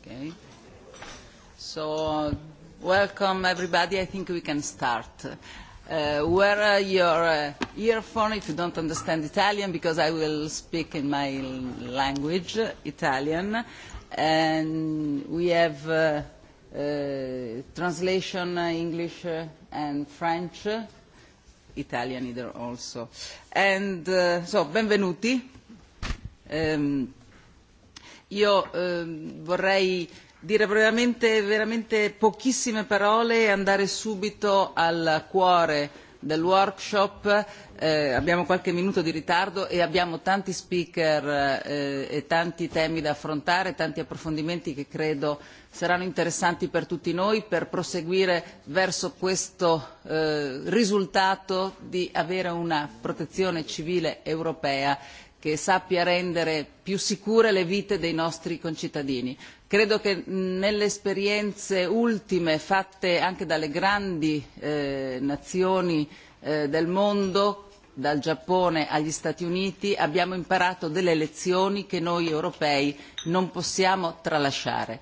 Okay. So, welcome everybody. I think we can start. Uh, wear uh, your uh, earphone if you don't understand Italian, because I will speak in my language, Italian. And we have uh, uh, translation, uh, English uh, and French. Uh, Italian either also. And uh, so, benvenuti. Um, io um, vorrei dire brevemente, veramente pochissime parole e andare subito al cuore del workshop, eh, abbiamo qualche minuto di ritardo e abbiamo tanti speaker eh, e tanti temi da affrontare, tanti approfondimenti che credo saranno interessanti per tutti noi per proseguire verso questo eh, risultato di avere una protezione civile europea che sappia rendere più sicure le vite dei nostri concittadini. Credo che nelle esperienze ultime fatte anche dalle grandi nazioni del mondo dal Giappone agli Stati Uniti, abbiamo imparato delle lezioni che noi europei non possiamo tralasciare.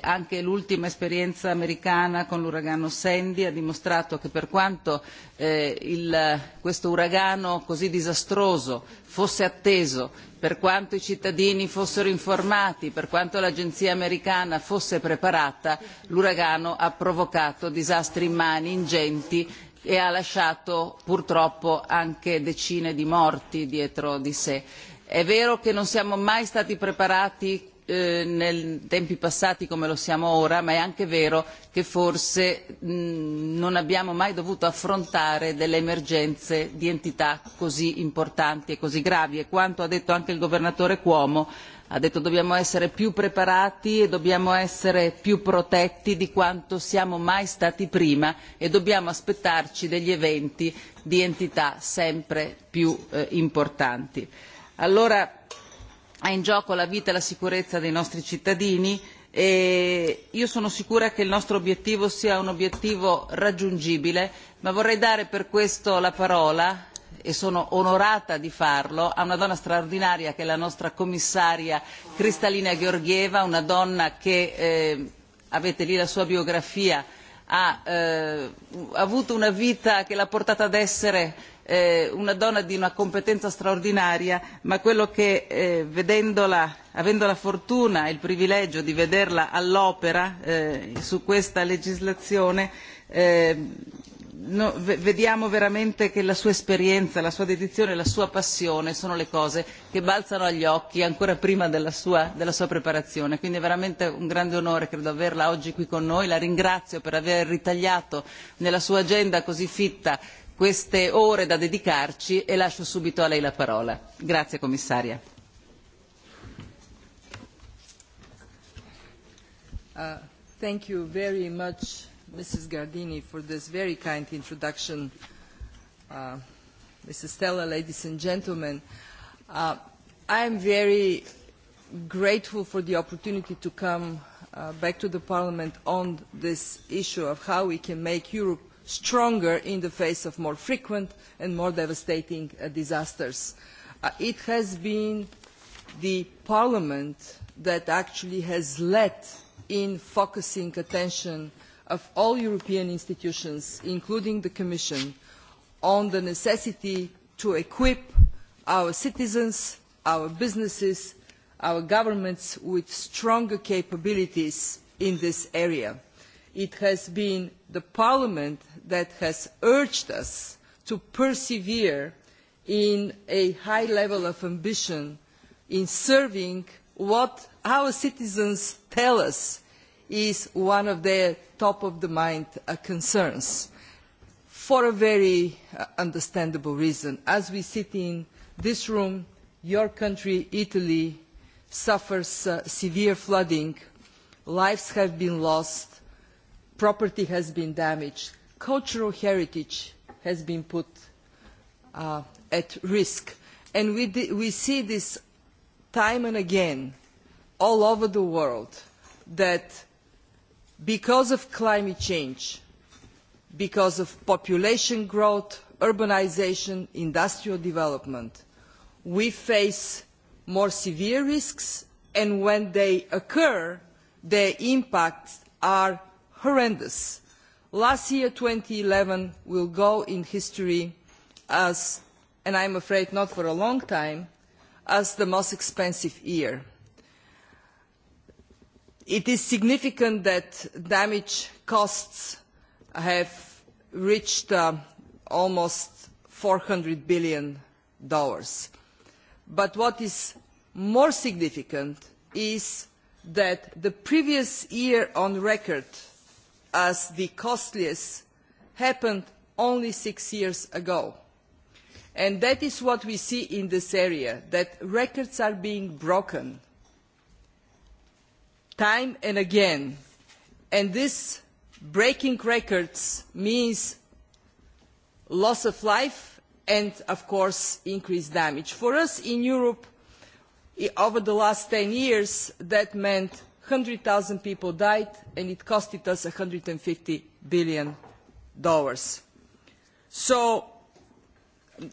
anche l'ultima esperienza americana con l'uragano Sandy ha dimostrato che per quanto questo uragano così disastroso fosse atteso, per quanto i cittadini fossero informati, per quanto l'agenzia americana fosse preparata, l'uragano ha provocato disastri immani ingenti e ha lasciato purtroppo anche decine di morti dietro di sé. È vero che non siamo mai stati preparati nei tempi passati come lo siamo ora, ma è anche vero che forse non abbiamo mai dovuto affrontare delle emergenze di entità così importanti e così gravi e quanto ha detto anche il governatore Cuomo ha detto dobbiamo essere più preparati e dobbiamo essere più protetti di quanto siamo mai stati prima e dobbiamo aspettarci degli eventi di entità sempre più importanti. Allora è in gioco la vita e la sicurezza dei nostri cittadini e io sono sicura che il nostro obiettivo sia un obiettivo raggiungibile ma vorrei dare per questo la parola e sono onorata di farlo, a una donna straordinaria che è la nostra commissaria Cristalina Georgieva, una donna che, avete lì la sua biografia, ha avuto una vita che l'ha portata ad essere una donna di una competenza straordinaria, ma quello che vedendola, avendo la fortuna e il privilegio di vederla all'opera su questa legislazione, vediamo veramente che la sua esperienza, la sua dedizione, la sua passione sono le cose che balzano agli occhi ancora prima della sua, preparazione. Quindi è veramente un grande onore, credo, averla oggi qui con noi. La ringrazio per aver ritagliato nella sua agenda così fitta queste ore da dedicarci e lascio subito a lei la parola. Grazie commissaria. thank you very much Mrs. Gardini for this very kind introduction. Uh, Mrs. Stella, ladies and gentlemen, uh, I am very grateful for the opportunity to come uh, back to the Parliament on this issue of how we can make Europe stronger in the face of more frequent and more devastating uh, disasters. Uh, it has been the Parliament that actually has led in focusing attention of all European institutions, including the Commission, on the necessity to equip our citizens, our businesses, our governments with stronger capabilities in this area. It has been Parliament that has urged us to persevere in a high level of ambition in serving what our citizens tell us is one of their top-of-the-mind concerns for a very understandable reason. As we sit in this room, your country, Italy, suffers severe flooding. Lives have been lost. Property has been damaged. Cultural heritage has been put at risk. And we, we see this time and again all over the world that because of climate change, because of population growth, urbanisation, industrial development, we face more severe risks and when they occur, their impacts are horrendous. Last year, eleven will go in history as, and I am afraid not for a long time, as the most expensive year it is significant that damage costs have reached almost four hundred billion dollars. But what is more significant is that the previous year on record as the costliest happened only six years ago. And that is what we see in this area, that records are being broken – time and again. And this breaking records means loss of life and, of course, increased damage. For us in Europe, over the last ten years, that meant one 100,000 people died and it costed us one hundred and fifty billion dollars. So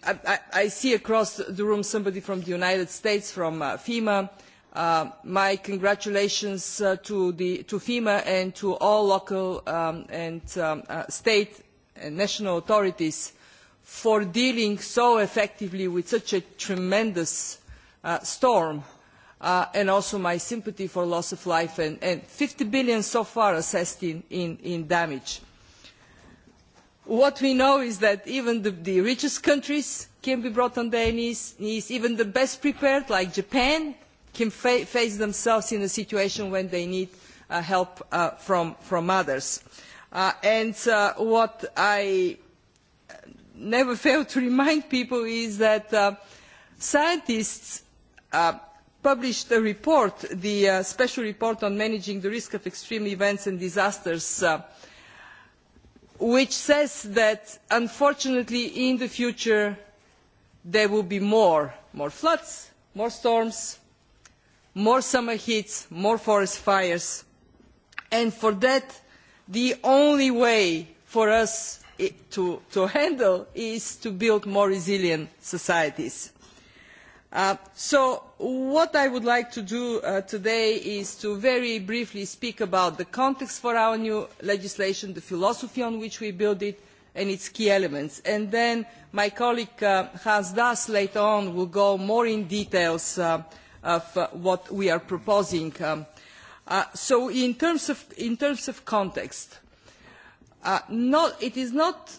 I, I, I see across the room somebody from the United States, from FEMA, my congratulations to FEMA and to all local and state and national authorities for dealing so effectively with such a tremendous storm and also my sympathy for loss of life and, and 50 billion so far assessed in, in, in damage. What we know is that even the, the richest countries can be brought on their knees, knees, even the best prepared like Japan can fa face themselves in a situation when they need uh, help uh, from, from others. Uh, and uh, what I never fail to remind people is that uh, scientists uh, published a report, the uh, special report on managing the risk of extreme events and disasters, uh, which says that unfortunately in the future there will be more, more floods, more storms, more summer heats, more forest fires. And for that, the only way for us to, handle is to build more resilient societies. so what I would like to do today is to very briefly speak about the context for our new legislation, the philosophy on which we build it, and its key elements. And then my colleague Hans Das later on will go more in details of what we are proposing. so in terms of, context, it is not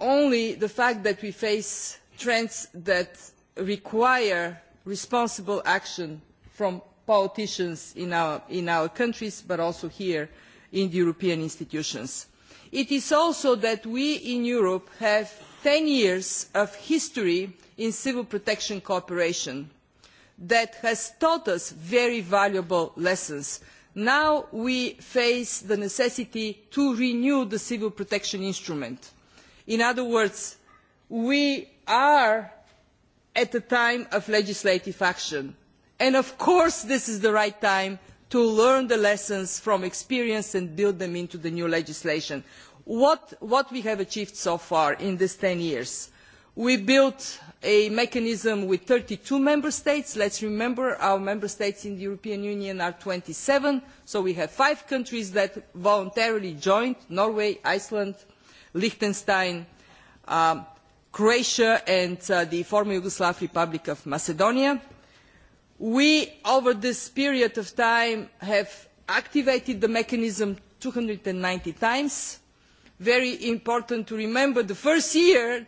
only the fact that we face trends that require responsible action from politicians in our, countries, but also here in the European institutions. It is also that we in Europe have ten years of history in civil protection cooperation that has taught us very valuable lessons. Now we face the necessity to renew the civil protection instrument. In other words, we are at a time of legislative action. And of course this is the right time to learn the lessons from experience and build them into the new legislation. What, we have achieved so far in these ten years? we built a mechanism with thirty two member states let us remember our member states in the european union are twenty seven so we have five countries that voluntarily joined norway iceland liechtenstein croatia and the former yugoslav republic of macedonia. we over this period of time have activated the mechanism two hundred and ninety times. it is very important to remember the first year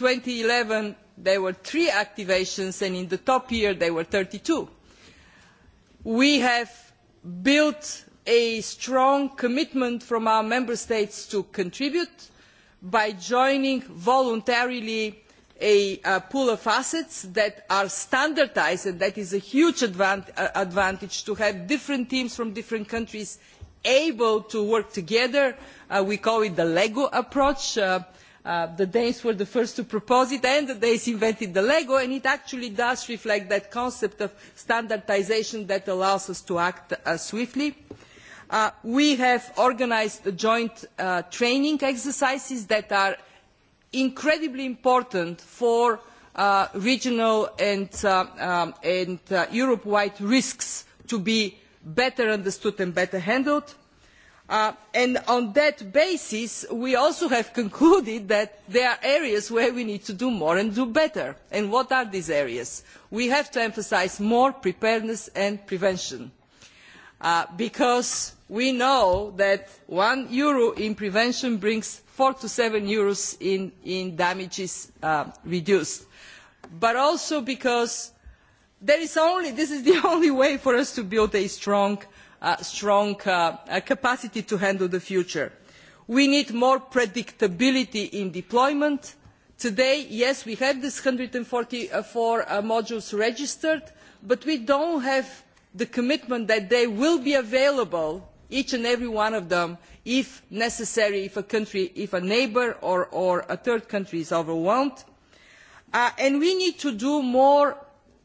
eleven there were three activations, and in the top year, there were thirty two. We have built a strong commitment from our member states to contribute by joining voluntarily a pool of assets that are standardised and that is a huge advantage to have different teams from different countries able to work together. we call it the LEGO approach the Danes were the first to propose it and the Danes invented the Lego and it actually does reflect that concept of standardisation that allows us to act swiftly. we have organised joint training exercises that are incredibly important for regional and, Europe-wide risks to be better understood and better handled and on that basis we also have concluded that there are areas where we need to do more and do better. and what are these areas? we have to emphasise more preparedness and prevention because we know that one euro in prevention brings four to seven euros in damages reduced but also because this is the only way for us to build a strong strong capacity to handle the future. We need more predictability in deployment. Today, yes, we have these hundred and forty four modules registered, but we do not have the commitment that they will be available, each and every one of them, if necessary, if a country, if a neighbour or, a third country is overwhelmed. and we need to do more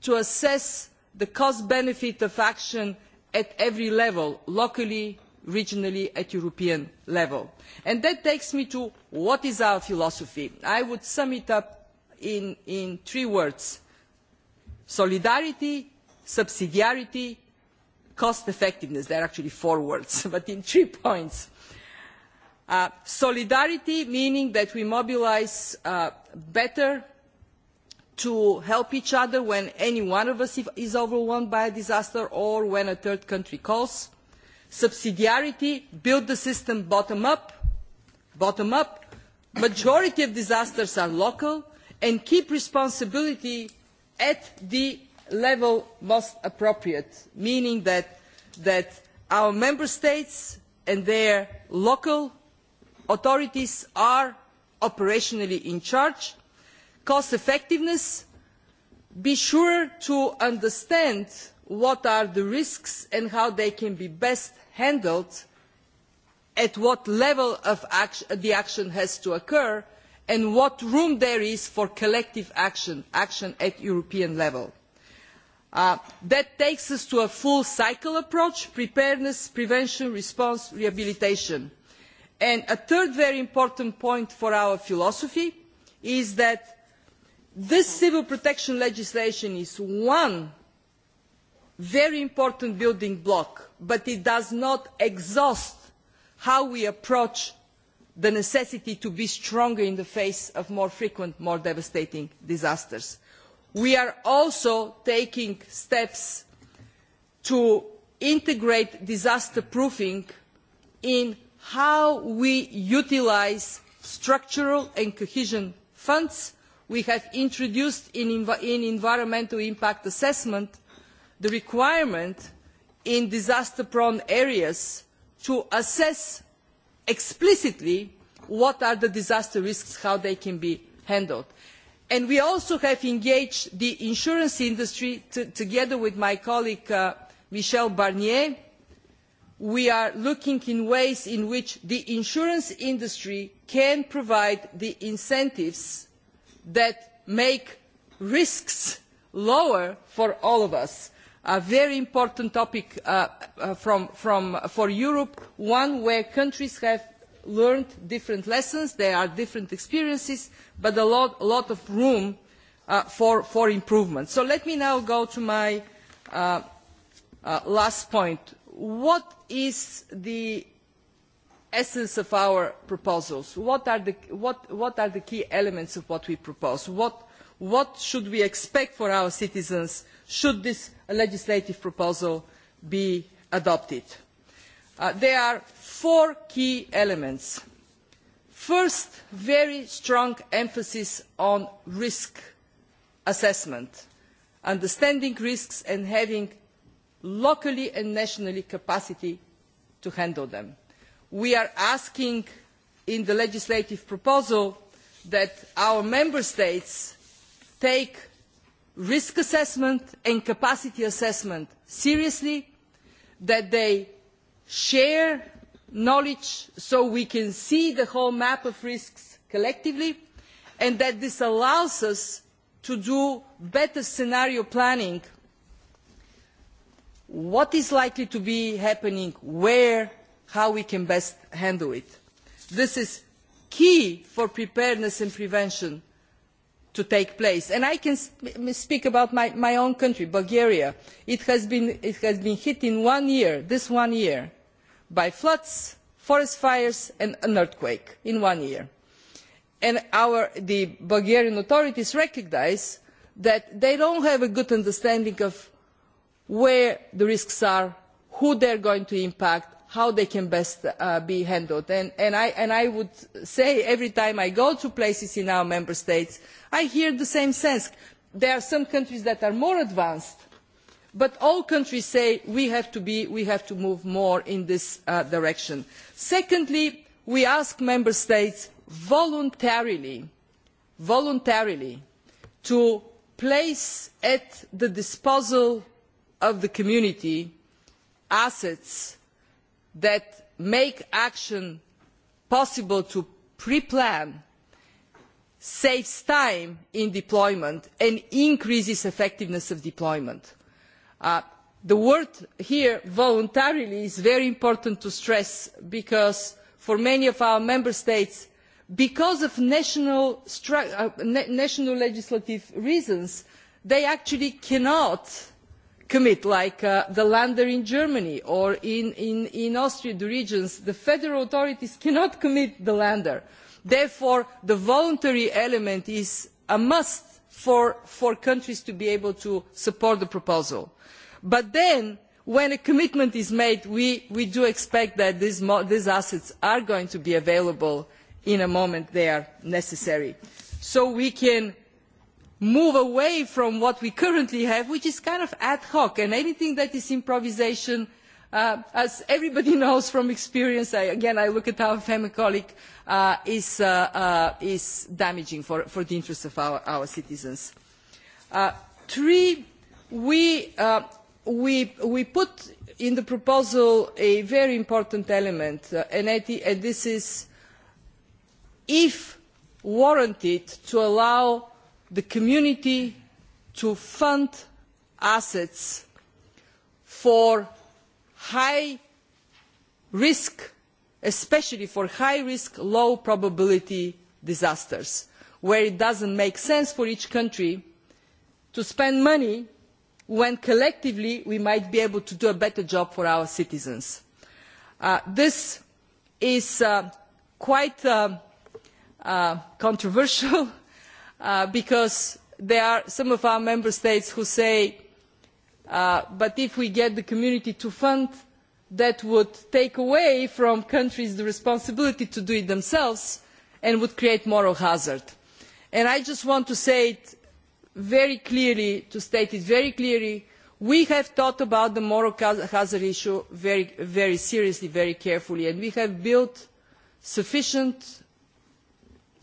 to assess the cost-benefit of action at every level, locally, regionally, at European level. And that takes me to what is our philosophy. I would sum it up in, in three words. Solidarity, subsidiarity, cost effectiveness. There are actually four words, but in three points. solidarity, meaning that we mobilise better to help each other when any one of us is overwhelmed by a disaster or when a third country calls. Subsidiarity, build the system bottom up, bottom up. Majority of disasters are local and keep responsibility at the level most appropriate, meaning that, that our member states and their local authorities are operationally in charge cost effectiveness be sure to understand what are the risks and how they can be best handled at what level the action has to occur and what room there is for collective action action at european level. that takes us to a full cycle approach preparedness prevention response rehabilitation. a third very important point for our philosophy is that this civil protection legislation is one very important building block, but it does not exhaust how we approach the necessity to be stronger in the face of more frequent, more devastating disasters. We are also taking steps to integrate disaster proofing in how we utilise structural and cohesion funds we have introduced in, environmental impact assessment the requirement in disaster prone areas to assess explicitly what are the disaster risks, how they can be handled. And we also have engaged the insurance industry together with my colleague Michel Barnier. We are looking in ways in which the insurance industry can provide the incentives that make risks lower for all of us. A very important topic for Europe, one where countries have learned different lessons, there are different experiences, but a lot, of room for, improvement. So let me now go to my last point. What is the essence of our proposals. What are the, key elements of what we propose? What, should we expect for our citizens should this legislative proposal be adopted? there are four key elements. First, very strong emphasis on risk assessment, understanding risks and having locally and nationally capacity to handle them we are asking in the legislative proposal that our member states take risk assessment and capacity assessment seriously, that they share knowledge so we can see the whole map of risks collectively, and that this allows us to do better scenario planning. What is likely to be happening, where, how we can best handle it. This is key for preparedness and prevention to take place. And I can speak about my, my own country, Bulgaria. It has, been, it has been hit in one year, this one year, by floods, forest fires and an earthquake in one year. And our, the Bulgarian authorities recognise that they do not have a good understanding of where the risks are, who they are going to impact, how they can best be handled. I would say every time I go to places in our member states, I hear the same sense. There are some countries that are more advanced, but all countries say we have to be, we have to move more in this direction. Secondly, we ask member states voluntarily, voluntarily to place at the disposal of the community assets that make action possible to pre plan saves time in deployment and increases the effectiveness of deployment. the word here voluntarily' is very important to stress because for many of our member states because of national legislative reasons they actually cannot commit, like the lander in Germany or in, Austria, the regions, the federal authorities cannot commit the lander. Therefore, the voluntary element is a must for countries to be able to support the proposal. But then, when a commitment is made, we, do expect that these, assets are going to be available in a moment they are necessary. So we can move away from what we currently have, which is kind of ad hoc, and anything that is improvisation, as everybody knows from experience, I, again, I look at our family colleague, is, damaging for, the interests of our, citizens. three, we, put in the proposal a very important element, and, this is if warranted to allow the community to fund assets for high risk, especially for high risk, low probability disasters, where it does not make sense for each country to spend money when collectively we might be able to do a better job for our citizens. this is quite controversial because there are some of our member states who say, but if we get the community to fund, that would take away from countries the responsibility to do it themselves and would create moral hazard. I just want to say it very clearly, to state it very clearly, we have thought about the moral hazard issue very, very seriously, very carefully, and we have built sufficient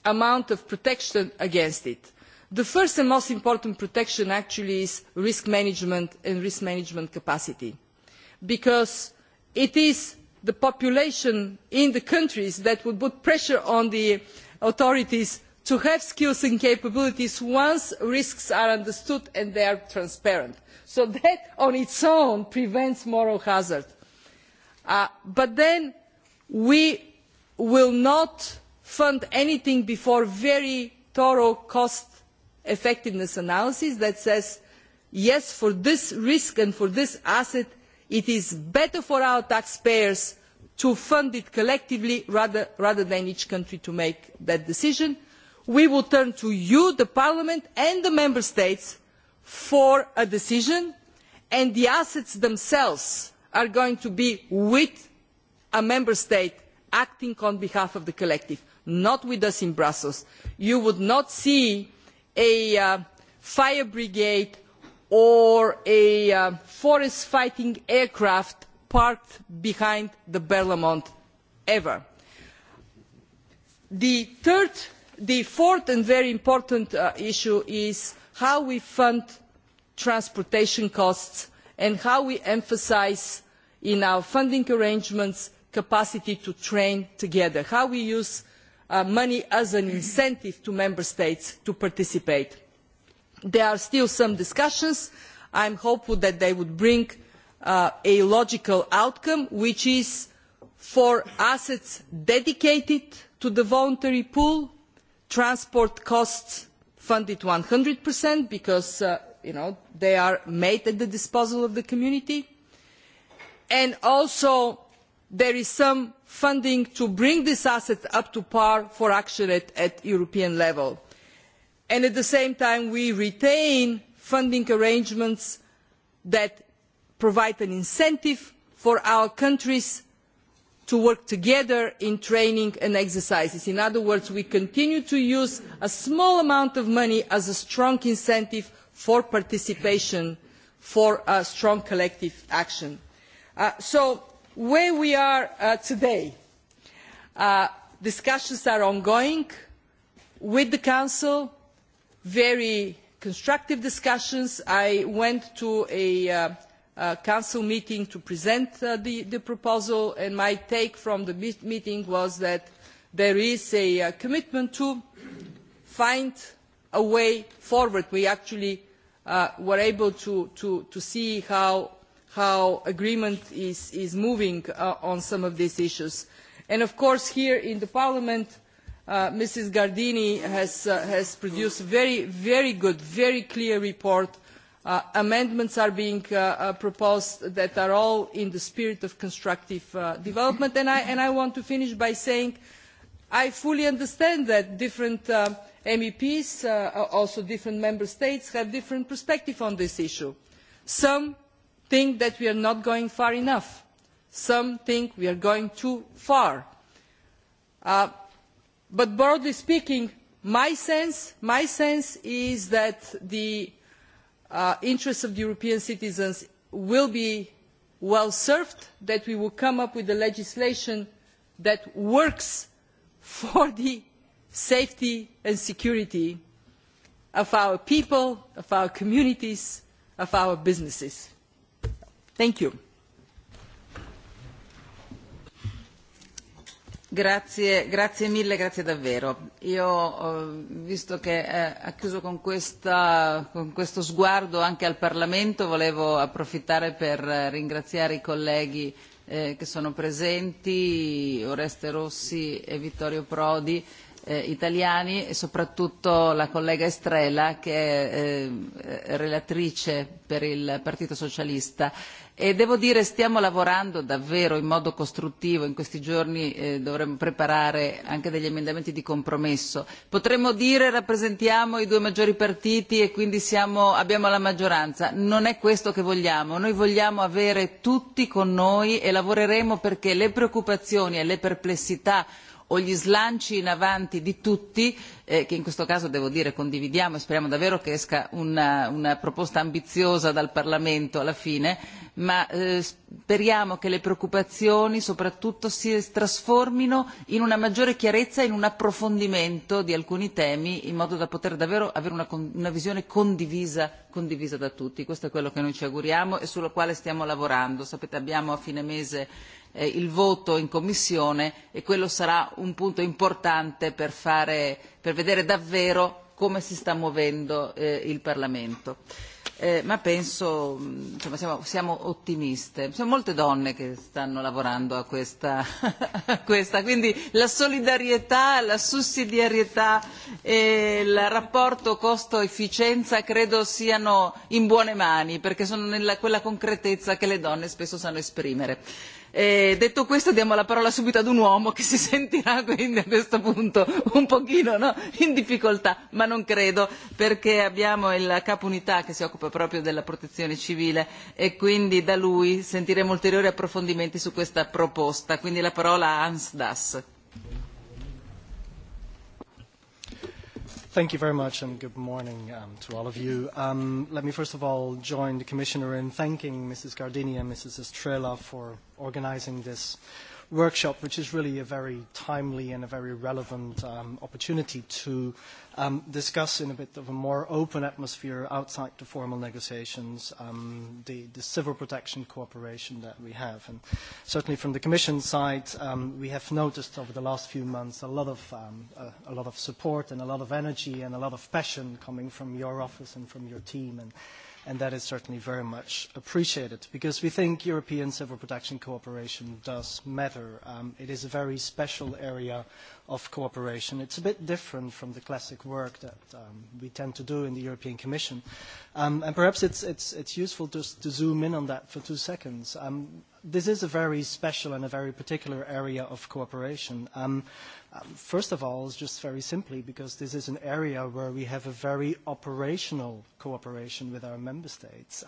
amount of protection against it. The first and most important protection actually is risk management and risk management capacity because it is the population in the countries that would put pressure on the authorities to have skills and capabilities once risks are understood and they are transparent. So that on its own prevents moral hazard. but then we will not fund anything before very thorough cost effectiveness analysis that says, yes, for this risk and for this asset, it is better for our taxpayers to fund it collectively rather than each country to make that decision. We will turn to you, the Parliament and the Member States for a decision and the assets themselves are going to be with a Member State acting on behalf of the collective not with us in Brussels, you would not see a fire brigade or a forest fighting aircraft parked behind the Berlaymont ever. The fourth and very important issue is how we fund transportation costs and how we emphasise in our funding arrangements capacity to train together, how we use money as an incentive to member states to participate. There are still some discussions. I am hopeful that they would bring a logical outcome, which is for assets dedicated to the voluntary pool, transport costs funded one hundred because they are made at the disposal of the community, and also there is some funding to bring this asset up to par for action at european level and at the same time we retain funding arrangements that provide an incentive for our countries to work together in training and exercises. In other words, we continue to use a small amount of money as a strong incentive for participation, for strong collective action. so where we are today discussions are ongoing with the council very constructive discussions. i went to a council meeting to present the proposal and my take from the meeting was that there is a commitment to find a way forward. we actually were able to see how how agreement is, moving on some of these issues. of course here in Parliament, Mrs. Gardini has, produced a very, very good, very clear report. amendments are being proposed that are all in the spirit of constructive development. And I, want to finish by saying I fully understand that different MEPs, also different member states, have different perspectives on this issue. Some think that we are not going far enough. Some think we are going too far. but broadly speaking, my sense, my sense is that the interests of the European citizens will be well served, that we will come up with a legislation that works for the safety and security of our people, of our communities, of our businesses. Thank you. Grazie, grazie mille, grazie davvero. Io, visto che ha chiuso con, questa, con questo sguardo anche al Parlamento, volevo approfittare per ringraziare i colleghi eh, che sono presenti, Oreste Rossi e Vittorio Prodi, italiani e soprattutto la collega Estrella che è relatrice per il Partito Socialista e devo dire stiamo lavorando davvero in modo costruttivo, in questi giorni dovremmo preparare anche degli emendamenti di compromesso. Potremmo dire rappresentiamo i due maggiori partiti e quindi siamo, abbiamo la maggioranza, non è questo che vogliamo, noi vogliamo avere tutti con noi e lavoreremo perché le preoccupazioni e le perplessità o gli slanci in avanti di tutti eh, che in questo caso devo dire condividiamo e speriamo davvero che esca una, una proposta ambiziosa dal Parlamento alla fine, ma eh, speriamo che le preoccupazioni soprattutto si trasformino in una maggiore chiarezza e in un approfondimento di alcuni temi in modo da poter davvero avere una, una visione condivisa, condivisa da tutti. Questo è quello che noi ci auguriamo e sulla quale stiamo lavorando. Sapete, abbiamo a fine mese eh, il voto in commissione e quello sarà un punto importante per fare per vedere davvero come si sta muovendo il Parlamento. ma penso, insomma, siamo, siamo ottimiste. Sono molte donne che stanno lavorando a questa, a questa, quindi la solidarietà, la sussidiarietà e il rapporto costo-efficienza credo siano in buone mani perché sono nella, quella concretezza che le donne spesso sanno esprimere detto questo diamo la parola subito ad un uomo che si sentirà quindi a questo punto un pochino in difficoltà ma non credo perché abbiamo il capo unità che si occupa proprio della protezione civile e quindi da lui sentiremo ulteriori approfondimenti su questa proposta quindi la parola a hans dass. Thank you very much and good morning um, to all of you. Um, let me first of all join the Commissioner in thanking Mrs. Gardini and Mrs. Estrela for organizing this workshop, which is really a very timely and a very relevant um, opportunity to um, discuss in a bit of a more open atmosphere outside the formal negotiations um, the, the civil protection cooperation that we have. And certainly from the Commission side, um, we have noticed over the last few months a lot, of, um, a, a lot of support and a lot of energy and a lot of passion coming from your office and from your team. And, and that is certainly very much appreciated because we think European civil protection cooperation does matter. it is a very special area of cooperation. It's a bit different from the classic work that we tend to do in the European Commission. and perhaps it's, it's, it's useful just to zoom in on that for two seconds. this is a very special and a very particular area of cooperation. First of all, just very simply because this is an area where we have a very operational cooperation with our member states.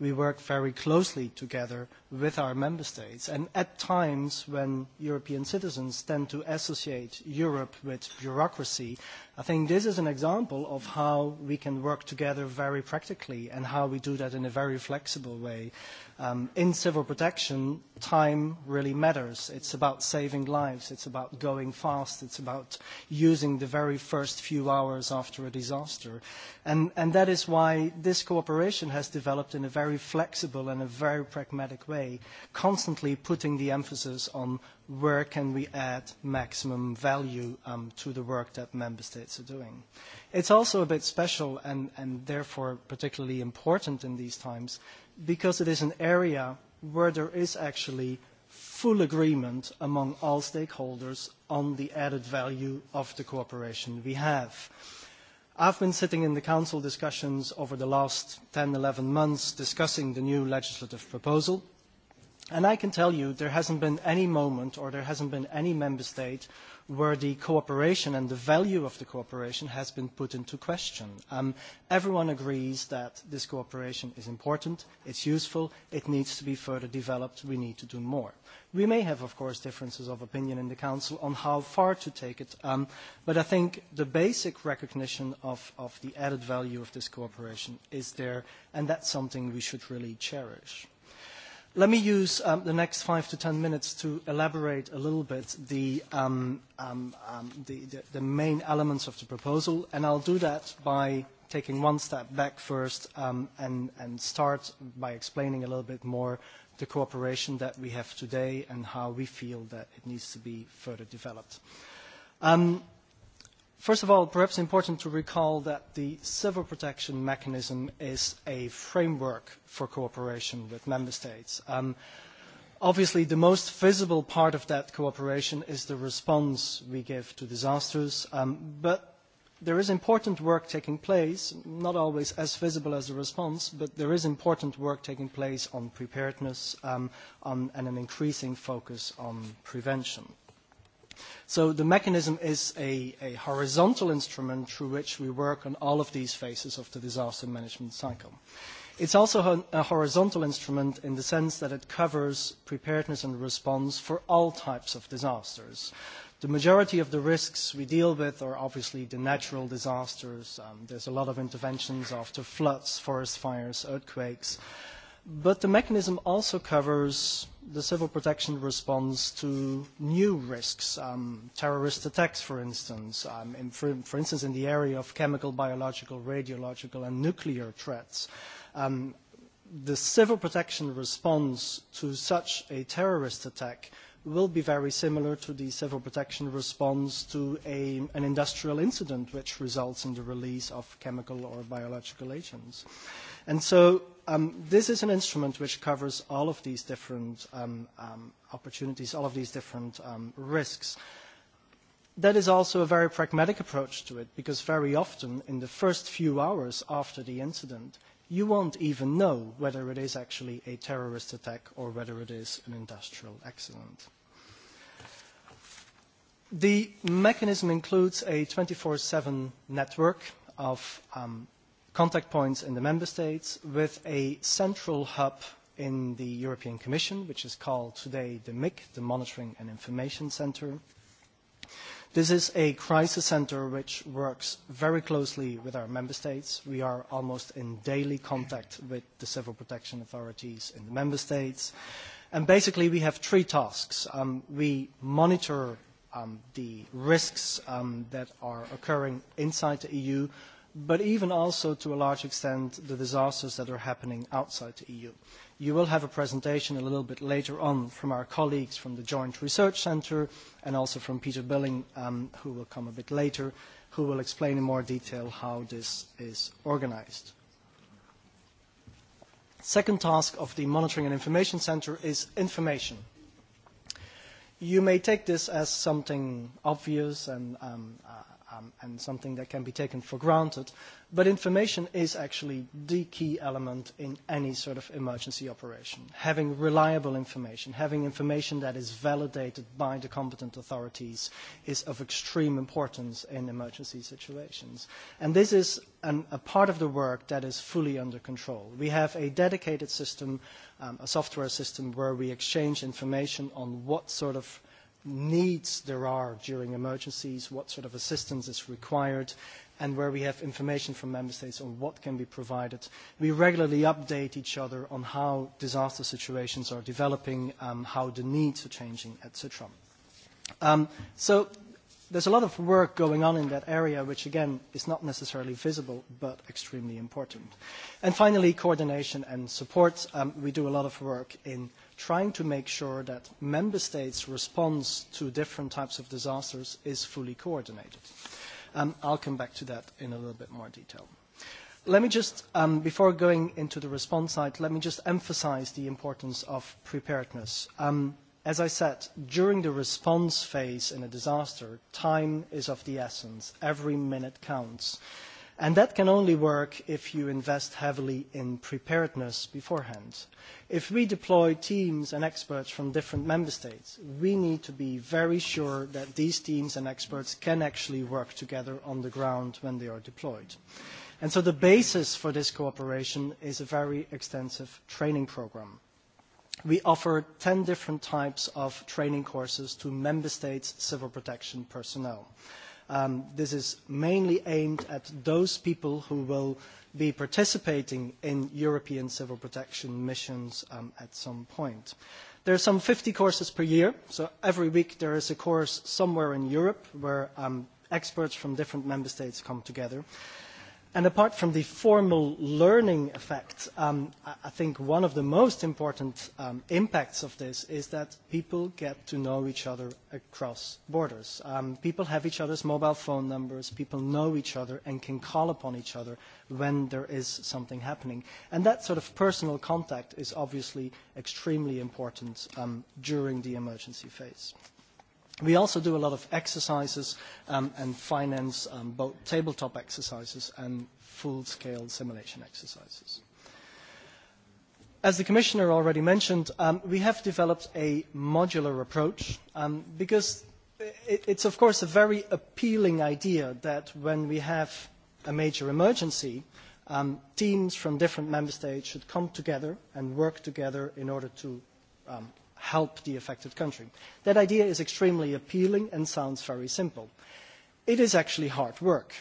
We work very closely together with our member states, and at times when European citizens tend to associate Europe with bureaucracy, I think this is an example of how we can work together very practically and how we do that in a very flexible way. In civil protection, time really matters. It's about saving lives. It's about going fast. It's about using the very first few hours after a disaster. And, and that is why this cooperation has developed in a very flexible and a very pragmatic way, constantly putting the emphasis on where can we add maximum value um, to the work that member states are doing. It's also a bit special and, and therefore particularly important in these times because it is an area where there is actually full agreement among all stakeholders on the added value of the cooperation we have. I've been sitting in the council discussions over the last 10, 11 months discussing the new legislative proposal And I can tell you there hasn't been any moment or there hasn't been any member state where the cooperation and the value of the cooperation has been put into question. everyone agrees that this cooperation is important, it's useful, it needs to be further developed, we need to do more. We may have, of course, differences of opinion in the Council on how far to take it, but I think the basic recognition of, the added value of this cooperation is there, and that's something we should really cherish. Let me use um, the next five to ten minutes to elaborate a little bit the, um, um, um, the, the, the main elements of the proposal, and I'll do that by taking one step back first um, and, and start by explaining a little bit more the cooperation that we have today and how we feel that it needs to be further developed. Um, First of all, perhaps important to recall that the civil protection mechanism is a framework for cooperation with member states. obviously, the most visible part of that cooperation is the response we give to disasters, but there is important work taking place, not always as visible as the response, but there is important work taking place on preparedness and an increasing focus on prevention. So the mechanism is a, a horizontal instrument through which we work on all of these phases of the disaster management cycle. It's also a horizontal instrument in the sense that it covers preparedness and response for all types of disasters. The majority of the risks we deal with are obviously the natural disasters. Um, there's a lot of interventions after floods, forest fires, earthquakes. But the mechanism also covers the civil protection responds to new risks, um, terrorist attacks, for instance, um, in, for, for instance, in the area of chemical, biological, radiological, and nuclear threats. Um, the civil protection response to such a terrorist attack will be very similar to the civil protection response to an industrial incident which results in the release of chemical or biological agents. And so this is an instrument which covers all of these different opportunities, all of these different risks. That is also a very pragmatic approach to it because very often in the first few hours after the incident, you won't even know whether it is actually a terrorist attack or whether it is an industrial accident. The mechanism includes a 24-7 network of um, contact points in the member states with a central hub in the European Commission, which is called today the MIC, the Monitoring and Information Centre. This is a crisis centre which works very closely with our member states. We are almost in daily contact with the civil protection authorities in the member states. And basically, we have three tasks. we monitor the risks that are occurring inside the EU, but even also, to a large extent, the disasters that are happening outside the EU. You will have a presentation a little bit later on from our colleagues from the Joint Research Centre and also from Peter Billing, who will come a bit later, who will explain in more detail how this is organised. Second task of the Monitoring and Information Centre is information. You may take this as something obvious and um, and something that can be taken for granted. But information is actually the key element in any sort of emergency operation. Having reliable information, having information that is validated by the competent authorities is of extreme importance in emergency situations. And this is an, a part of the work that is fully under control. We have a dedicated system, um, a software system, where we exchange information on what sort of needs there are during emergencies, what sort of assistance is required, and where we have information from member states on what can be provided. We regularly update each other on how disaster situations are developing, um, how the needs are changing, etc. Um, so there's a lot of work going on in that area, which again is not necessarily visible, but extremely important. And finally, coordination and support. Um, we do a lot of work in trying to make sure that member states' response to different types of disasters is fully coordinated. Um, I'll come back to that in a little bit more detail. Let me just, um, before going into the response side, let me just emphasize the importance of preparedness. Um, as I said, during the response phase in a disaster, time is of the essence. Every minute counts. And that can only work if you invest heavily in preparedness beforehand. If we deploy teams and experts from different member states, we need to be very sure that these teams and experts can actually work together on the ground when they are deployed. And so the basis for this cooperation is a very extensive training programme. We offer ten different types of training courses to member states' civil protection personnel this is mainly aimed at those people who will be participating in European civil protection missions at some point. There are some fifty courses per year, so every week there is a course somewhere in Europe where experts from different member states come together. And apart from the formal learning effect, um, I think one of the most important um, impacts of this is that people get to know each other across borders. Um, people have each other's mobile phone numbers, people know each other and can call upon each other when there is something happening. And that sort of personal contact is obviously extremely important um, during the emergency phase. We also do a lot of exercises and finance both tabletop exercises and full-scale simulation exercises. As the Commissioner already mentioned, we have developed a modular approach because it, it's of course a very appealing idea that when we have a major emergency, teams from different member states should come together and work together in order to help the affected country. That idea is extremely appealing and sounds very simple. It is actually hard work.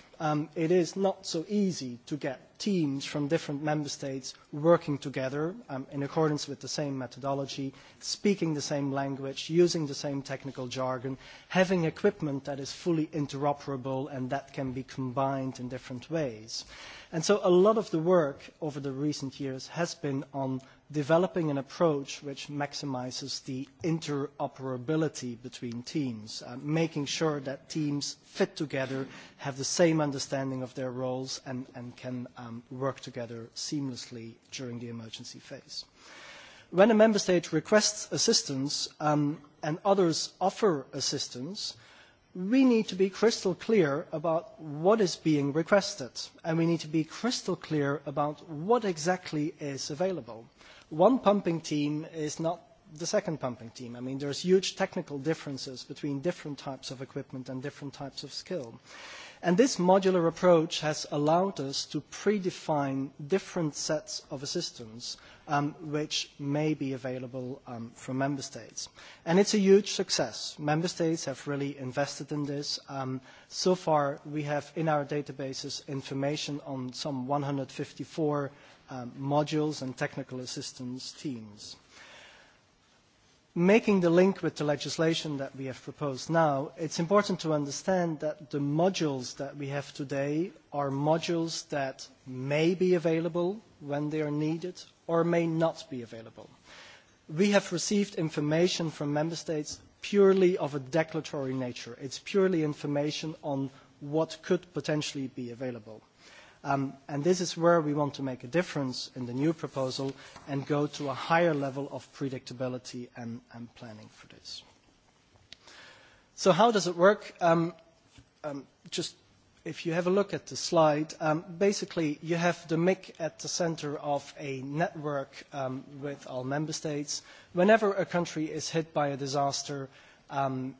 it is not so easy to get teams from different member states working together in accordance with the same methodology, speaking the same language, using the same technical jargon, having equipment that is fully interoperable and that can be combined in different ways. And so a lot of the work over the recent years has been on developing an approach which maximises the interoperability between teams, making sure that teams fit together, have the same understanding of their roles, and, can work together seamlessly during the emergency phase. When a member state requests assistance and others offer assistance, we need to be crystal clear about what is being requested, and we need to be crystal clear about what exactly is available one pumping team is not the second pumping team. I mean, there's huge technical differences between different types of equipment and different types of skill. And this modular approach has allowed us to predefine different sets of assistance which may be available from member states. And it's a huge success. Member states have really invested in this. so far, we have in our databases information on some one hundred and fifty four modules and technical assistance teams. Making the link with the legislation that we have proposed now, it's important to understand that the modules that we have today are modules that may be available when they are needed or may not be available. We have received information from member states purely of a declaratory nature. It's purely information on what could potentially be available and this is where we want to make a difference in the new proposal and go to a higher level of predictability and, and planning for this. So how does it work? Um, um, just if you have a look at the slide, um, basically you have the MIC at the center of a network um, with all member states. Whenever a country is hit by a disaster, um,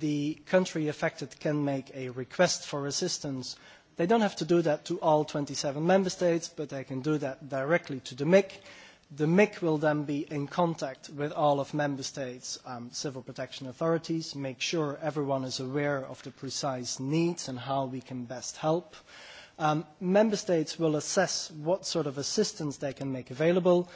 the country affected can make a request for assistance They don't have to do that to all twenty seven member states, but they can do that directly to the MIC. The MIC will then be in contact with all of member states' civil protection authorities, make sure everyone is aware of the precise needs and how we can best help. member states will assess what sort of assistance they can make available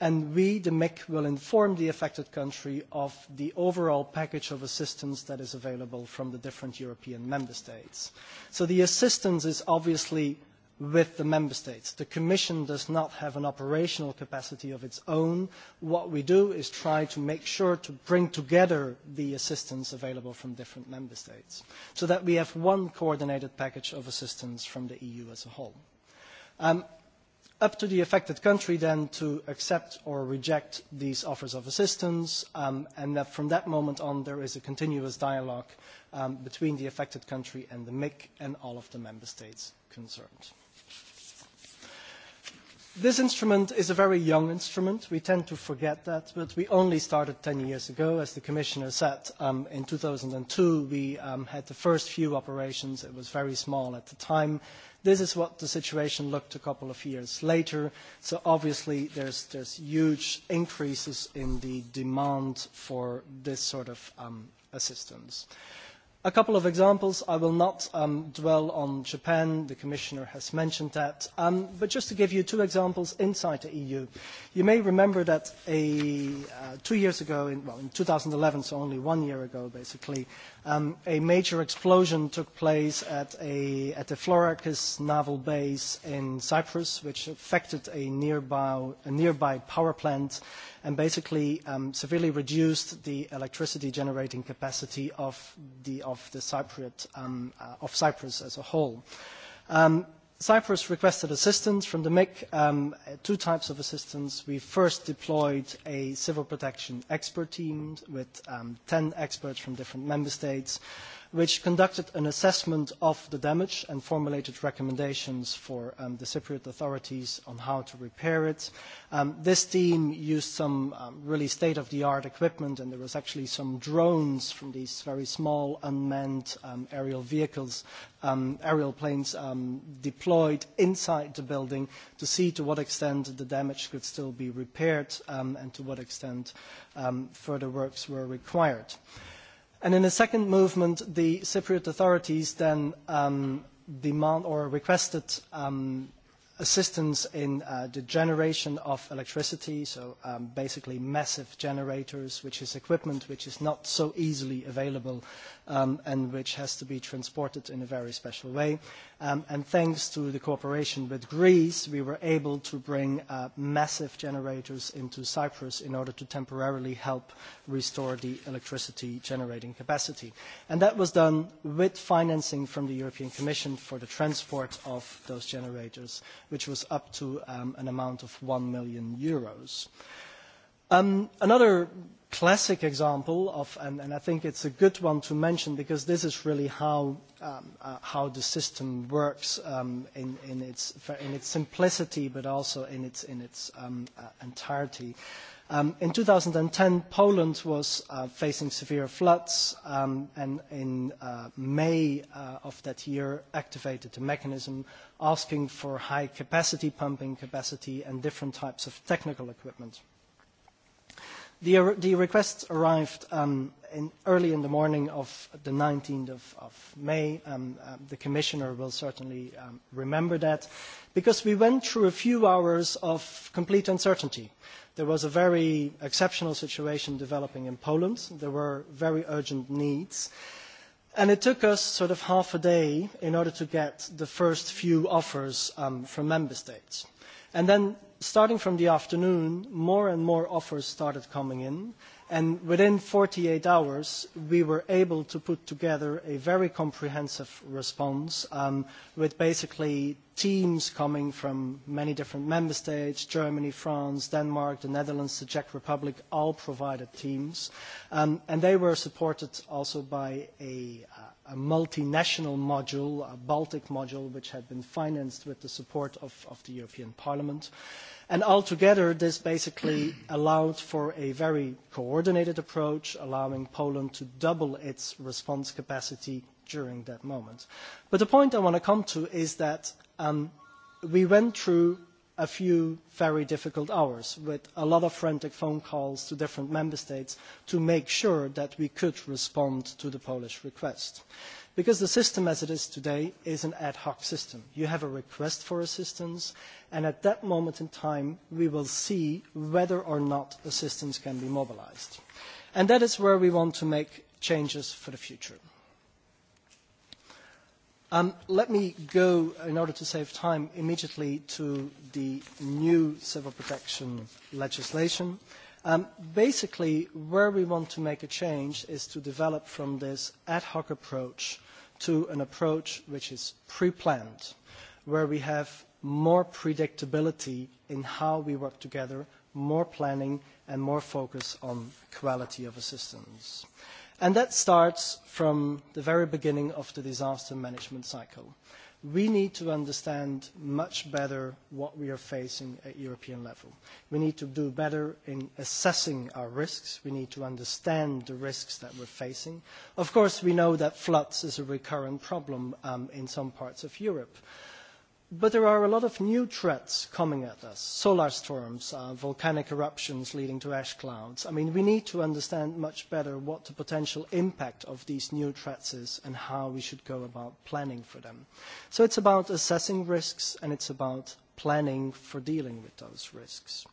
and we, the MIC, will inform the affected country of the overall package of assistance that is available from the different European member states. So the assistance is obviously with the member states. The Commission does not have an operational capacity of its own. What we do is try to make sure to bring together the assistance available from different member states so that we have one coordinated package of assistance from the EU as a whole up to the affected country then to accept or reject these offers of assistance, and that from that moment on there is a continuous dialogue between the affected country and the MIC and all of the member states concerned. This instrument is a very young instrument. We tend to forget that, but we only started ten years ago. As the Commissioner said, um, in two. we um, had the first few operations. It was very small at the time This is what the situation looked a couple of years later. So obviously there's, there's huge increases in the demand for this sort of um, assistance. Uh, A couple of examples. I will not dwell on Japan. The Commissioner has mentioned that. but just to give you two examples inside the EU. You may remember that two years ago, in, well, in 2011, so only one year ago, basically, a major explosion took place at, a, at the Florakis naval base in Cyprus, which affected a nearby, a nearby power plant and basically severely reduced the electricity generating capacity of, the, of, the Cypriot, of Cyprus as a whole. Cyprus requested assistance from the MIC, two types of assistance. We first deployed a civil protection expert team with ten experts from different member states which conducted an assessment of the damage and formulated recommendations for the Cypriot authorities on how to repair it. this team used some really state-of-the-art equipment, and there was actually some drones from these very small unmanned aerial vehicles, aerial planes deployed inside the building to see to what extent the damage could still be repaired and to what extent further works were required. And in the second movement, the Cypriot authorities then demand or requested assistance in the generation of electricity, so basically massive generators, which is equipment which is not so easily available and which has to be transported in a very special way. and thanks to the cooperation with Greece, we were able to bring massive generators into Cyprus in order to temporarily help restore the electricity generating capacity. And that was done with financing from the European Commission for the transport of those generators, which was up to an amount of 1 million euros another classic example of, and, and I think it's a good one to mention because this is really how, um, uh, how the system works um, in, in, its, in its simplicity but also in its, in its um, uh, entirety. Um, in 2010, Poland was uh, facing severe floods um, and in uh, May uh, of that year activated a mechanism asking for high capacity pumping capacity and different types of technical equipment. The, the request arrived um, in early in the morning of the 19th of, of May. Um, uh, the Commissioner will certainly um, remember that because we went through a few hours of complete uncertainty. There was a very exceptional situation developing in Poland. There were very urgent needs. And it took us sort of half a day in order to get the first few offers um, from member states. And then starting from the afternoon, more and more offers started coming in, and within 48 hours, we were able to put together a very comprehensive response with basically teams coming from many different member states, Germany, France, Denmark, the Netherlands, the Czech Republic, all provided teams. And they were supported also by a a multinational module, a Baltic module, which had been financed with the support of, the European Parliament. And altogether, this basically allowed for a very coordinated approach, allowing Poland to double its response capacity during that moment. But the point I want to come to is that we went through a few very difficult hours with a lot of frantic phone calls to different member states to make sure that we could respond to the Polish request. Because the system as it is today is an ad hoc system. You have a request for assistance, and at that moment in time, we will see whether or not assistance can be mobilised. And that is where we want to make changes for the future Um, let me go, in order to save time, immediately to the new civil protection legislation. Um, basically, where we want to make a change is to develop from this ad hoc approach to an approach which is pre-planned, where we have more predictability in how we work together, more planning, and more focus on quality of assistance. And that starts from the very beginning of the disaster management cycle. We need to understand much better what we are facing at European level. We need to do better in assessing our risks. We need to understand the risks that we're facing. Of course, we know that floods is a recurrent problem in some parts of Europe But there are a lot of new threats coming at us. Solar storms, uh, volcanic eruptions leading to ash clouds. I mean, we need to understand much better what the potential impact of these new threats is and how we should go about planning for them. So it's about assessing risks and it's about planning for dealing with those risks.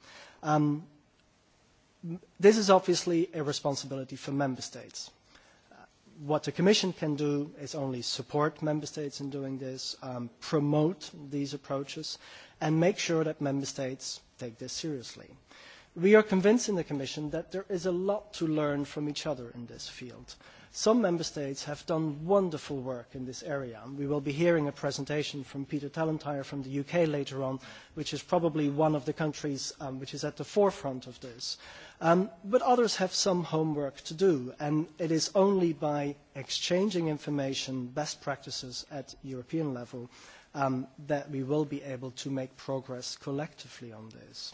Um, this is obviously a responsibility for member states what the Commission can do is only support Member States in doing this, promote these approaches, and make sure that Member States take this seriously. We are convinced in the Commission that there is a lot to learn from each other in this field. Some member states have done wonderful work in this area. and We will be hearing a presentation from Peter Talentire from the UK later on, which is probably one of the countries which is at the forefront of this. but others have some homework to do, and it is only by exchanging information, best practices at European level, that we will be able to make progress collectively on this.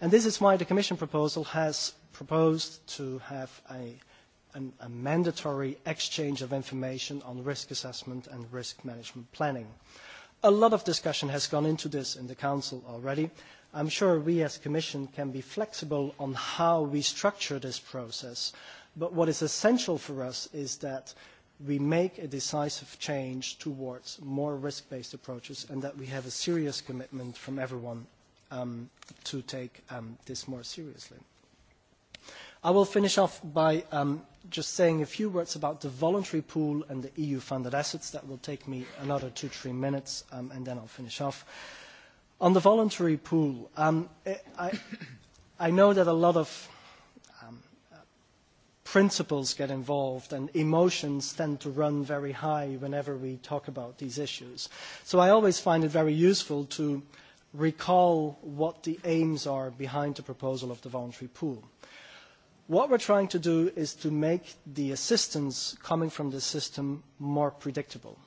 And this is why the Commission proposal has proposed to have a, an, a mandatory exchange of information on risk assessment and risk management planning. A lot of discussion has gone into this in the Council already. I'm sure we as Commission can be flexible on how we structure this process, but what is essential for us is that we make a decisive change towards more risk-based approaches and that we have a serious commitment from everyone um, to take um, this more seriously. I will finish off by um, just saying a few words about the voluntary pool and the EU-funded assets. That will take me another two, three minutes, um, and then I'll finish off. On the voluntary pool, um, I, I know that a lot of um, principles get involved and emotions tend to run very high whenever we talk about these issues. So I always find it very useful to – recall what the aims are behind the proposal of the voluntary pool. What we're trying to do is to make the assistance coming from the system more predictable,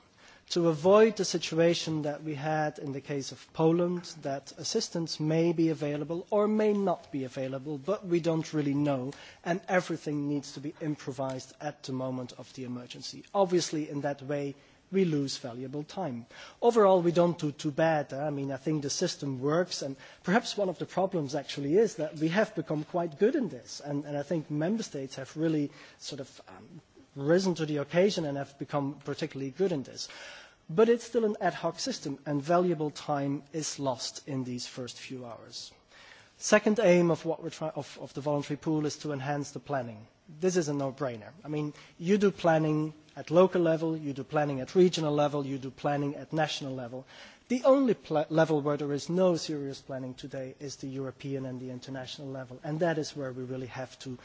to avoid the situation that we had in the case of Poland, that assistance may be available or may not be available, but we don't really know, and everything needs to be improvised at the moment of the emergency. Obviously, in that way, we lose valuable time. Overall, we don't do too bad. I mean, I think the system works, and perhaps one of the problems actually is that we have become quite good in this, and, and I think member states have really sort of um, risen to the occasion and have become particularly good in this. But it's still an ad hoc system, and valuable time is lost in these first few hours. Second aim of, what we're try- of, of the voluntary pool is to enhance the planning. This is a no-brainer. I mean, you do planning at local level, you do planning at regional level, you do planning at national level. The only level where there is no serious planning today is the European and the international level, and that is where we really have to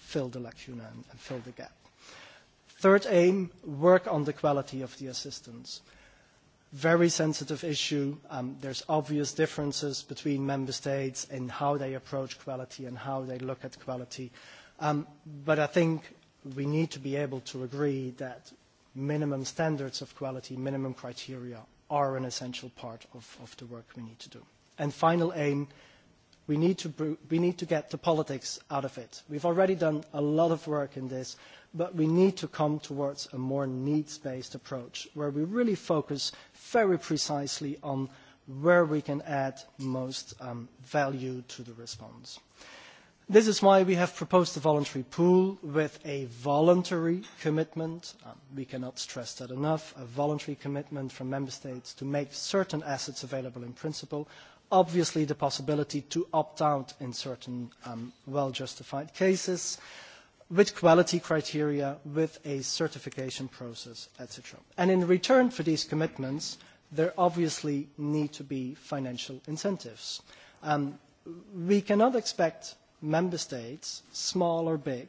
fill the lacuna and fill the gap. Third aim, work on the quality of the assistance. Very sensitive issue. There's obvious differences between member states in how they approach quality and how they look at quality. But I think we need to be able to agree that minimum standards of quality, minimum criteria are an essential part of, of the work we need to do. And final aim, we need, to, we need to get the politics out of it. We've already done a lot of work in this, but we need to come towards a more needs-based approach where we really focus very precisely on where we can add most um, value to the response. This is why we have proposed a voluntary pool with a voluntary commitment. we cannot stress that enough, a voluntary commitment from member states to make certain assets available in principle. Obviously, the possibility to opt out in certain well-justified cases with quality criteria, with a certification process, etc. And in return for these commitments, there obviously need to be financial incentives. we cannot expect member states, small or big,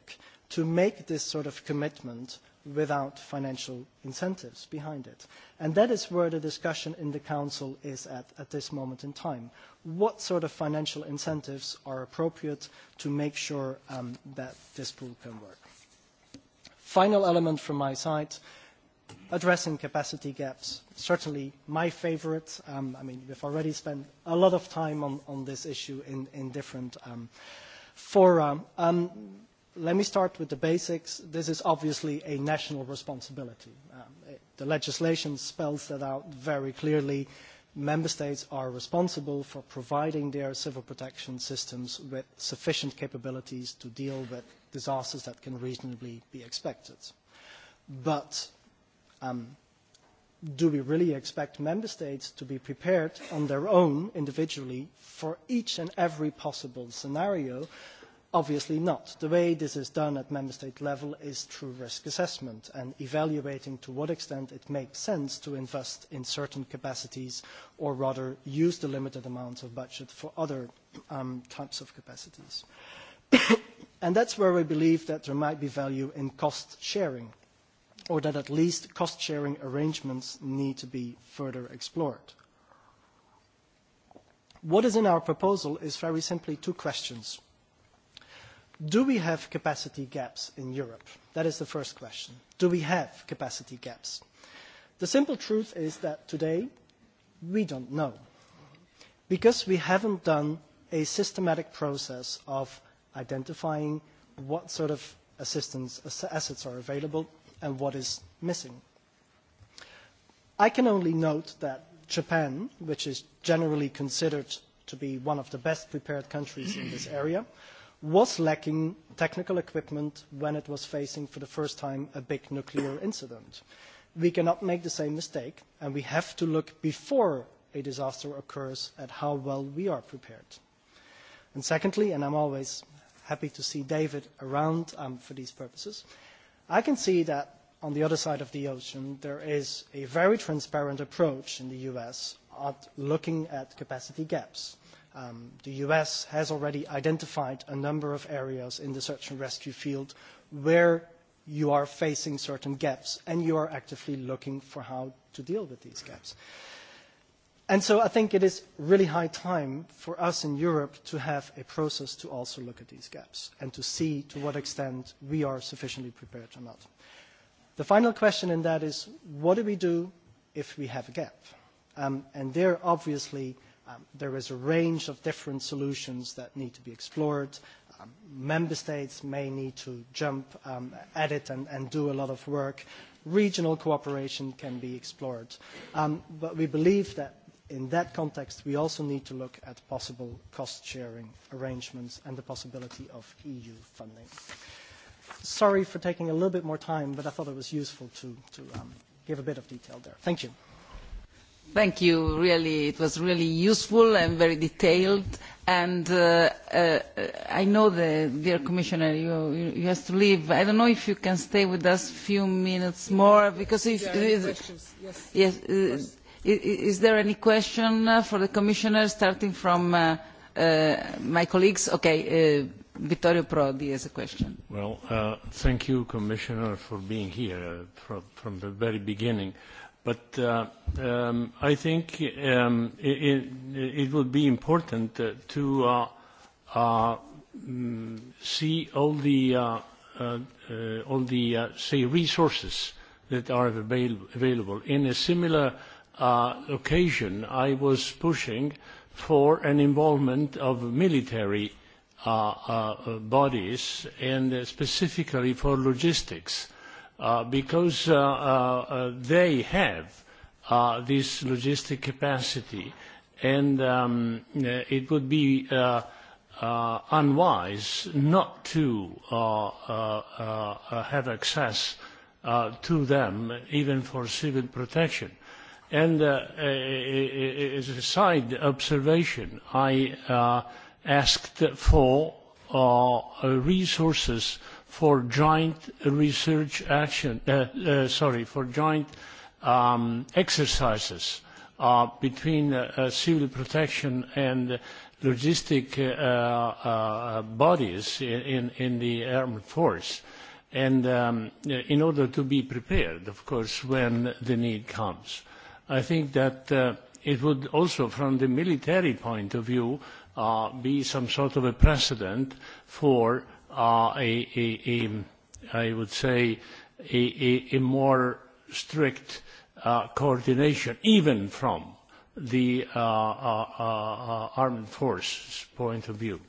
to make this sort of commitment without financial incentives behind it. And that is where the discussion in the Council is at at this moment in time. What sort of financial incentives are appropriate to make sure that this pool can work? Final element from my side, addressing capacity gaps. Certainly my favourite. I mean, we've already spent a lot of time on, this issue in, in different um, forum. let me start with the basics. This is obviously a national responsibility. the legislation spells that out very clearly. Member states are responsible for providing their civil protection systems with sufficient capabilities to deal with disasters that can reasonably be expected. But um, do we really expect member states to be prepared on their own individually for each and every possible scenario? Obviously not. The way this is done at member state level is through risk assessment and evaluating to what extent it makes sense to invest in certain capacities or rather use the limited amounts of budget for other types of capacities. and is where we believe that there might be value in cost sharing or that at least cost-sharing arrangements need to be further explored. What is in our proposal is very simply two questions. Do we have capacity gaps in Europe? That is the first question. Do we have capacity gaps? The simple truth is that today we don't know because we haven't done a systematic process of identifying what sort of assistance assets are available and what is missing. I can only note that Japan, which is generally considered to be one of the best prepared countries in this area, was lacking technical equipment when it was facing for the first time a big nuclear incident. We cannot make the same mistake, and we have to look before a disaster occurs at how well we are prepared. And secondly, and I'm always happy to see David around for these purposes, I can see that on the other side of the ocean, there is a very transparent approach in the US at looking at capacity gaps. the US has already identified a number of areas in the search and rescue field where you are facing certain gaps and you are actively looking for how to deal with these gaps. And so I think it is really high time for us in Europe to have a process to also look at these gaps and to see to what extent we are sufficiently prepared or not. The final question in that is, what do we do if we have a gap? and there, obviously, there is a range of different solutions that need to be explored. member states may need to jump at it and, and do a lot of work. Regional cooperation can be explored. but we believe that in that context, we also need to look at possible cost-sharing arrangements and the possibility of EU funding. Sorry for taking a little bit more time, but I thought it was useful to, to um, give a bit of detail there. Thank you. Thank you. Really, it was really useful and very detailed. And uh, uh, I know the dear Commissioner, you, you have to leave. I don't know if you can stay with us a few minutes more, because if... Yes. yes Is there any question for the commissioner, starting from my colleagues? Okay, Vittorio Prodi has a question. Well, thank you, Commissioner, for being here from the very beginning. But I think it would be important to see all the, say, resources that are available in a similar occasion, I was pushing for an involvement of military uh uh bodies and specifically for logistics uh because uh uh they have uh this logistic capacity and um it would be uh uh unwise not to uh uh have access uh to them even for civil protection And uh, as a side observation, I uh, asked for uh, resources for joint research action, uh, uh, sorry, for joint um, exercises uh, between uh, civil protection and logistic uh, uh, bodies in, in the armed force and um, in order to be prepared, of course, when the need comes I think that uh, it would also, from the military point of view, uh, be some sort of a precedent for uh, a, a, a, I would say, a, a, a more strict uh, coordination, even from the uh, uh, uh, armed forces point of view.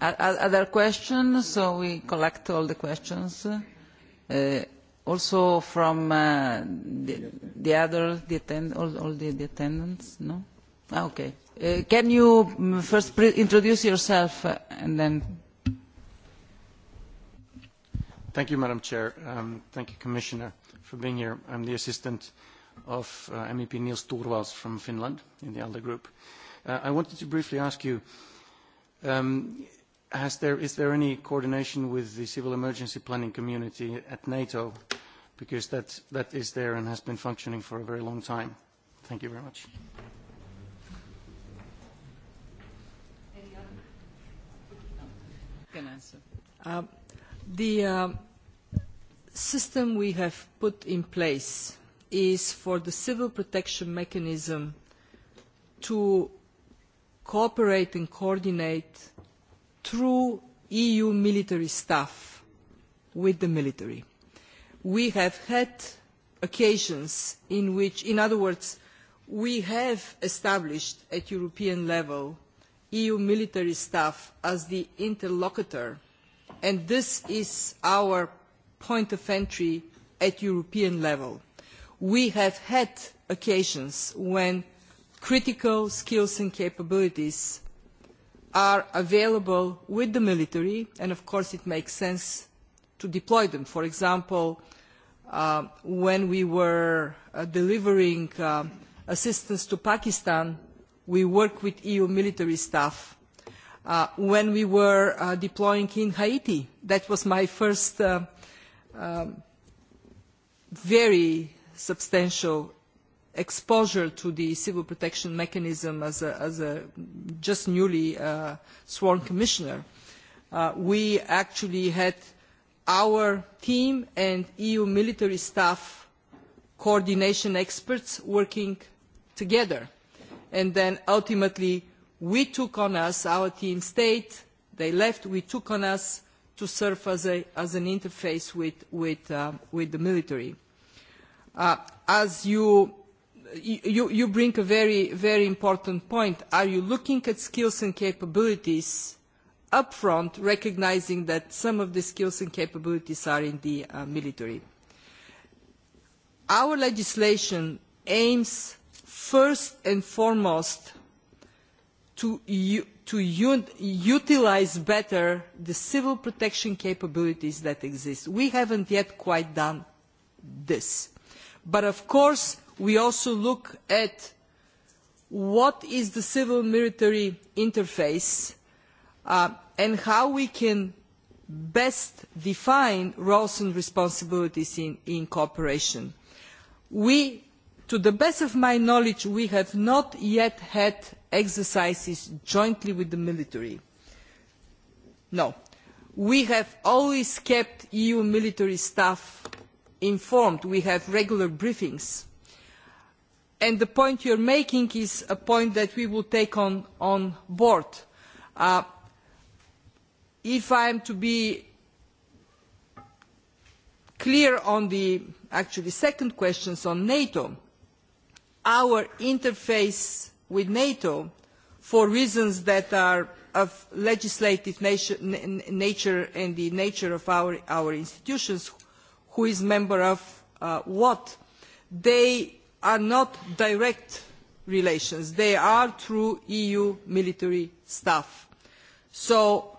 Other questions? So we collect all the questions. Uh, also from uh, the, the other the attend, all, all the, the attendants no ah, okay uh, can you first pre introduce yourself uh, and then thank you madam chair um, thank you commissioner for being here i'm the assistant of uh, mep niels Torvalds from finland in the alde group uh, i wanted to briefly ask you um, has there, is there any coordination with the civil emergency planning community at NATO? Because that, that is there and has been functioning for a very long time. Thank you very much. The system we have put in place is for the civil protection mechanism to cooperate and coordinate through EU military staff with the military. We have had occasions in which, in other words, we have established at European level EU military staff as the interlocutor, and this is our point of entry at European level. We have had occasions when critical skills and capabilities are available with the military, and of course it makes sense to deploy them. For example, when we were delivering assistance to Pakistan, we worked with EU military staff. when we were deploying in Haiti, that was my first very substantial exposure to the civil protection mechanism as a, as a just newly uh, sworn commissioner, uh, we actually had our team and EU military staff coordination experts working together. And then ultimately, we took on us, our team stayed, they left, we took on us to serve as, a, as an interface with, with, with the military. Uh, as you you, you bring a very, very important point. Are you looking at skills and capabilities upfront, recognizing that some of the skills and capabilities are in the military? Our legislation aims first and foremost to, utilise better the civil protection capabilities that exist. We haven't yet quite done this. But of course, we also look at what is the civil-military interface and how we can best define roles and responsibilities in cooperation. We, to the best of my knowledge, we have not yet had exercises jointly with the military. No. We have always kept EU military staff informed. We have regular briefings and the point you are making is a point that we will take on board. if I am to be clear on the actually second question on NATO, our interface with NATO, for reasons that are of legislative nature and the nature of our, institutions, who is a member of what, they are not direct relations. They are through EU military staff. So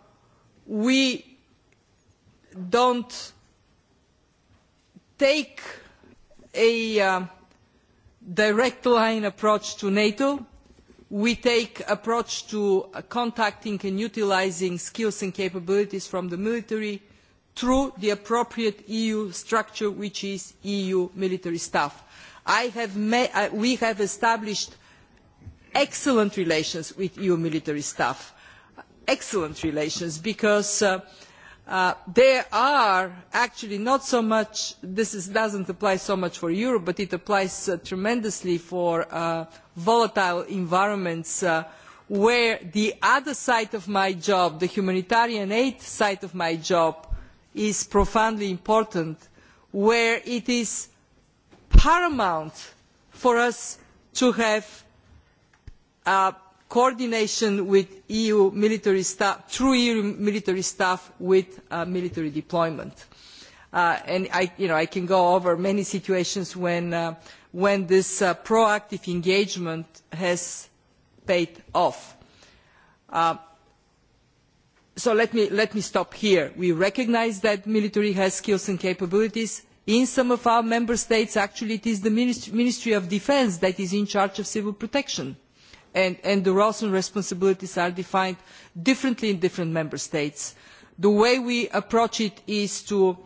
we don't take a direct line approach to NATO. We take an approach to contacting and utilising skills and capabilities from the military through the appropriate EU structure, which is EU military staff we have established excellent relations with eu military staff excellent relations because there are actually not so much this does not apply so much for europe but it applies tremendously for volatile environments where the other side of my job the humanitarian aid side of my job is profoundly important where it is paramount for us to have coordination with EU military staff, through EU military staff with military deployment. and I, you know, I can go over many situations when, this proactive engagement has paid off. so let me, stop here. We recognise that military has skills and capabilities in some of our member states actually it is the ministry of defence that is in charge of civil protection and the roles and responsibilities are defined differently in different member states. the way we approach it is to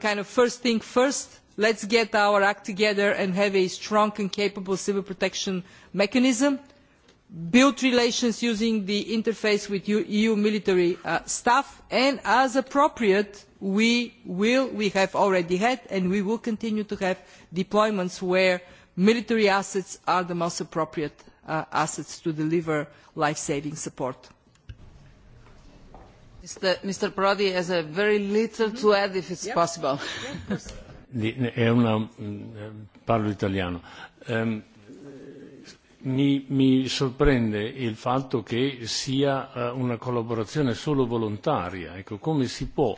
kind of first thing first let us get our act together and have a strong and capable civil protection mechanism build relations using the interface with EU military staff, and as appropriate, we will, we have already had, and we will continue to have deployments where military assets are the most appropriate assets to deliver life-saving support. Mr. Prodi has a very little to add, if it's possible. È una... parlo italiano mi, sorprende il fatto che sia una collaborazione solo volontaria. Ecco, come si può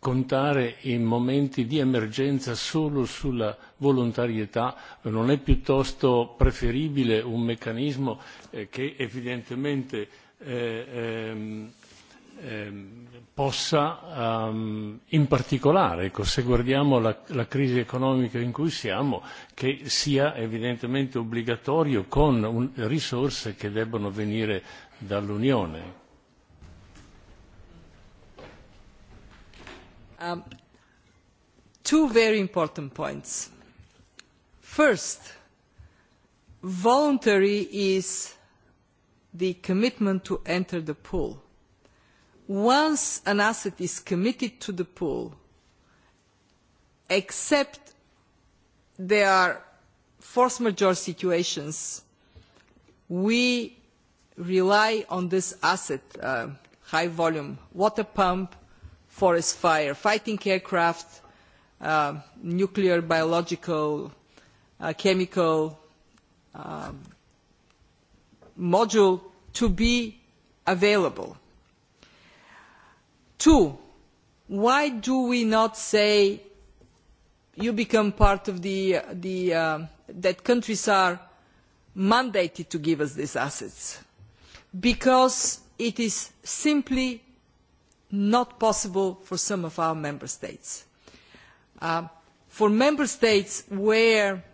contare in momenti di emergenza solo sulla volontarietà? Non è piuttosto preferibile un meccanismo che evidentemente possa in particolare, ecco, se guardiamo la, la crisi economica in cui siamo, che sia evidentemente obbligatorio con un, risorse che debbono venire dall'Unione. Um, two very important points. First, voluntary is the commitment to enter the pool once an asset is committed to the pool, except there are force majeure situations, we rely on this asset, uh, high volume water pump, forest fire, fighting aircraft, uh, nuclear, biological, uh, chemical um, module to be available Two, why do we not say you become part of the, the uh, that countries are mandated to give us these assets? Because it is simply not possible for some of our member states. Uh, for member states where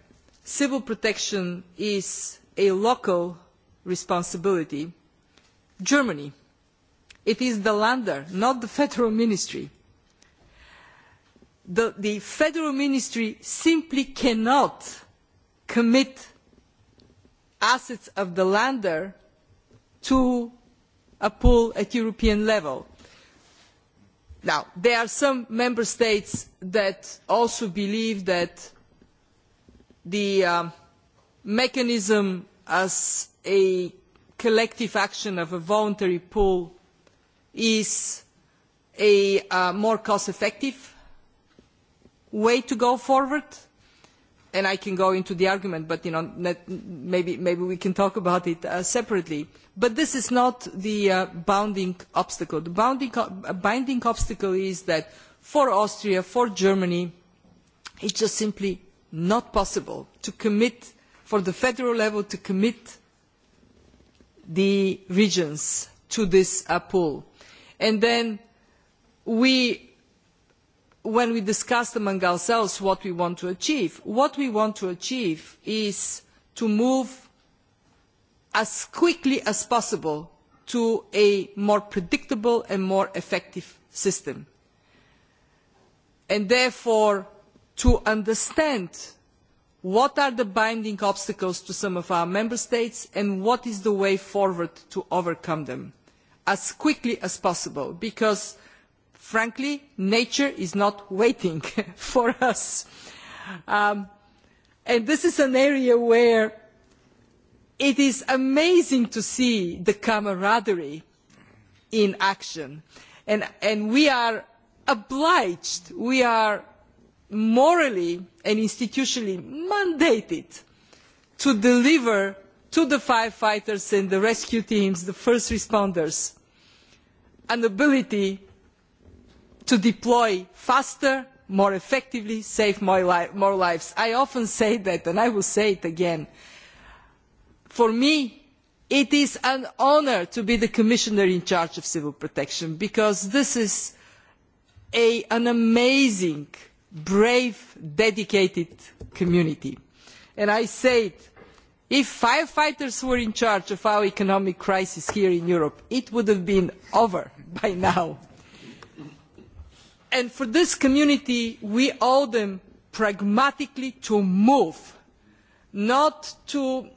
civil protection is a local responsibility, Germany – It is the lander, not the federal ministry. The, the federal ministry simply cannot commit assets of the lander to a pool at European level. Now, there are some member states that also believe that the mechanism as a collective action of a voluntary pool is a more cost-effective way to go forward. And I can go into the argument, but you know, maybe maybe we can talk about it separately. But this is not the bounding obstacle. The bounding binding obstacle is that for Austria, for Germany, it is just simply not possible to commit for the federal level to commit the regions to this pool and then we when we discussed among ourselves what we want to achieve, what we want to achieve is to move as quickly as possible to a more predictable and more effective system. And therefore, to understand what are the binding obstacles to some of our member states and what is the way forward to overcome them as quickly as possible because frankly nature is not waiting for us this is an area where it is amazing to see the camaraderie in action and we are obliged we are morally and institutionally mandated to deliver to the firefighters and the rescue teams, the first responders, an ability to deploy faster, more effectively, save more, lives. I often say that, and I will say it again. For me, it is an honour to be the commissioner in charge of civil protection because this is an amazing, brave, dedicated community. And I say it if firefighters were in charge of our economic crisis here in europe it would have been over by now. and for this community we owe them pragmatically to move not to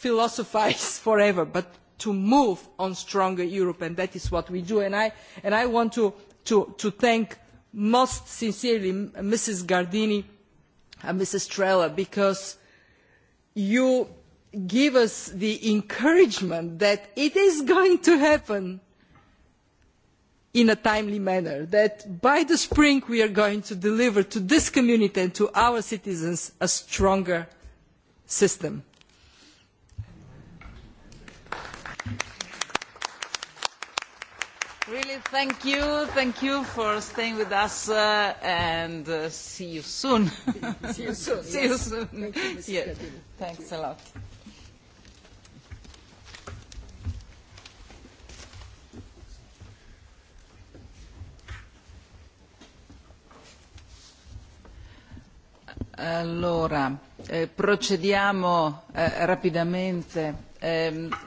philosophise forever but to move on a stronger europe and that is what we do and i want to thank most sincerely mrs gardini and mrs estrela because you give us the encouragement that it is going to happen in a timely manner, that by the spring we are going to deliver to this community and to our citizens a stronger system Really, thank you. Thank you for staying with us uh, and uh, see you soon. see you soon. see you soon. Thank you, Mr. Yeah. Thanks a lot. Allora, eh, procediamo eh, rapidamente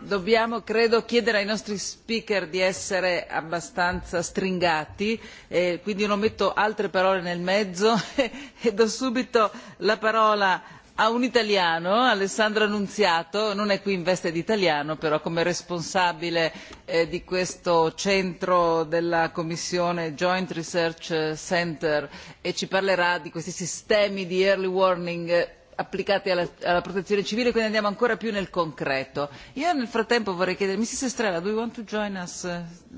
dobbiamo credo chiedere ai nostri speaker di essere abbastanza stringati e quindi non metto altre parole nel mezzo e do subito la parola a un italiano, Alessandro Annunziato, non è qui in veste di italiano, però come responsabile di questo centro della Commissione Joint Research Centre e ci parlerà di questi sistemi di early warning applicati alla, alla protezione civile, quindi andiamo ancora più nel concreto. Io nel frattempo vorrei chiedere, Mrs. Estrella, do you want to join us?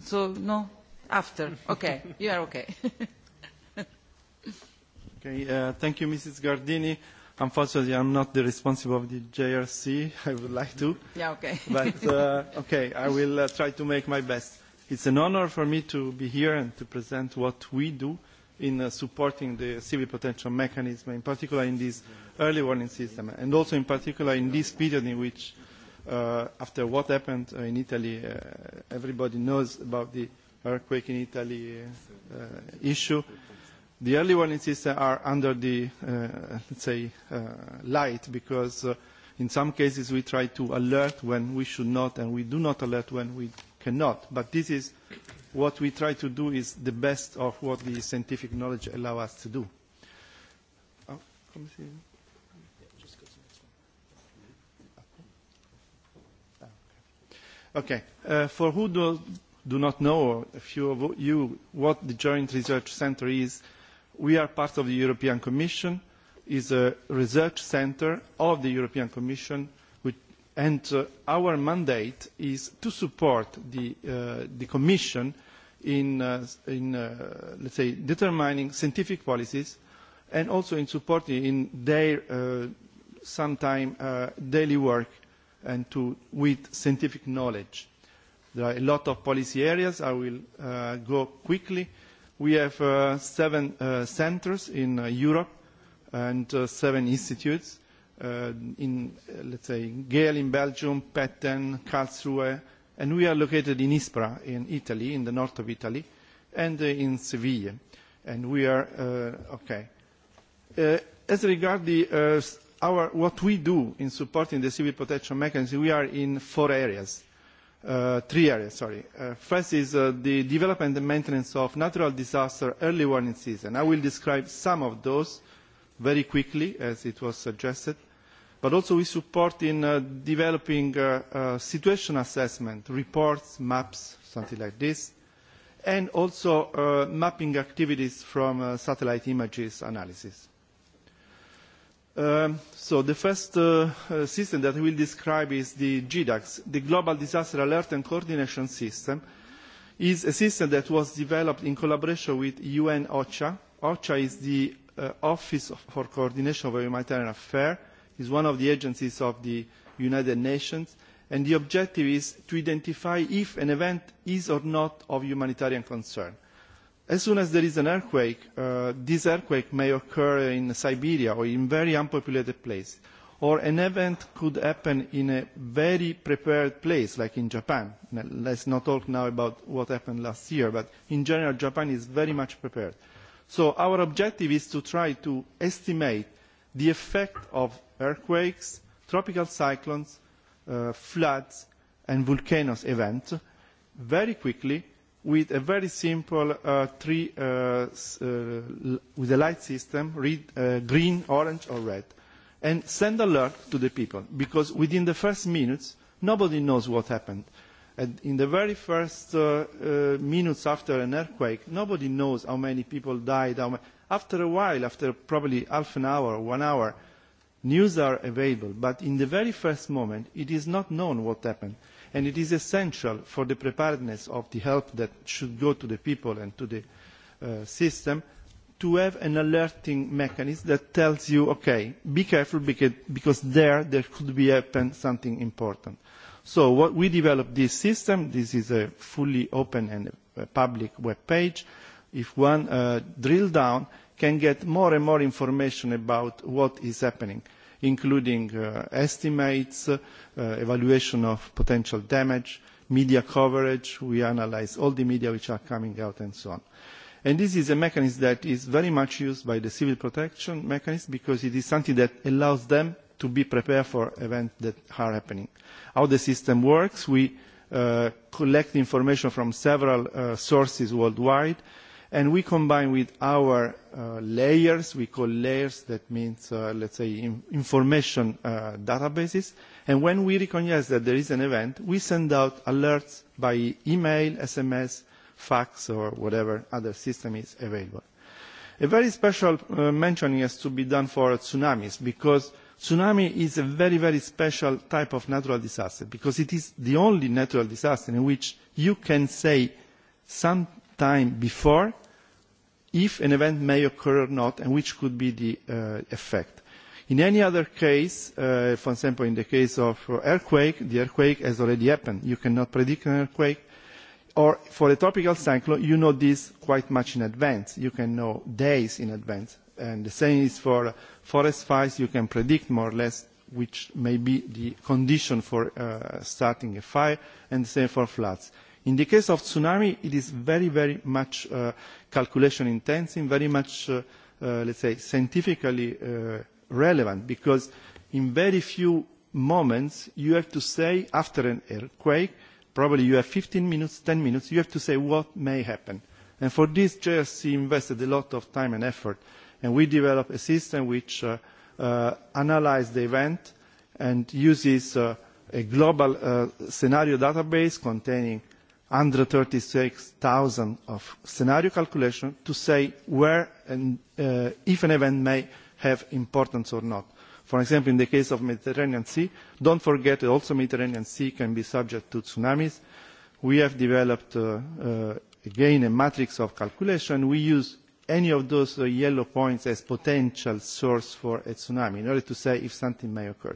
So, no? After? Ok, you are okay. ok, uh, thank you Mrs. Gardini. Unfortunately, I'm not the responsible of the JRC. I would like to. Yeah, okay. but, uh, okay, I will uh, try to make my best. It's an honor for me to be here and to present what we do in uh, supporting the civil protection mechanism, in particular in this early warning system, and also in particular in this period in which, uh, after what happened uh, in Italy, uh, everybody knows about the earthquake in Italy uh, uh, issue. The early warning systems are under the, uh, let's say, uh, light because uh, in some cases we try to alert when we should not and we do not alert when we cannot. But this is what we try to do is the best of what the scientific knowledge allows us to do. Okay. Uh, for who do, do not know, or a few of you, what the Joint Research Centre is, we are part of the European Commission, is a research centre of the European Commission And our mandate is to support the, Commission in, let's say, determining scientific policies and also in supporting in their sometime daily work and to, with scientific knowledge. There are a lot of policy areas. I will go quickly. We have seven centres in Europe and seven institutes uh in, let's say, Gale in Belgium, Petten, Karlsruhe, and we are located in Ispra in Italy, in the north of Italy, and in Seville. And we are, uh, okay. Uh, as regards the, uh, our, what we do in supporting the civil protection mechanism, we are in four areas. Uh, three areas, sorry. Uh, first is uh, the development and maintenance of natural disaster early warning season. I will describe some of those very quickly, as it was suggested But also we support in uh, developing uh, uh, situation assessment, reports, maps, something like this, and also uh, mapping activities from uh, satellite images analysis. Um, so the first uh, system that we will describe is the GDAX, the Global Disaster Alert and Coordination System, is a system that was developed in collaboration with UN OCHA. OCHA is the uh, Office for Coordination of Humanitarian Affairs, is one of the agencies of the United Nations, and the objective is to identify if an event is or not of humanitarian concern. As soon as there is an earthquake, uh, this earthquake may occur in Siberia or in very unpopulated place, or an event could happen in a very prepared place, like in Japan. Let's not talk now about what happened last year, but in general, Japan is very much prepared. So our objective is to try to estimate the effect of earthquakes, tropical cyclones, floods, and volcanoes events very quickly with a very simple uh, three, uh, uh, with a light system, read, uh, green, orange, or red, and send alert to the people because within the first minutes, nobody knows what happened. And in the very first uh, uh, minutes after an earthquake, nobody knows how many people died, how many After a while, after probably half an hour or one hour, news are available, but in the very first moment, it is not known what happened. And it is essential for the preparedness of the help that should go to the people and to the uh, system to have an alerting mechanism that tells you, okay, be careful because, because there, there could be happen something important. So what we developed this system, this is a fully open and public web page, if one uh, drill down, can get more and more information about what is happening, including uh, estimates, uh, evaluation of potential damage, media coverage. We analyze all the media which are coming out and so on. And this is a mechanism that is very much used by the civil protection mechanism because it is something that allows them to be prepared for events that are happening. How the system works, we uh, collect information from several uh, sources worldwide, uh, and we combine with our uh, layers, we call layers, that means, uh, let's say, in information uh, databases, and when we recognize that there is an event, we send out alerts by email, SMS, fax, or whatever other system is available. A very special uh, mentioning has to be done for tsunamis, because tsunami is a very, very special type of natural disaster, because it is the only natural disaster in which you can say some time before if an event may occur or not, and which could be the uh, effect. In any other case, uh, for example, in the case of earthquake, the earthquake has already happened. You cannot predict an earthquake. Or for a tropical cyclone, you know this quite much in advance. You can know days in advance. And the same is for forest fires. You can predict more or less which may be the condition for uh, starting a fire, and the same for floods In the case of tsunami, it is very, very much uh, calculation intensive, very much, uh, uh, let's say, scientifically uh, relevant, because in very few moments you have to say after an earthquake, probably you have 15 minutes, 10 minutes, you have to say what may happen. And for this, JSC invested a lot of time and effort, and we developed a system which uh, uh, analyzes the event and uses uh, a global uh, scenario database containing 136,000 of scenario calculation to say where and uh, if an event may have importance or not. For example, in the case of Mediterranean Sea, don't forget that also Mediterranean Sea can be subject to tsunamis. We have developed, uh, uh, again, a matrix of calculation. We use any of those uh, yellow points as potential source for a tsunami in order to say if something may occur.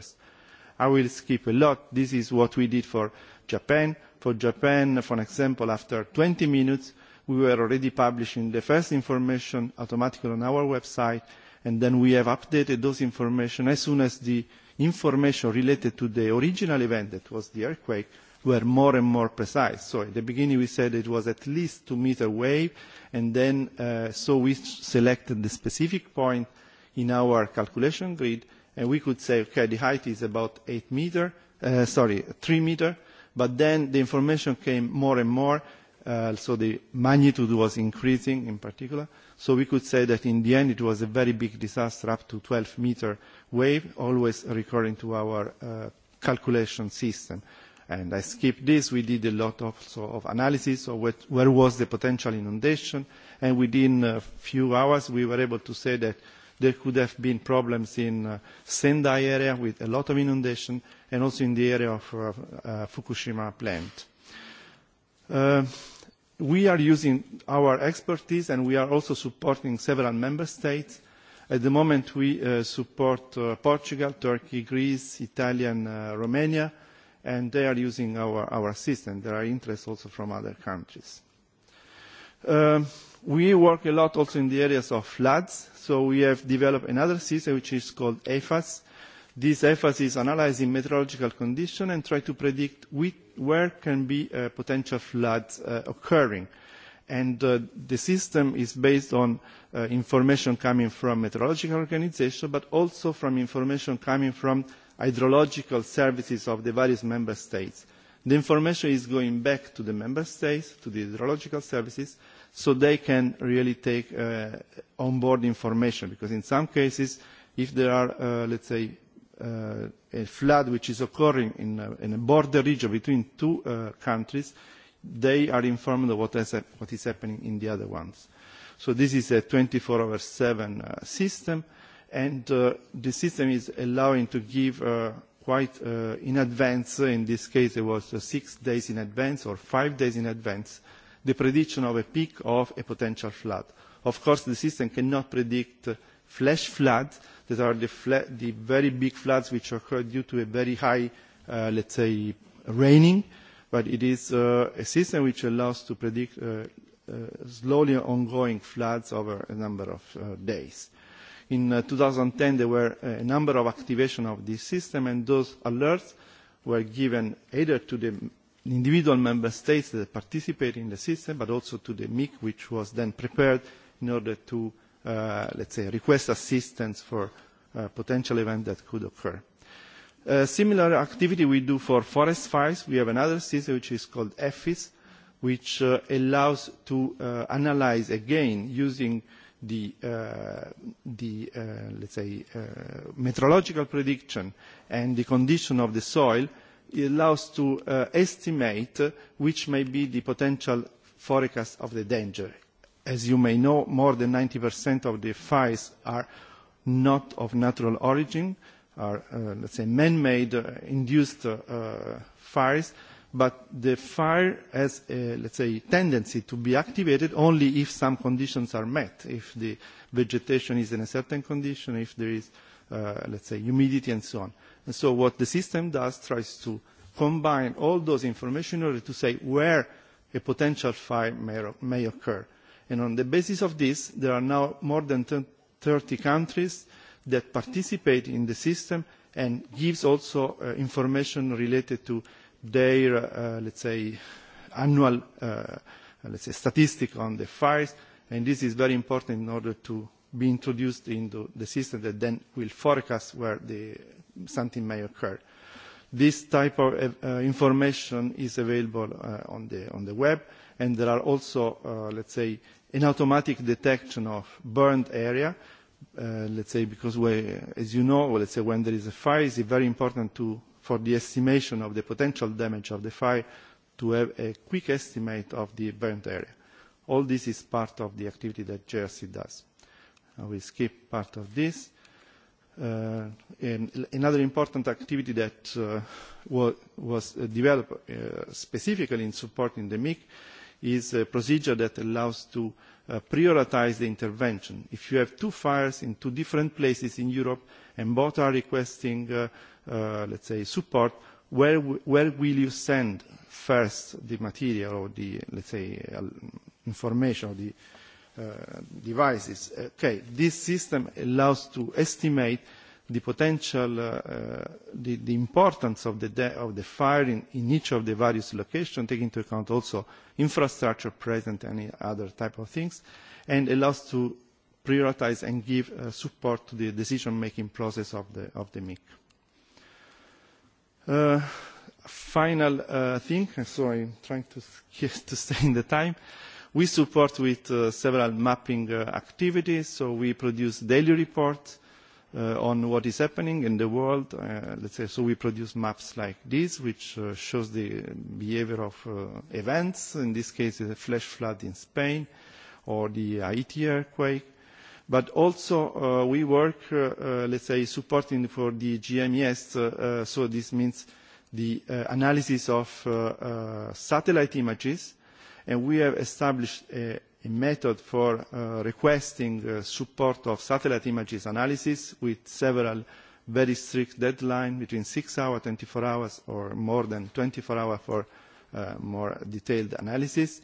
I will skip a lot. This is what we did for Japan, For Japan, for example, after 20 minutes, we were already publishing the first information automatically on our website, and then we have updated those information as soon as the information related to the original event, that was the earthquake, were more and more precise. So at the beginning we said it was at least two meter wave, and then so we selected the specific point in our calculation grid, and we could say, okay, the height is about eight meter, uh, sorry, three meter, But then the information came more and more, uh, so the magnitude was increasing in particular. So we could say that in the end it was a very big disaster, up to 12 meter wave, always recurring to our uh, calculation system. And I skipped this. We did a lot so of analysis of what, where was the potential inundation, and within a few hours we were able to say that there could have been problems in uh, Sendai area with a lot of inundation and also in the area of uh, uh, Fukushima plant. Uh, we are using our expertise and we are also supporting several member states. At the moment we uh, support uh, Portugal, Turkey, Greece, Italy and uh, Romania and they are using our, our system. There are interests also from other countries. Uh, we work a lot also in the areas of floods So we have developed another system which is called EFAS. This EFAS is analyzing meteorological conditions and try to predict which, where can be uh, potential floods uh, occurring. And uh, the system is based on uh, information coming from meteorological organizations, but also from information coming from hydrological services of the various member states. The information is going back to the member states, to the hydrological services, so they can really take uh, on board information because in some cases if there are uh, let's say uh, a flood which is occurring in a, in a border region between two uh, countries they are informed of what, has, what is happening in the other ones so this is a 24 over 7 uh, system and uh, the system is allowing to give uh, quite uh, in advance in this case it was uh, six days in advance or five days in advance uh, the prediction of a peak of a potential flood. Of course, the system cannot predict flash floods that are the, fla- the very big floods which occur due to a very high, uh, let's say, raining, but it is uh, a system which allows to predict uh, uh, slowly ongoing floods over a number of uh, days. In uh, 2010, there were a number of activation of this system, and those alerts were given either to the individual member states that participate in the system, but also to the MIC, which was then prepared in order to, uh, let's say, request assistance for uh, potential events that could occur. Uh, similar activity we do for forest fires. We have another system which is called EFIS, which uh, allows to uh, analyze again using the, uh, the uh, let's say, uh, meteorological prediction and the condition of the soil it allows to estimate which may be the potential forecast of the danger. As you may know, more than 90% of the fires are not of natural origin, are, uh, let's say, man-made uh, induced uh, fires, but the fire has, a, let's say, tendency to be activated only if some conditions are met, if the vegetation is in a certain condition, if there is uh, uh, let's say, humidity and so on. And so what the system does tries to combine all those information in order to say where a potential fire may, may occur. And on the basis of this, there are now more than 30 countries that participate in the system and gives also uh, information related to their, uh, let's say, annual, uh, let's say, statistic on the fires. And this is very important in order to be introduced into the system that then will forecast where the, something may occur. This type of uh, information is available uh, on, the, on the web, and there are also, uh, let's say, an automatic detection of burned area, uh, let's say, because we, as you know, let's say when there is a fire, it's very important to, for the estimation of the potential damage of the fire to have a quick estimate of the burnt area. All this is part of the activity that JRC does. I will skip part of this. Uh, and another important activity that uh, was, was developed uh, specifically in supporting the MIC is a procedure that allows to uh, prioritize the intervention. If you have two fires in two different places in Europe and both are requesting, uh, uh, let's say, support, where, w where will you send first the material or the, let's say, uh, information or the, uh, devices. Okay, this system allows to estimate the potential, uh, the, the importance of the, de of the fire in, in each of the various locations, taking into account also infrastructure present and other type of things, and allows to prioritize and give uh, support to the decision-making process of the, of the MIC. Uh, final uh, thing, so I'm trying to, to stay in the time. Uh, We support with uh, several mapping uh, activities, so we produce daily reports uh, on what is happening in the world. Uh, let's say, so we produce maps like this, which uh, shows the behavior of uh, events. In this case, the flash flood in Spain or the Haiti earthquake. But also, uh, we work, uh, uh, let's say, supporting for the GMES. Uh, uh, so this means the uh, analysis of uh, uh, satellite images and we have established a, a method for uh, requesting uh, support of satellite images analysis with several very strict deadlines between six hours, twenty four hours, or more than twenty four hours for uh, more detailed analysis.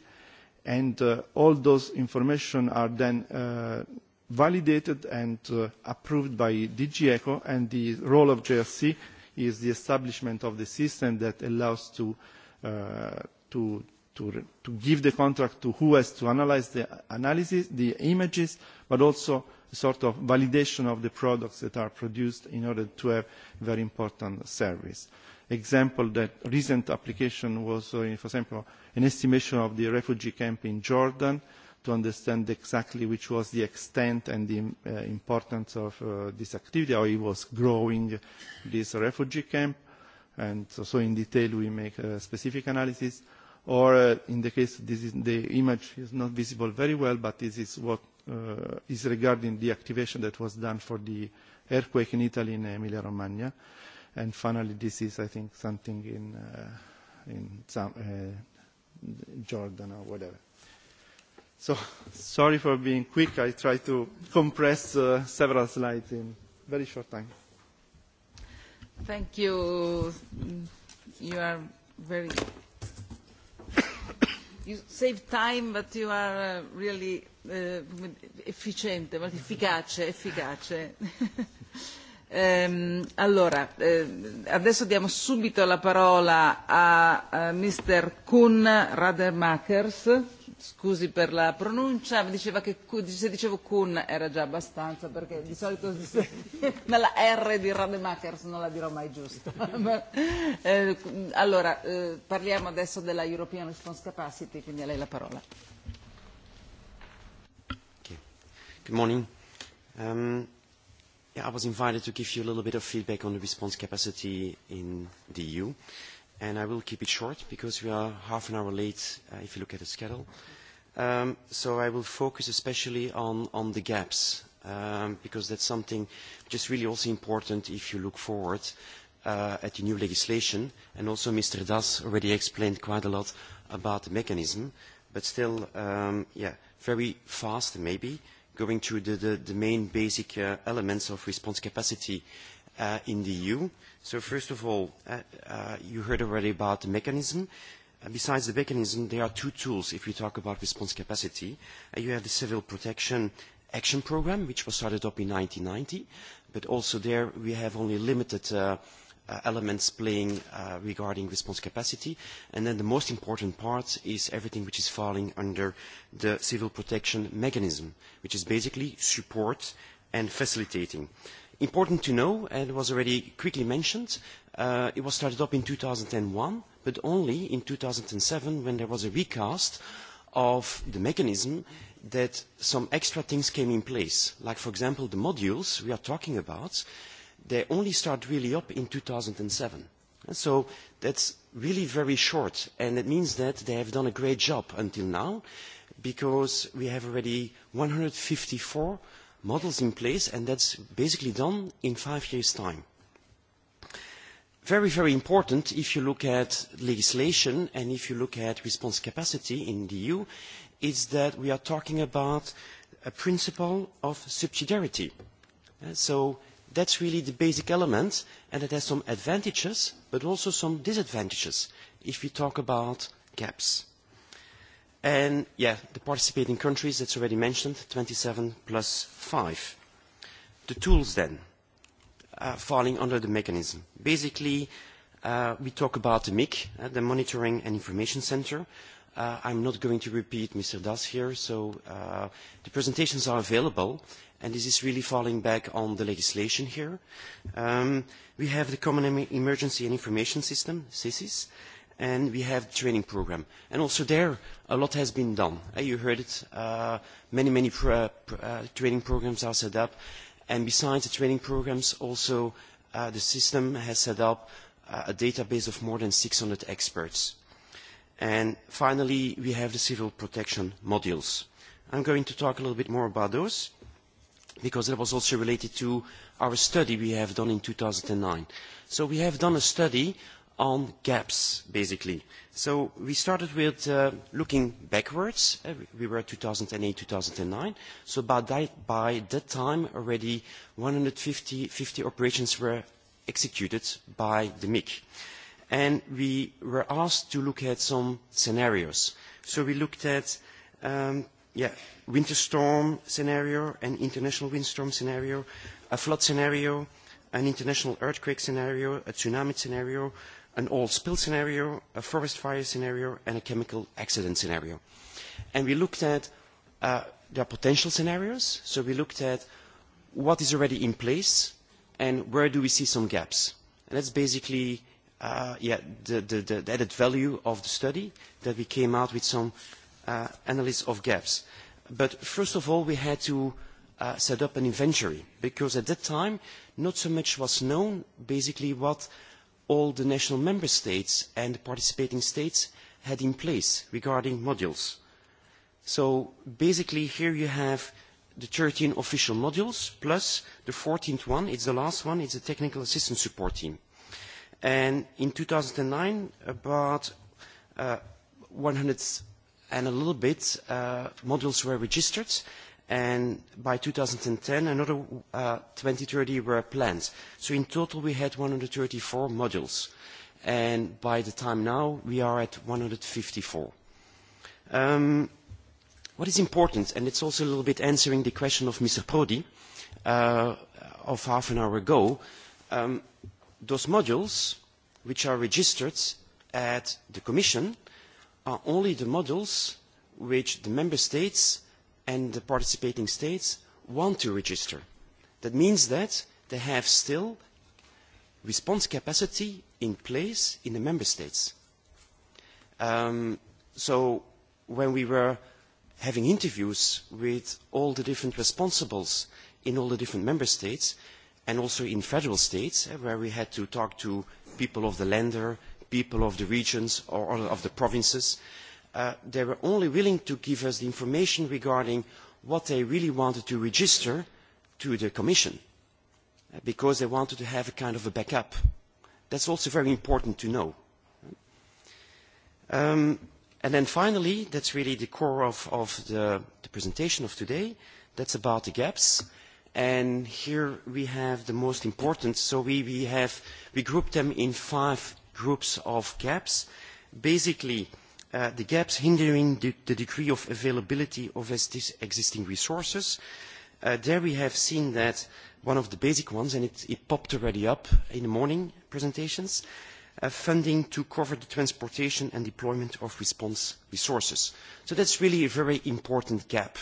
And uh, all those information are then uh, validated and uh, approved by DG ECO and the role of JRC is the establishment of the system that allows to, uh, to, to, to give the contract to who has to analyze the analysis, the images, but also a sort of validation of the products that are produced in order to have very important service. Example that recent application was, uh, for example, an estimation of the refugee camp in Jordan to understand exactly which was the extent and the uh, importance of uh, this activity, how it was growing, this refugee camp. And so, so in detail we make a specific analysis or uh, in the case this is the image is not visible very well, but this is what uh, is regarding the activation that was done for the earthquake in Italy in Emilia-Romagna. And finally, this is, I think, something in, uh, in some, uh, Jordan or whatever. So, sorry for being quick. I try to compress uh, several slides in very short time. Thank you. You are very you save time but you are uh, really uh, efficiente, molto efficace, efficace. allora, eh, adesso diamo subito la parola a, a Mr. Kuhn Radermakers scusi per la pronuncia, mi diceva che se dicevo Kun era già abbastanza, perché di solito nella R di Rademakers non la dirò mai giusta. allora, parliamo adesso della European Response Capacity, quindi a lei la parola. Good morning. Um, yeah, I was invited to give you a little bit of feedback on the response capacity in the EU and I will keep it short because we are half an hour late uh, if you look at the schedule. Um, so I will focus especially on, on the gaps um, because that's something which is really also important if you look forward uh, at the new legislation. And also Mr. Das already explained quite a lot about the mechanism, but still, um, yeah, very fast maybe, going through the, the, the main basic uh, elements of response capacity uh, in the EU So first of all, uh, uh, you heard already about the mechanism. Uh, besides the mechanism, there are two tools if we talk about response capacity. Uh, you have the civil protection action program, which was started up in 1990, but also there we have only limited uh, elements playing regarding response capacity. And then the most important part is everything which is falling under the civil protection mechanism, which is basically support and facilitating. Important to know, and it was already quickly mentioned, uh, it was started up in 2001, but only in 2007 when there was a recast of the mechanism that some extra things came in place. Like, for example, the modules we are talking about, they only start really up in 2007. And so that's really very short, and it means that they have done a great job until now because we have already one hundred and fifty four models in place, and that's basically done in five years' time. Very, very important if you look at legislation and if you look at response capacity in the EU, is that we are talking about a principle of subsidiarity. So that's really the basic element, and it has some advantages, but also some disadvantages if we talk about gaps. And yeah, the participating countries, that's already mentioned, twenty seven plus five. The tools then, uh, falling under the mechanism. Basically, uh, we talk about the MIC, uh, the Monitoring and Information Center. Uh, I'm not going to repeat Mr. Das here, so uh, the presentations are available, and this is really falling back on the legislation here. Um, we have the Common Emergency and Information System, CISIS, and we have the training program. And also there, a lot has been done. You heard it. Many, many training programs are set up. And besides the training programs, also the system has set up a database of more than 600 experts. And finally, we have the civil protection modules. I'm going to talk a little bit more about those because it was also related to our study we have done in 2009. So we have done a study on gaps, basically. So we started with uh, looking backwards. Uh, we were 2008, 2009. So by that, by that time, already 150 50 operations were executed by the MiG. And we were asked to look at some scenarios. So we looked at um, yeah, winter storm scenario, an international windstorm scenario, a flood scenario, an international earthquake scenario, a tsunami scenario, an oil spill scenario, a forest fire scenario, and a chemical accident scenario. And we looked at uh, their potential scenarios. So we looked at what is already in place and where do we see some gaps. And that's basically uh, yeah, the, the, the added value of the study that we came out with some uh, analysis of gaps. But first of all, we had to uh, set up an inventory because at that time, not so much was known basically what – all the national member states and the participating states had in place regarding modules. So basically here you have the thirteen official modules plus the fourteenth one, it's the last one, it's the technical assistance support team. And in two thousand nine about uh, 100 and a little bit uh, modules were registered and by 2010 another uh, 2030 were planned. So in total we had 134 modules and by the time now we are at 154. Um, what is important, and it's also a little bit answering the question of Mr. Prodi uh, of half an hour ago, um, those modules which are registered at the Commission are only the modules which the Member States and the participating states want to register. That means that they have still response capacity in place in the member states. so when we were having interviews with all the different responsibles in all the different member states and also in federal states where we had to talk to people of the lender, people of the regions or of the provinces, they were only willing to give us the information regarding what they really wanted to register to the Commission, because they wanted to have a kind of a backup. That's also very important to know. and then finally, that's really the core of, of the, the presentation of today. That's about the gaps. And here we have the most important. So we, we have, we grouped them in five groups of gaps. Basically, the gaps hindering the degree of availability of existing resources. There we have seen that one of the basic ones, and it popped already up in the morning presentations, funding to cover the transportation and deployment of response resources. So that's really a very important gap.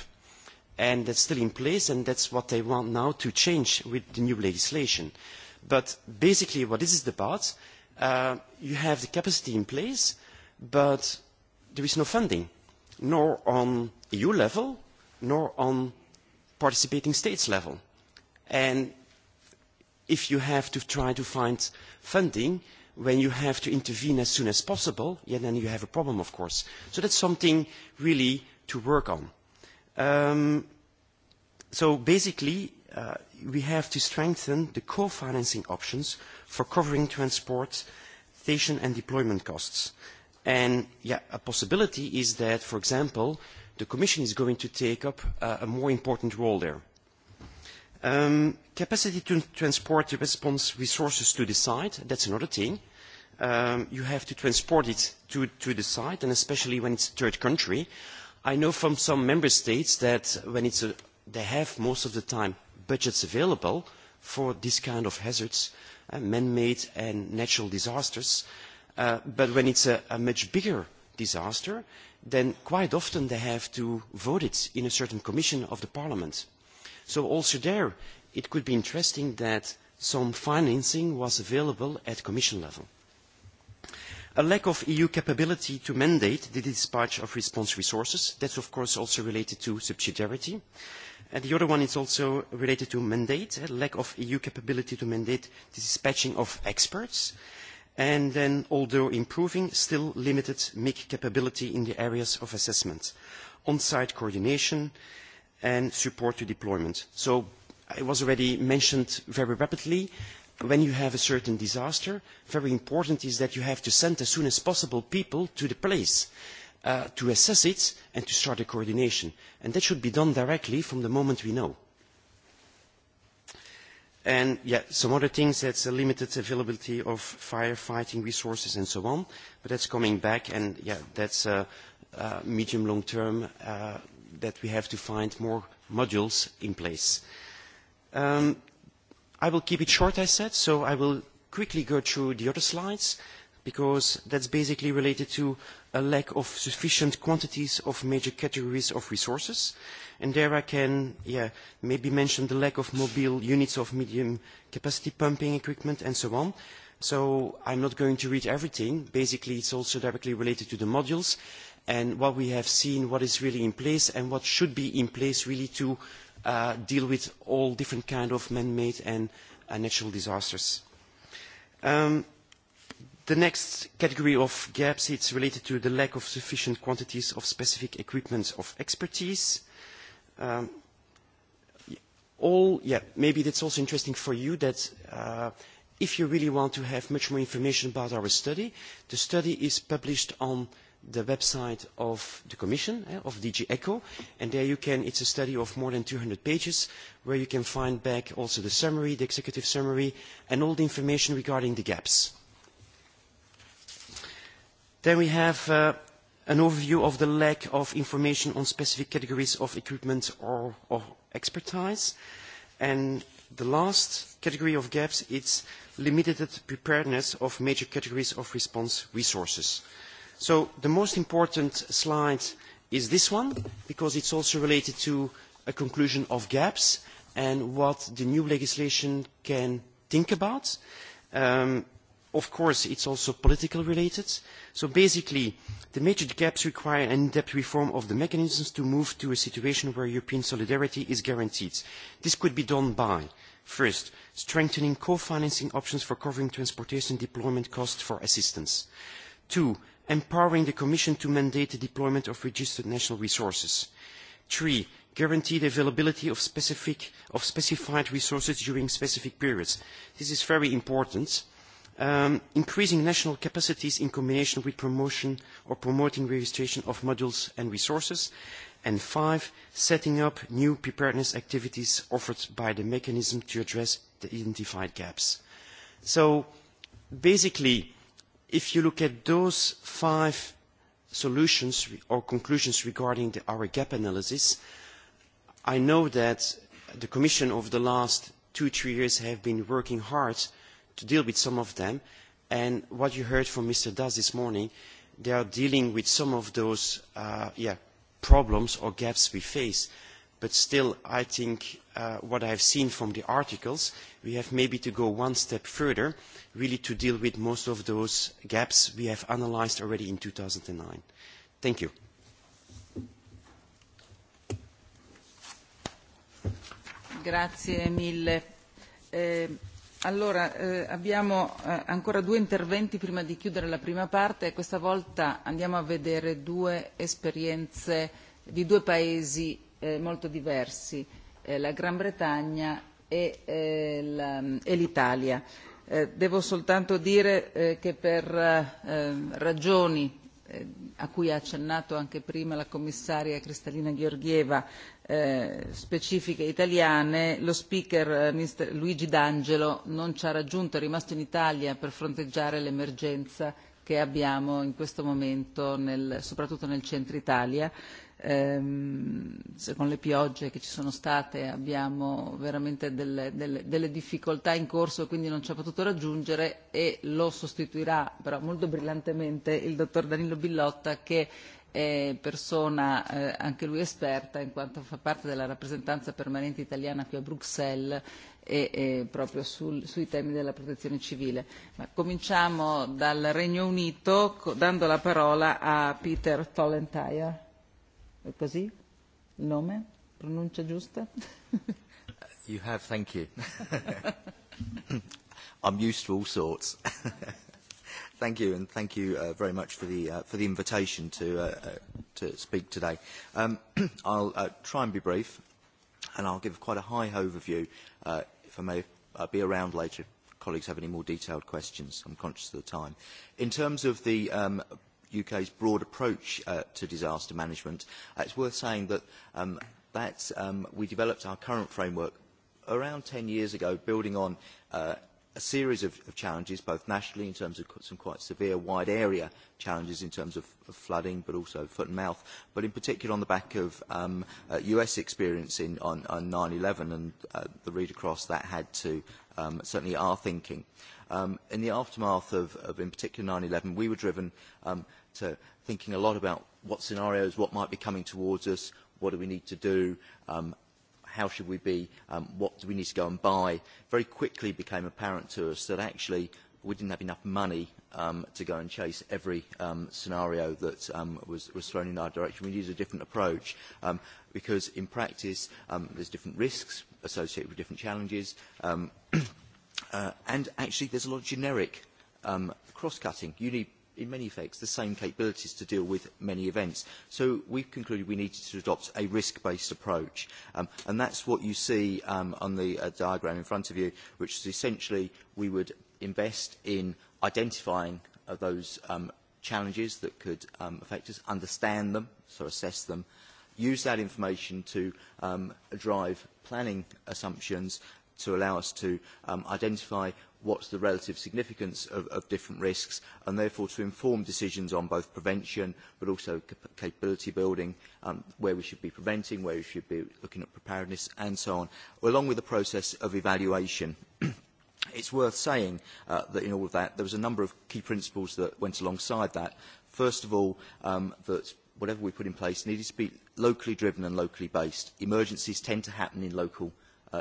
And that's still in place, and that's what they want now to change with the new legislation. But basically what this is about, you have the capacity in place, but there is no funding, nor on EU level, nor on participating states level. And if you have to try to find funding when you have to intervene as soon as possible, yeah, then you have a problem, of course. So that's something really to work on. Um, so basically, uh, we have to strengthen the co-financing options for covering transport, station and deployment costs. Uh, And yeah, a possibility is that, for example, the Commission is going to take up a more important role there. capacity to transport the response resources to the site, that's another thing. you have to transport it to, to the site, and especially when it's a third country. I know from some member states that when it's a, they have most of the time budgets available for this kind of hazards, man-made and natural disasters, uh, but when it's a, a much bigger disaster, then quite often they have to vote it in a certain commission of the parliament. So also there, it could be interesting that some financing was available at commission level. A lack of EU capability to mandate the dispatch of response resources, that's of course also related to subsidiarity. And the other one is also related to mandate, a lack of EU capability to mandate the dispatching of experts and then although improving, still limited MIC capability in the areas of assessment, on-site coordination and support to deployment. So it was already mentioned very rapidly, when you have a certain disaster, very important is that you have to send as soon as possible people to the place to assess it and to start the coordination. And that should be done directly from the moment we know. And yeah, some other things, that's a limited availability of firefighting resources and so on. But that's coming back, and yeah, that's a a medium long term uh, that we have to find more modules in place. Um, I will keep it short, I said, so I will quickly go through the other slides because that's basically related to a lack of sufficient quantities of major categories of resources. And there I can yeah, maybe mention the lack of mobile units of medium capacity pumping equipment and so on. So I'm not going to read everything. Basically, it's also directly related to the modules and what we have seen, what is really in place and what should be in place really to uh, deal with all different kind of man-made and uh, natural disasters. Um, The next category of gaps is related to the lack of sufficient quantities of specific equipment of expertise. Um, all, yeah, maybe that's also interesting for you that uh, if you really want to have much more information about our study, the study is published on the website of the Commission, of DG ECHO, and there you can, it's a study of more than two hundred pages where you can find back also the summary, the executive summary, and all the information regarding the gaps. Then we have uh, an overview of the lack of information on specific categories of equipment or, or expertise. And the last category of gaps is limited preparedness of major categories of response resources. So the most important slide is this one because it's also related to a conclusion of gaps and what the new legislation can think about. Um, Of course, it's also political related. So basically, the major gaps require an in-depth reform of the mechanisms to move to a situation where European solidarity is guaranteed. This could be done by, first, strengthening co-financing options for covering transportation deployment costs for assistance. Two, empowering the Commission to mandate the deployment of registered national resources. Three, guarantee the availability of, specific, of specified resources during specific periods. This is very important increasing national capacities in combination with promotion or promoting registration of modules and resources, and five, setting up new preparedness activities offered by the mechanism to address the identified gaps. So basically, if you look at those five solutions or conclusions regarding the, our gap analysis, I know that the Commission over the last two, three years have been working hard to deal with some of them. And what you heard from Mr. Das this morning, they are dealing with some of those problems or gaps we face. But still, I think what I have seen from the articles, we have maybe to go one step further, really to deal with most of those gaps we have analysed already in two thousand nine. Thank you. Grazie mille abbiamo ancora due interventi prima di chiudere la prima parte e questa volta andiamo a vedere due esperienze di due paesi molto diversi, la Gran Bretagna e, l'Italia. devo soltanto dire che per ragioni a cui ha accennato anche prima la commissaria Cristalina Gheorgheva, specifiche italiane, lo speaker Luigi D'Angelo non ci ha raggiunto, è rimasto in Italia per fronteggiare l'emergenza che abbiamo in questo momento, soprattutto nel centro Italia con le piogge che ci sono state abbiamo veramente delle, delle, delle difficoltà in corso e quindi non ci ha potuto raggiungere e lo sostituirà però molto brillantemente il dottor Danilo Billotta che è persona eh, anche lui esperta in quanto fa parte della rappresentanza permanente italiana qui a Bruxelles e, e proprio sul, sui temi della protezione civile. Ma cominciamo dal Regno Unito dando la parola a Peter Tollentire così? Nome? Pronuncia giusta? you have, thank you. I'm used to all sorts. thank you, and thank you uh, very much for the, uh, for the invitation to, uh, uh, to speak today. Um, I'll uh, try and be brief, and I'll give quite a high overview, uh, if I may uh, be around later if colleagues have any more detailed questions. I'm conscious of the time. In terms of the um, UK's broad approach uh, to disaster management, uh, it's worth saying that um, that um, we developed our current framework around 10 years ago, building on uh, a series of, of challenges, both nationally in terms of some quite severe wide area challenges in terms of, of flooding, but also foot and mouth, but in particular on the back of um, uh, US experience in, on, on 9-11 and uh, the read across that had to um, certainly our thinking. Um, in the aftermath of, of in particular 9-11, we were driven um, – sector, thinking a lot about what scenarios, what might be coming towards us, what do we need to do, um, how should we be, um, what do we need to go and buy, very quickly became apparent to us that actually we didn't have enough money um, to go and chase every um, scenario that um, was, was thrown in our direction. We needed a different approach um, because in practice um, there's different risks associated with different challenges um, uh, and actually there's a lot of generic um, cross-cutting. You need in many effects, the same capabilities to deal with many events. So we have concluded we needed to adopt a risk-based approach. and that is what you see on the diagram in front of you, which is essentially we would invest in identifying those challenges that could affect us, understand them, so assess them, use that information to drive planning assumptions to allow us to identify what's the relative significance of, of different risks and therefore to inform decisions on both prevention but also capability building, um, where we should be preventing, where we should be looking at preparedness and so on, along with the process of evaluation. It's worth saying uh, that in all of that, there was a number of key principles that went alongside that. First of all, um, that whatever we put in place needed to be locally driven and locally based. Emergencies tend to happen in local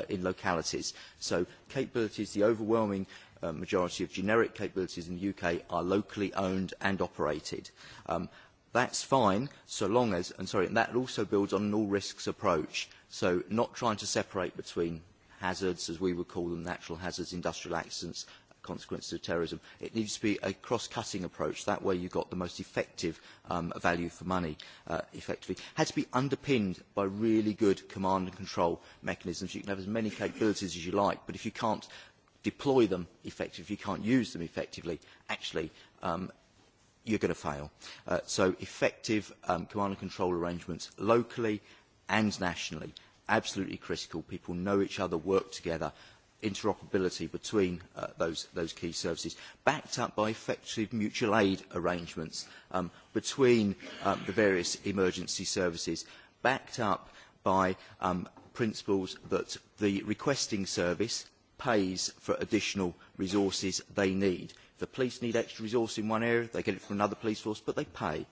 in localities. So capabilities, the overwhelming majority of generic capabilities in the UK are locally owned and operated. Um, that's fine so long as, and sorry, and that also builds on an all risks approach. So not trying to separate between hazards, as we would call them, natural hazards, industrial accidents, consequences of terrorism. It needs to be a cross-cutting approach. That way you got the most effective um, value for money, uh, effectively. It had to be underpinned by really good command and control mechanisms. You can have as many capabilities as you like, but if you can't deploy them effectively, if you can't use them effectively, actually um, you're going to fail. Uh, so effective um, command and control arrangements locally and nationally, absolutely critical. People know each other, work together interoperability between uh, those, those key services, backed up by effective mutual aid arrangements um, between um, the various emergency services, backed up by um, principles that the requesting service pays for additional resources they need. If the police need extra resource in one area, they get it from another police force, but they pay.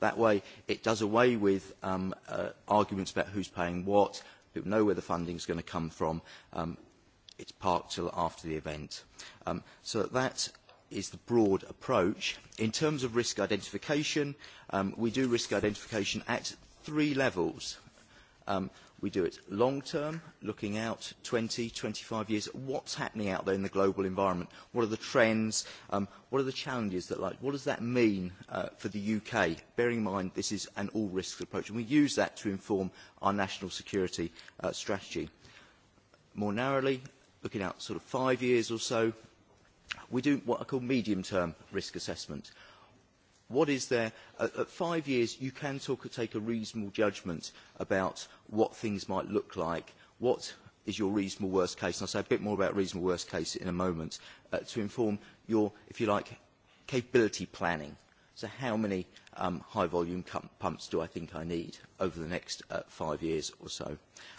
That way, it does away with um, uh, arguments about who's paying what, people know where the funding is going to come from, um, it's parked till after the event. Um, so that is the broad approach. In terms of risk identification, um, we do risk identification at three levels. Um, we do it long term, looking out 20, 25 years, what's happening out there in the global environment, what are the trends, um, what are the challenges that like, what does that mean uh, for the UK? Bearing in mind this is an all risks approach, and we use that to inform our national security uh, strategy. More narrowly, looking out sort of five years or so, we do what I call medium-term risk assessment. What is there? At, at five years, you can talk, take a reasonable judgment about what things might look like, what is your reasonable worst case, and I'll say a bit more about reasonable worst case in a moment, uh, to inform your, if you like, capability planning So how many um, high-volume pumps do I think I need over the next uh, five years or so?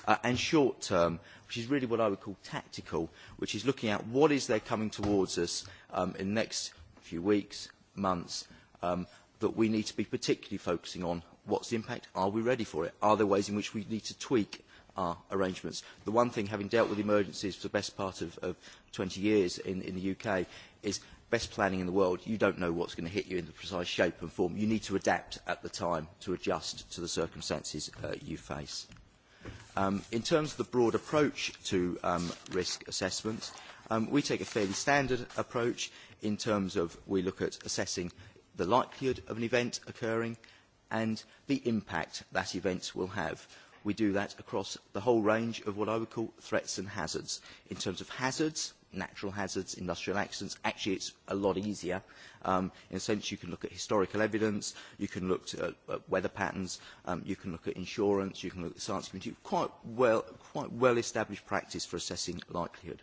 Uh, and short-term, which is really what I would call tactical, which is looking at what is there coming towards us um, in the next few weeks, months, um, that we need to be particularly focusing on. What's the impact? Are we ready for it? Are there ways in which we need to tweak our arrangements? The one thing, having dealt with emergencies for the best part of, of 20 years in, in the UK, is best planning in the world, you don't know what's going to hit you in the precise shape and form. You need to adapt at the time to adjust to the circumstances uh, you face. Um, in terms of the broad approach to um, risk assessments, um, we take a fairly standard approach in terms of we look at assessing the likelihood of an event occurring and the impact that event will have. We do that across the whole range of what I would call threats and hazards. In terms of hazards, natural hazards, industrial accidents. Actually, it's a lot easier. Um, in a sense, you can look at historical evidence, you can look to, uh, at weather patterns, um, you can look at insurance, you can look at the science community. Quite well, quite well established practice for assessing likelihood.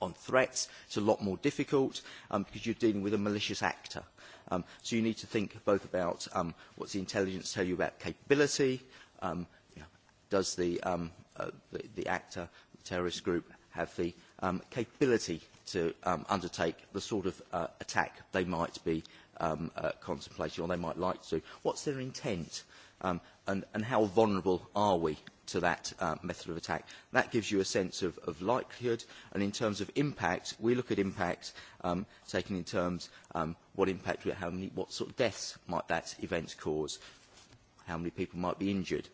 On threats, it's a lot more difficult um, because you're dealing with a malicious actor. Um, so you need to think both about um, what's the intelligence tell you about capability, um, you know, does the, um, uh, the, the actor, the terrorist group, have the um, capability to um, undertake the sort of uh, attack they might be um, uh, contemplating or they might like to. What's their intent um, and, and how vulnerable are we to that uh, method of attack? That gives you a sense of, of likelihood and in terms of impact, we look at impact um, taken in terms um, what impact, how many, what sort of deaths might that event cause, how many people might be injured,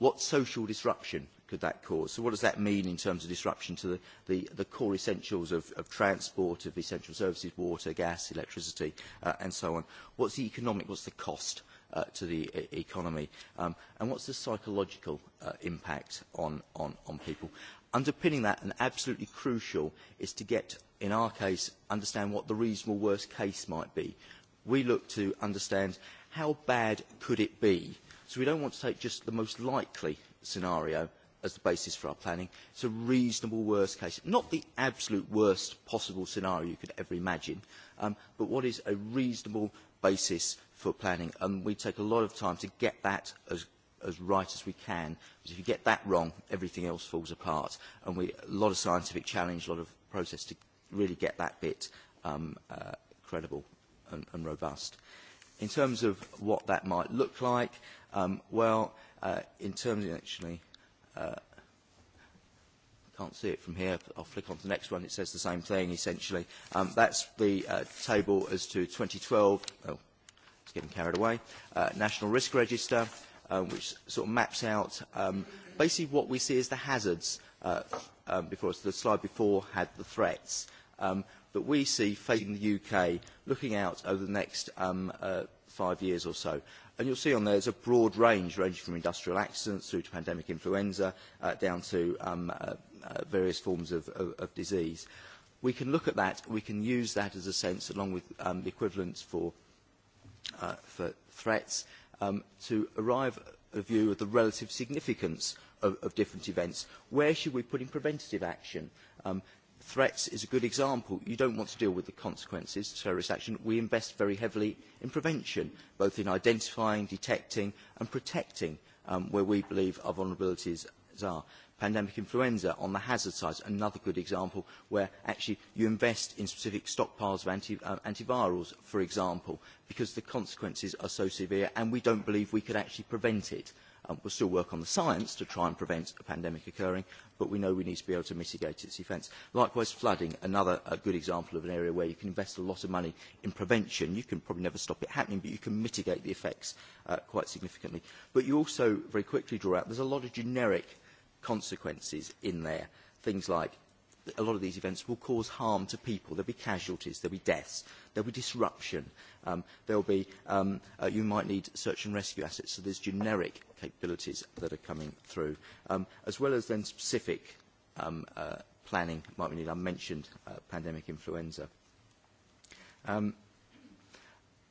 what social disruption could that cause? So what does that mean in terms of disruption to the, the, the core essentials of, of transport, of essential services, water, gas, electricity, uh, and so on? What's the economic, what's the cost uh, to the e economy? Um, and what's the psychological uh, impact on, on, on people? Underpinning that and absolutely crucial is to get, in our case, understand what the reasonable worst case might be. We look to understand how bad could it be? So we don't want to take just the most likely scenario, as the basis for our planning. It's a reasonable worst case, not the absolute worst possible scenario you could ever imagine, um, but what is a reasonable basis for planning. And we take a lot of time to get that as, as right as we can, because if you get that wrong, everything else falls apart. And we, a lot of scientific challenge, a lot of process to really get that bit um, uh, credible and, and robust. In terms of what that might look like, um, well, uh, in terms of actually, Uh, can't see it from here. But I'll flick on to the next one. It says the same thing, essentially. Um, that's the uh, table as to 2012. Oh, it's getting carried away. Uh, National Risk Register, uh, which sort of maps out um, basically what we see as the hazards uh, um, us. the slide before had the threats um, that we see facing the UK looking out over the next um, uh, five years or so. And you'll see on there, there's a broad range, ranging from industrial accidents through to pandemic influenza, uh, down to um, uh, uh, various forms of, of, of disease. We can look at that, we can use that as a sense, along with um, the equivalents for, uh, for threats, um, to arrive at a view of the relative significance of, of different events. Where should we put in preventative action? Um, threats is a good example. You don't want to deal with the consequences of terrorist action. We invest very heavily in prevention, both in identifying, detecting and protecting where we believe our vulnerabilities are. Pandemic influenza on the hazard side is another good example where actually you invest in specific stockpiles of anti, uh, antivirals, for example, because the consequences are so severe and we don't believe we could actually prevent it. Um, we'll still work on the science to try and prevent a pandemic occurring, but we know we need to be able to mitigate its effects. Likewise, flooding, another a good example of an area where you can invest a lot of money in prevention. You can probably never stop it happening, but you can mitigate the effects uh, quite significantly. But you also very quickly draw out, there's a lot of generic consequences in there. Things like a lot of these events will cause harm to people. There'll be casualties, there'll be deaths, there'll be disruption. Um, there'll be, um, uh, you might need search and rescue assets, so there's generic capabilities that are coming through, um, as well as then specific um, uh, planning might be needed. I mentioned uh, pandemic influenza. Um,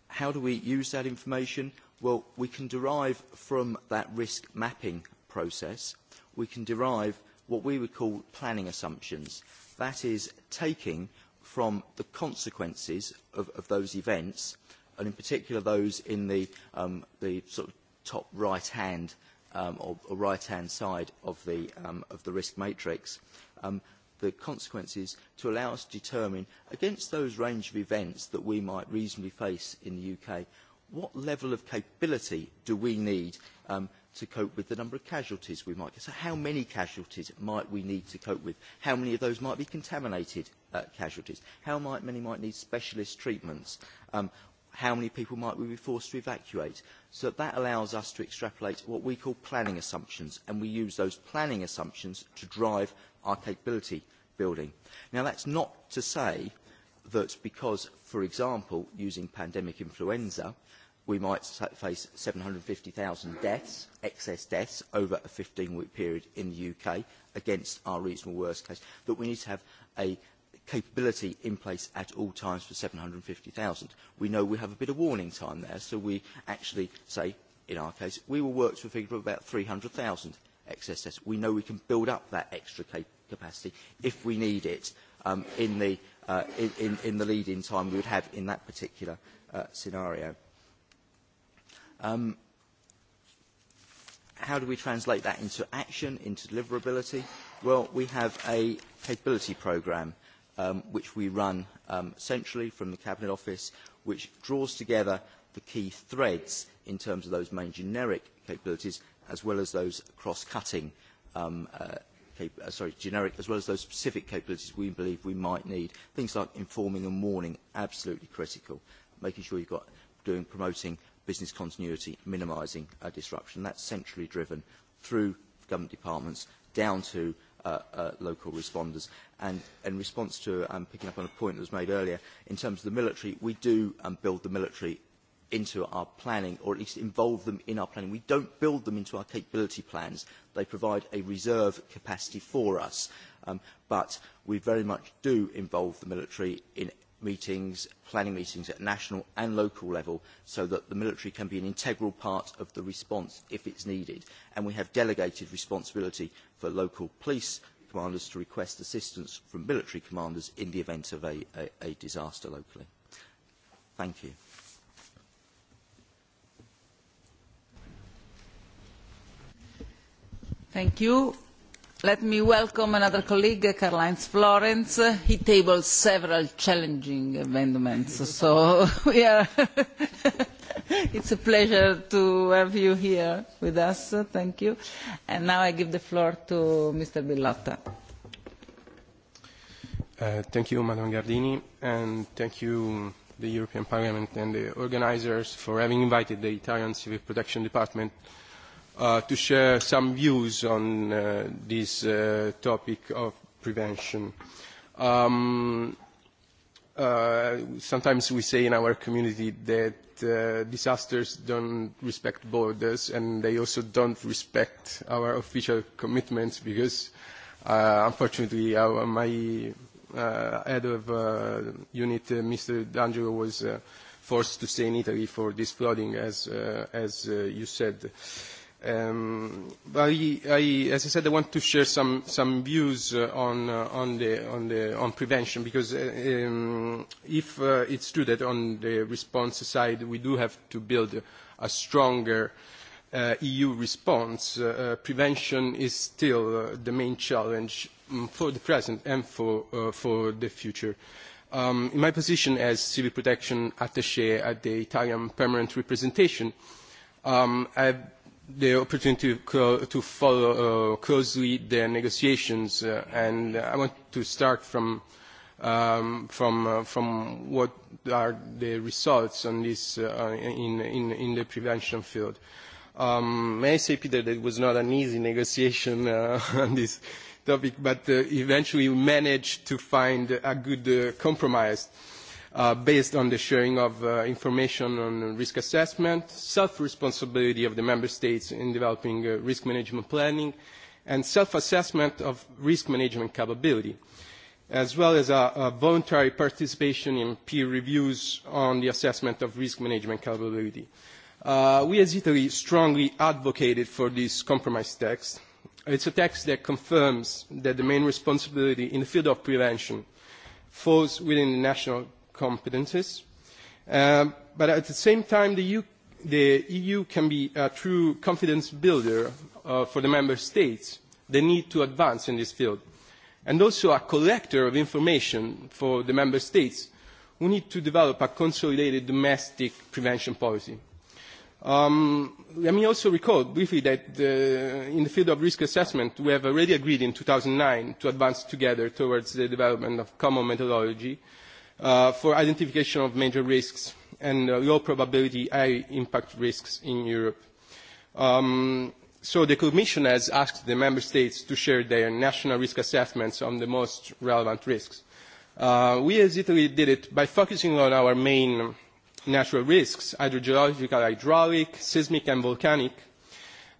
how do we use that information? Well, we can derive from that risk mapping process, we can derive – what we would call planning assumptions. That is taking from the consequences of, of those events, and in particular those in the, um, the sort of top right-hand um, or, or right-hand side of the, um, of the risk matrix, um, the consequences to allow us to determine against those range of events that we might reasonably face in the UK, what level of capability do we need um, to cope with the number of casualties we might get. So how many casualties might we need to cope with? How many of those might be contaminated uh, casualties? How might, many might need specialist treatments? Um, how many people might we be forced to evacuate? So that allows us to extrapolate what we call planning assumptions, and we use those planning assumptions to drive our capability building. Now that's not to say that because, for example, using pandemic influenza, we might face 750,000 deaths, excess deaths, over a 15-week period in the UK against our reasonable worst case, that we need to have a capability in place at all times for 750,000. We know we have a bit of warning time there, so we actually say, in our case, we will work to a figure of about 300,000 excess deaths. We know we can build up that extra capacity if we need it um, in the, uh, in, in, in the lead-in time we would have in that particular uh, scenario. Um, how do we translate that into action, into deliverability? Well, we have a capability programme um, which we run um, centrally from the Cabinet Office, which draws together the key threads in terms of those main generic capabilities as well as those cross-cutting, um, uh, sorry, generic as well as those specific capabilities we believe we might need. Things like informing and warning, absolutely critical. Making sure you've got doing promoting business continuity, minimising uh, disruption. That's centrally driven through government departments down to uh, uh, local responders. And in response to um, picking up on a point that was made earlier, in terms of the military, we do um, build the military into our planning, or at least involve them in our planning. We don't build them into our capability plans. They provide a reserve capacity for us. but we very much do involve the military in meetings, planning meetings at national and local level so that the military can be an integral part of the response if it's needed. And we have delegated responsibility for local police commanders to request assistance from military commanders in the event of a, a, a disaster locally. Thank you. Thank you. Let me welcome another colleague, Karl-Heinz Florenz. He tabled several challenging amendments, so we are it's a pleasure to have you here with us. Thank you. And now I give the floor to Mr. Billotta. thank you, Madam Gardini, and thank you, the European Parliament and the organisers for having invited the Italian Civil Protection Department uh, to share some views on uh, this uh, topic of prevention. Um, uh, sometimes we say in our community that uh, disasters don't respect borders and they also don't respect our official commitments because uh, unfortunately our, my uh, head of uh, unit, uh, Mr. D'Angelo, was uh, forced to stay in Italy for this flooding as, uh, as uh, you said. Uh, Um, I, I, as I said, I want to share some, some views uh, on, uh, on, the, on, the, on prevention because uh, um, if uh, it's true that on the response side we do have to build a stronger uh, EU response, uh, prevention is still uh, the main challenge for the present and for, uh, for the future. Um, in my position as civil protection attaché at the Italian Permanent Representation, um, I've the opportunity to follow closely the negotiations, and I want to start from what are the results on this in the prevention field. May I say, Peter, that it was not an easy negotiation on this topic, but eventually we managed to find a good compromise based on the sharing of uh, information on risk assessment, self-responsibility of the member states in developing uh, risk management planning, and self-assessment of risk management capability, as well as a, a voluntary participation in peer reviews on the assessment of risk management capability. Uh, we as Italy strongly advocated for this compromise text. It's a text that confirms that the main responsibility in the field of prevention falls within the national competences. but at the same time, the, EU can be a true confidence builder for the member states. They need to advance in this field. And also a collector of information for the member states who need to develop a consolidated domestic prevention policy. Um, let me also recall briefly that the, in the field of risk assessment, we have already agreed in 2009 to advance together towards the development of common methodology uh, for identification of major risks and uh, low probability high impact risks in Europe. Um, so the Commission has asked the Member States to share their national risk assessments on the most relevant risks. Uh, we as Italy did it by focusing on our main natural risks, hydrogeological, hydraulic, seismic and volcanic,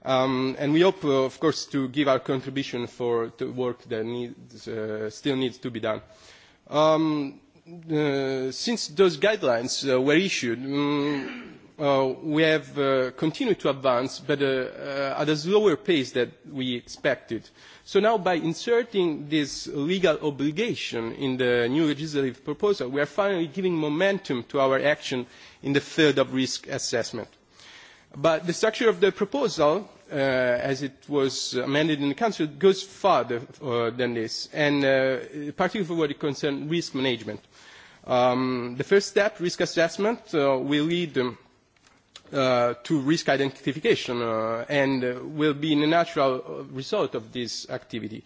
Um, and we hope, uh, of course, to give our contribution for the work that needs, uh, still needs to be done. Um, since those guidelines uh, were issued, um, uh, we have uh, continued to advance, but uh, uh, at a slower pace than we expected. So now by inserting this legal obligation in the new legislative proposal, we are finally giving momentum to our action in the field of risk assessment. But the structure of the proposal, uh, as it was amended in the Council, goes further uh, than this, and uh, particularly for what concerns risk management Um, the first step, risk assessment, uh, will lead um, uh, to risk identification uh, and uh, will be a natural result of this activity.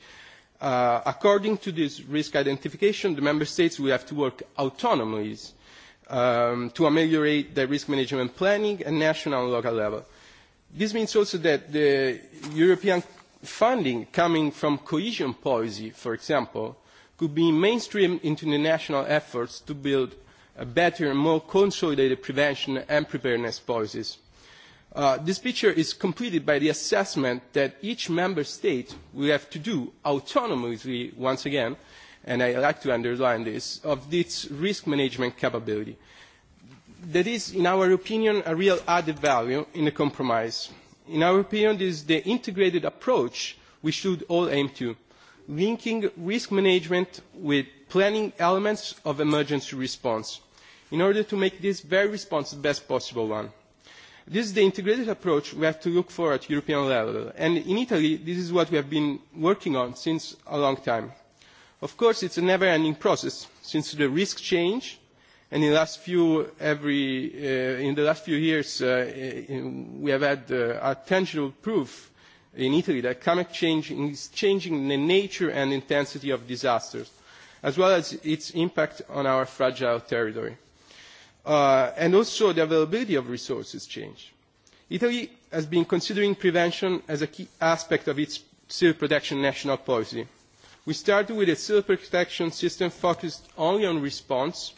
Uh, according to this risk identification, the member states will have to work autonomously um, to ameliorate their risk management planning at national and local level. This means also that the European funding coming from cohesion policy, for example, could be mainstreamed into the national efforts to build a better and more consolidated prevention and preparedness policies. Uh, this picture is completed by the assessment that each member state will have to do autonomously, once again, and I like to underline this, of its risk management capability. That is, in our opinion, a real added value in the compromise. In our opinion, this is the integrated approach we should all aim to linking risk management with planning elements of emergency response in order to make this very response the best possible one. This is the integrated approach we have to look for at European level. And in Italy, this is what we have been working on since a long time. Of course, it's a never-ending process since the risk change, and in the last few, every, uh, in the last few years, uh, we have had uh, a tangible proof in Italy, that climate change is changing the nature and intensity of disasters, as well as its impact on our fragile territory. Uh, and also the availability of resources change. Italy has been considering prevention as a key aspect of its civil protection national policy. We started with a civil protection system focused only on response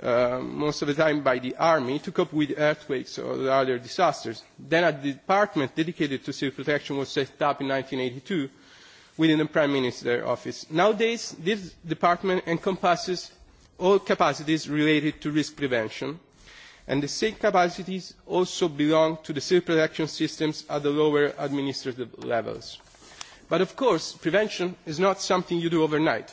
uh, most of the time by the army, to cope with earthquakes or other disasters. Then a department dedicated to civil protection was set up in 1982 within the Prime Minister's office. Nowadays, this department encompasses all capacities related to risk prevention, and the same capacities also belong to the civil protection systems at the lower administrative levels. But of course, prevention is not something you do overnight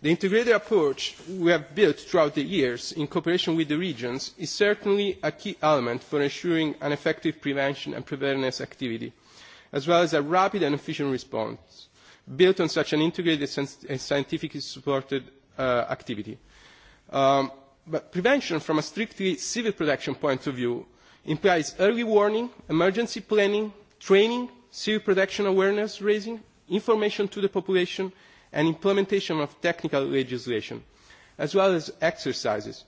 The integrated approach we have built throughout the years in cooperation with the regions is certainly a key element for ensuring an effective prevention and preparedness activity, as well as a rapid and efficient response built on such an integrated and scientifically supported uh, activity. Um, but prevention from a strictly civil protection point of view implies early warning, emergency planning, training, civil protection awareness raising, information to the population, and implementation of technical legislation, as well as exercises.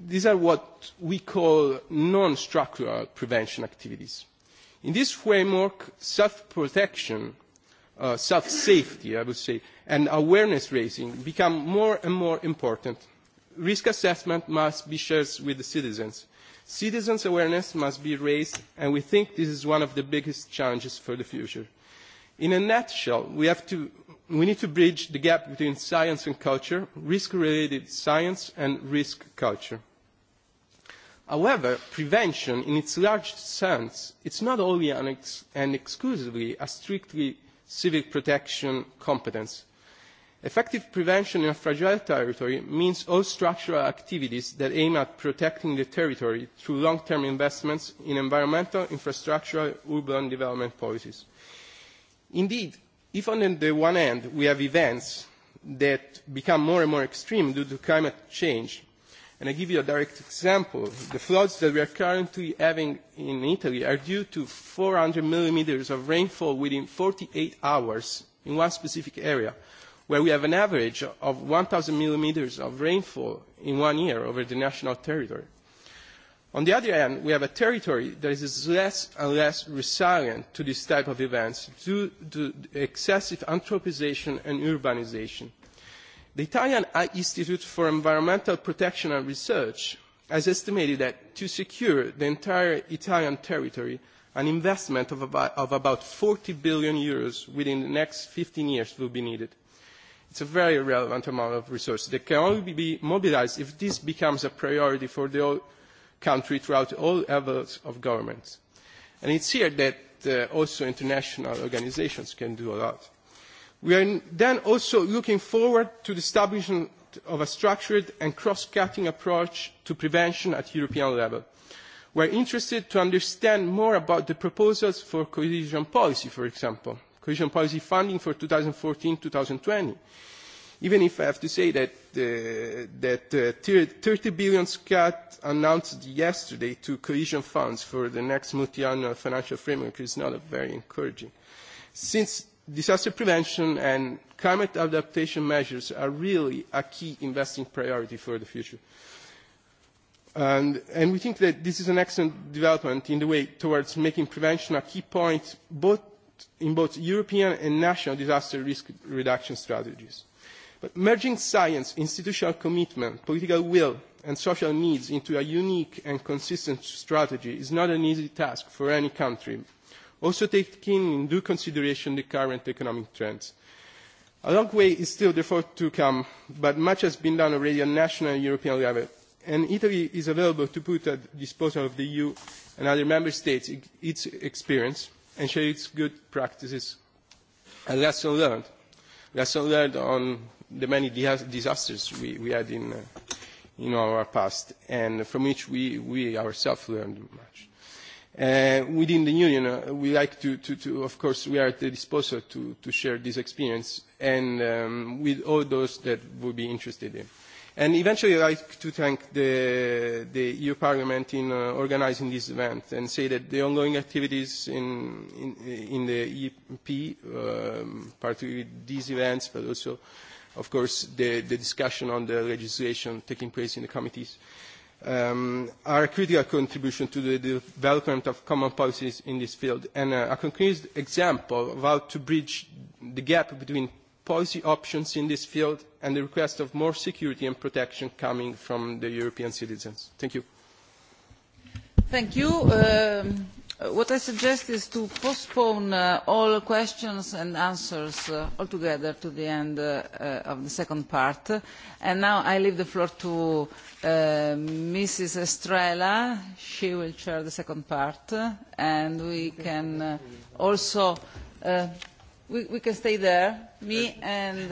These are what we call non-structural prevention activities. In this framework, self-protection, uh, self-safety, I would say, and awareness raising become more and more important. Risk assessment must be shared with the citizens. Citizens' awareness must be raised, and we think this is one of the biggest challenges for the future. In a nutshell, we have to we need to bridge the gap between science and culture, risk-related science and risk culture. However, prevention, in its large sense, is not only and exclusively a strictly civil protection competence. Effective prevention in a fragile territory means all structural activities that aim at protecting the territory through long-term investments in environmental, infrastructural, urban development policies. Indeed, If on the one hand we have events that become more and more extreme due to climate change, and I give you a direct example, the floods that we are currently having in Italy are due to 400 millimeters of rainfall within 48 hours in one specific area, where we have an average of 1,000 millimeters of rainfall in one year over the national territory. On the other hand, we have a territory that is less and less resilient to this type of events due to excessive anthropisation and urbanisation. The Italian Institute for Environmental Protection and Research has estimated that to secure the entire Italian territory, an investment of about, of about 40 billion euros within the next 15 years will be needed. It's a very relevant amount of resources that can only be mobilised if this becomes a priority for the country throughout all levels of government. And it's here that uh, also international organizations can do a lot. We are then also looking forward to the establishment of a structured and cross-cutting approach to prevention at European level. We are interested to understand more about the proposals for cohesion policy, for example, cohesion policy funding for 2014-2020, even if I have to say that, uh, that uh, 30 billion cut announced yesterday to cohesion funds for the next multi-annual financial framework is not very encouraging. Since disaster prevention and climate adaptation measures are really a key investing priority for the future. And, and we think that this is an excellent development in the way towards making prevention a key point both in both European and national disaster risk reduction strategies. But merging science, institutional commitment, political will, and social needs into a unique and consistent strategy is not an easy task for any country, also taking into consideration the current economic trends. A long way is still therefore to come, but much has been done already at national and European level, and Italy is available to put at the disposal of the EU and other member states its experience and share its good practices and lessons learned. Lessons learned on the many disasters we, we had in, uh, in our past and from which we, we ourselves learned much. Uh, within the Union, uh, we like to, to, to, of course, we are at the disposal to, to share this experience and um, with all those that would be interested in. And eventually, I'd like to thank the, the EU Parliament in uh, organizing this event and say that the ongoing activities in, in, in the EP, um, particularly these events, but also uh, of course, the, the discussion on the legislation taking place in the committees um, are a critical contribution to the development of common policies in this field and a concrete example of how to bridge the gap between policy options in this field and the request of more security and protection coming from the European citizens. Thank you. Thank you. Um, what I suggest is to postpone all questions and answers altogether to the end of the second part. And now I leave the floor to Mrs. Estrela. She will chair the second part. And we can also, we, we can stay there, me and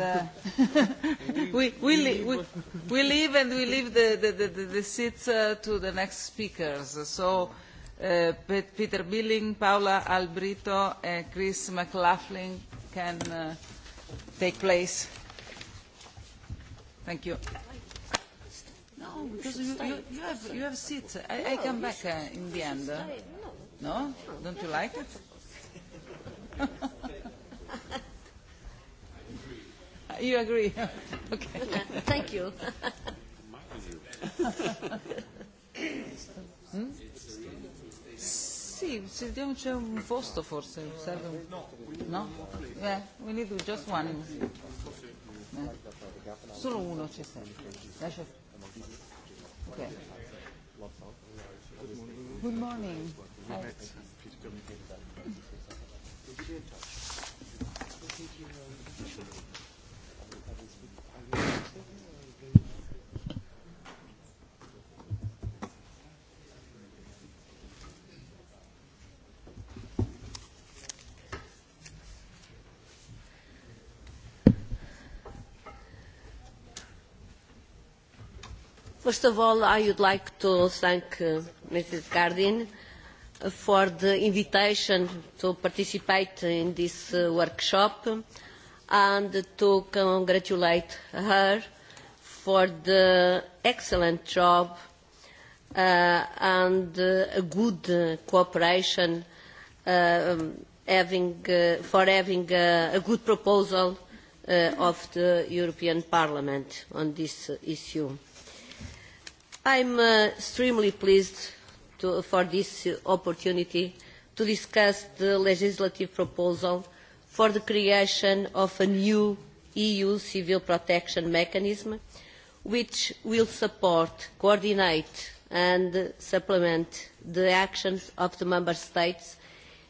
we, leave and we leave the, the, the, the seats to the next speakers. So. Peter Billing, Paola Albrito, and Chris McLaughlin can take place. Thank you. No, because you, you, you have you have seats. I, I come back uh, in the end. No, don't you like it? you agree? okay. Thank you. hmm? Sì, sentiamo c'è un posto forse. Serve un... No? Eh, we need just one. Eh. Solo uno ci serve. Ok. Good morning. Good morning. Hi. First of all, I would like to thank Ms Mrs. Gardin for the invitation to participate in this workshop and to congratulate her for the excellent job uh, and uh, good uh, cooperation uh, having, uh, for having uh, a good proposal uh, of the European Parliament on this issue I am extremely pleased for this opportunity to discuss the legislative proposal for the creation of a new EU civil protection mechanism which will support, coordinate and supplement the actions of the Member States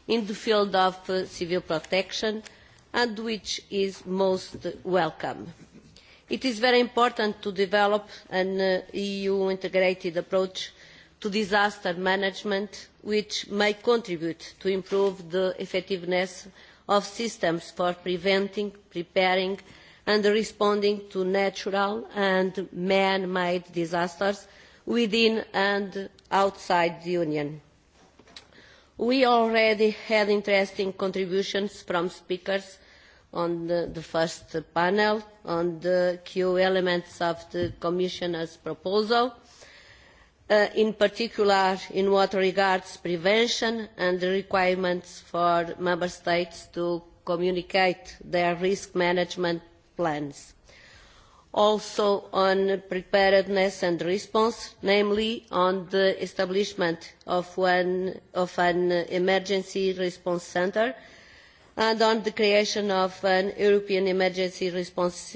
in the field of civil protection and which is most welcome It is very important to develop an EU integrated approach to disaster management, which may contribute to improve the effectiveness of systems for preventing, preparing and responding to natural and man-made disasters within and outside the Union. We already had interesting contributions from speakers on the, first panel on the key elements of the Commissioner's proposal, in particular in what regards prevention and the requirements for Member States to communicate their risk management plans. Also on preparedness and response, namely on the establishment of, of an emergency response centre and on the creation of an European emergency response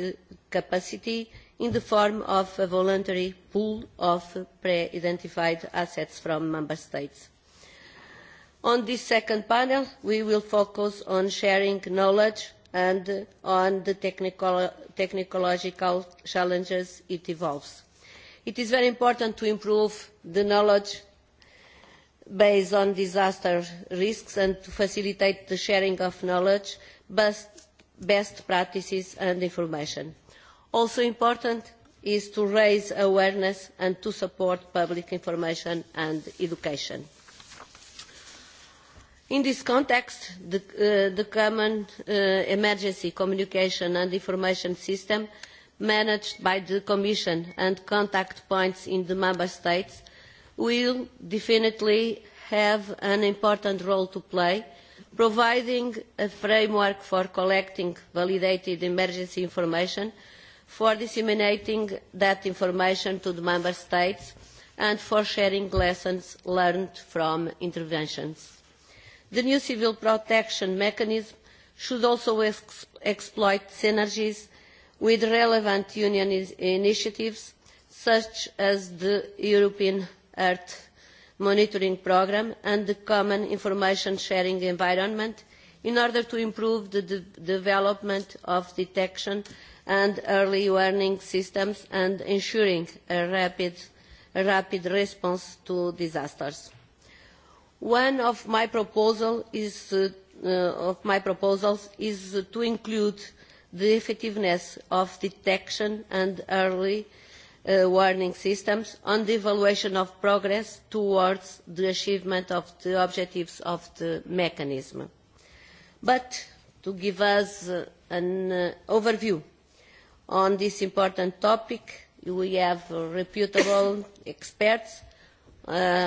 capacity in the form of a voluntary pool of pre-identified assets from member states. On this second panel, we will focus on sharing knowledge and on the technological challenges it involves. It is very important to improve the knowledge based on disaster risks and to facilitate the sharing of knowledge, best practices and information. Also important is to raise awareness and to support public information and education. In this context, the, Common Emergency Communication and Information System managed by the Commission and contact points in the Member States will definitely have an important role to play, providing a framework for collecting validated emergency information, for disseminating that information to the Member States, and for sharing lessons learned from interventions. The new civil protection mechanism should also ex exploit synergies with relevant union initiatives such as the European earth monitoring programme and the common information sharing environment in order to improve the development of detection and early warning systems and ensuring a rapid, response to disasters. One of my, proposals is to include the effectiveness of detection and early warning systems on the evaluation of progress towards the achievement of the objectives of the mechanism. But to give us an overview on this important topic, we have reputable experts who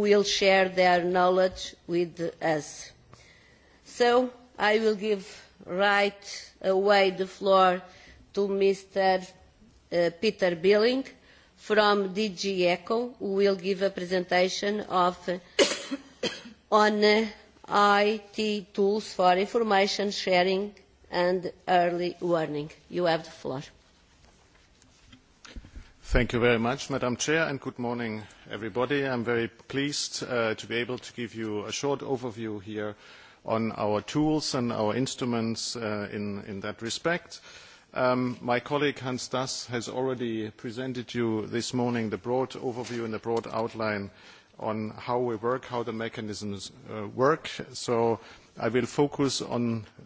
will share their knowledge with us. So I will give right away the floor to Mr. Peter Billing from DG ECHO, who will give a presentation of on IT tools for information sharing and early warning. You have the floor. Thank you very much, Madam Chair, and good morning, everybody. I'm very pleased to be able to give you a short overview here on our tools and our instruments in that respect. Uh, My colleague, Hans Dass, has already presented you this morning the broad overview and the broad outline on how we work, how the mechanisms work. So I will focus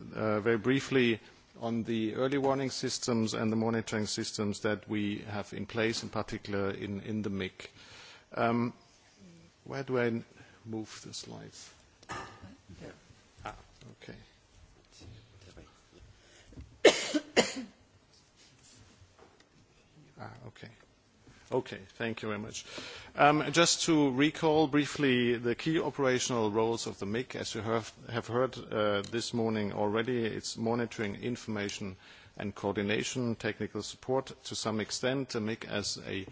very briefly on the early warning systems and the monitoring systems that we have in place, in particular in the MIC. Where do I move the slides? Okay. Okay, thank you very much. Just to recall briefly the key operational roles of the MIC, as you have heard this morning already, it's monitoring information and coordination, technical support to some extent. The MIC as a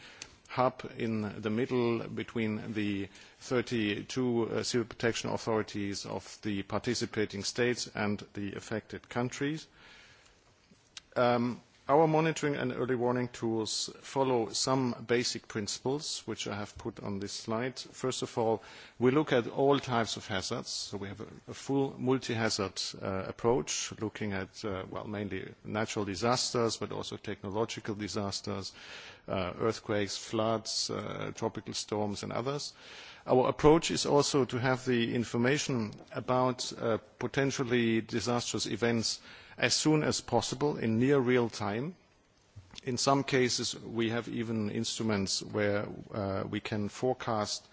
hub in the middle between the 32 civil protection authorities of the participating states and the affected countries. Um Our monitoring and early warning tools follow some basic principles, which I have put on this slide. First of all, we look at all types of hazards. so We have a full multi-hazard approach, looking at, well, mainly natural disasters, but also technological disasters, earthquakes, floods, tropical storms, and others. Our approach is also to have the information about potentially disastrous events as soon as possible in near real time. In some cases, we have even instruments where we can forecast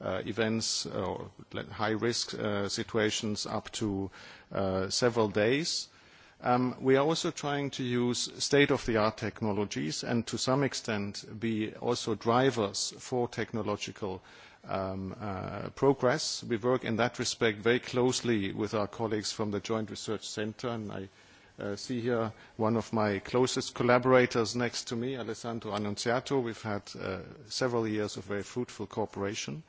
events or high-risk situations up to several days. We are also trying to use state-of-the-art technologies and to some extent be also drivers for technological progress. We work in that respect very closely with our colleagues from the Joint Research Centre, and I see here one of my closest collaborators next to me, Alessandro Annunziato. We've had several years of very fruitful cooperation.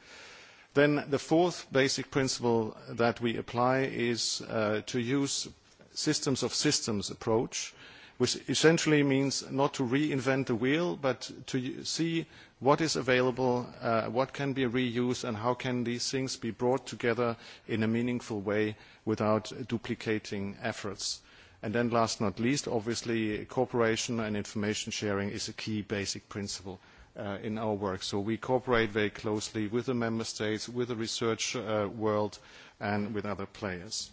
Then the fourth basic principle that we apply is to use systems of systems approach, which essentially means not to reinvent the wheel, but to see what is available, what can be reused, and how can these things be brought together in a meaningful way without duplicating efforts. Then last not least, obviously, cooperation and information sharing is a key basic principle in our work. So we cooperate very closely with the member states, with the research world, and with other players.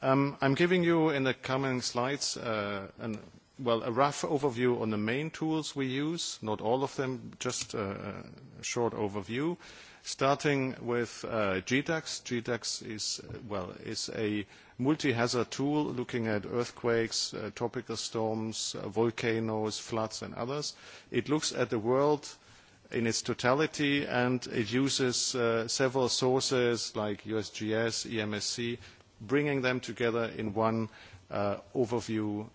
I'm giving you in the coming slides an well, a rough overview on the main tools we use, not all of them, just a short overview. Starting with GDAX. GDAX is, well, is a multi-hazard tool looking at earthquakes, tropical storms, volcanoes, floods, and others. It looks at the world in its totality, and it uses several sources like USGS, EMSC, bringing them together in one overview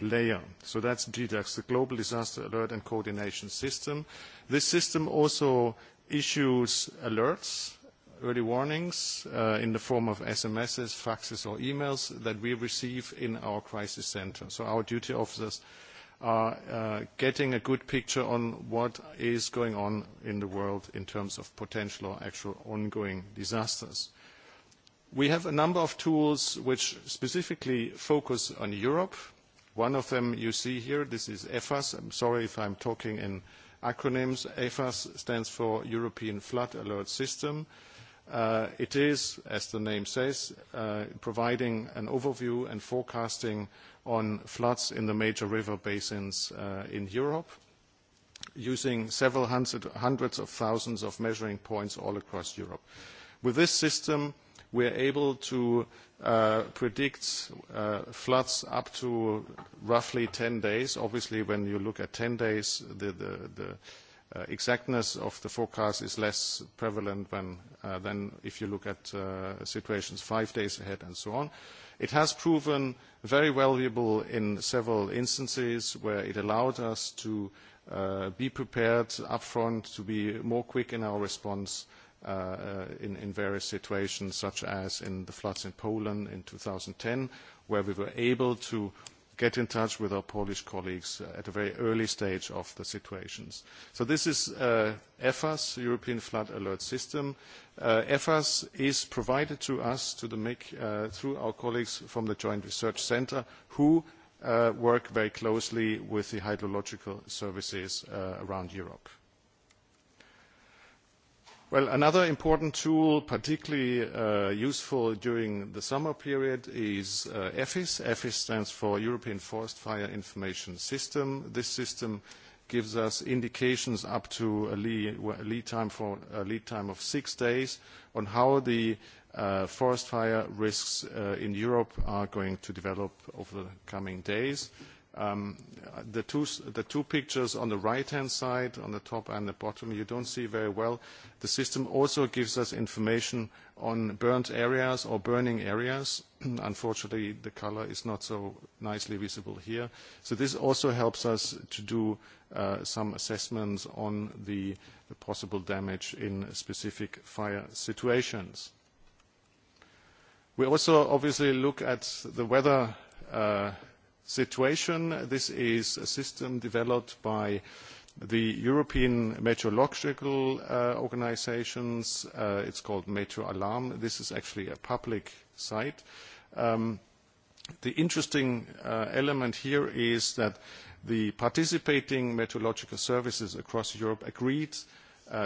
layer. So that's GDAX, the Global Disaster Alert and Coordination System. This system also issues alerts early warnings in the form of SMSs, faxes, or emails that we receive in our crisis center. So our duty officers are getting a good picture on what is going on in the world in terms of potential or actual ongoing disasters. We have a number of tools which specifically focus on Europe. One of them you see here, this is EFAS. I'm sorry if I'm talking in acronyms. EFAS stands for European Flood Alert System. It is, as the name says, providing an overview and forecasting on floods in the major river basins in Europe using several hundreds of thousands of measuring points all across Europe. With this system, we are able to predict floods up to roughly 10 days. Obviously, when you look at 10 days, the exactness of the forecast is less prevalent than if you look at situations five days ahead and so on. It has proven very valuable in several instances where it allowed us to be prepared upfront, to be more quick in our response in various situations, such as in the floods in Poland in 2010, where we were able to get in touch with our Polish colleagues at a very early stage of the situations. So this is EFAS, European Flood Alert System. EFAS is provided to us, to the MIC, through our colleagues from the Joint Research Centre, who work very closely with the hydrological services around Europe. Well, another important tool, particularly useful during the summer period, is EFIS. EFIS stands for European Forest Fire Information System. This system gives us indications up to a lead time for a lead time of six days on how the forest fire risks in Europe are going to develop over the coming days The two pictures on the right-hand side, on the top and the bottom, you don't see very well. The system also gives us information on burnt areas or burning areas. Unfortunately, the color is not so nicely visible here. So This also helps us to do some assessments on the possible damage in specific fire situations. We also obviously look at the weather situation. This is a system developed by the European meteorological organisations. it's called Meteor Alarm. This is actually a public site. the interesting element here is that the participating meteorological services across Europe agreed,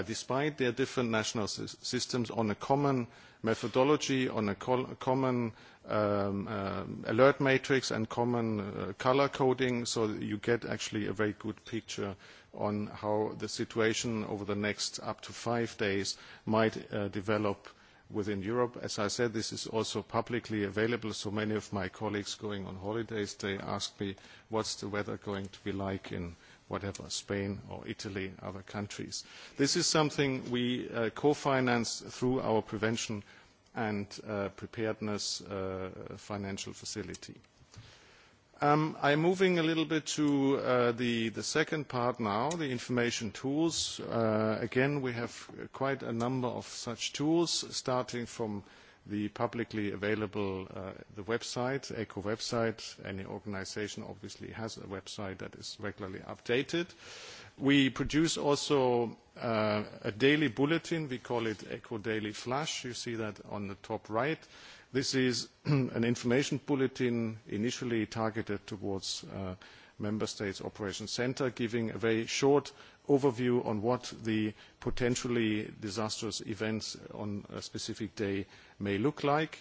despite their different national systems, on a common methodology on a common alert matrix and common color coding so that you get actually a very good picture on how the situation over the next up to five days might develop within Europe. As I said, this is also publicly available, so many of my colleagues going on holidays, they ask me, what's the weather going to be like in whatever, Spain or Italy, other countries. This is something we co-finance through our prevention and preparedness financial facility. I am moving a little bit to the second part now, the information tools. Again, we have quite a number of such tools, starting from the publicly available uh, the website, ECHO website. Any organization obviously has a website that is regularly updated. We produce also uh, a daily bulletin. We call it ECHO Daily Flash. You see that on the top right. This is an information bulletin initially targeted towards uh, member states operation centre, giving a very short overview on what the potentially disastrous events on a specific day may look like.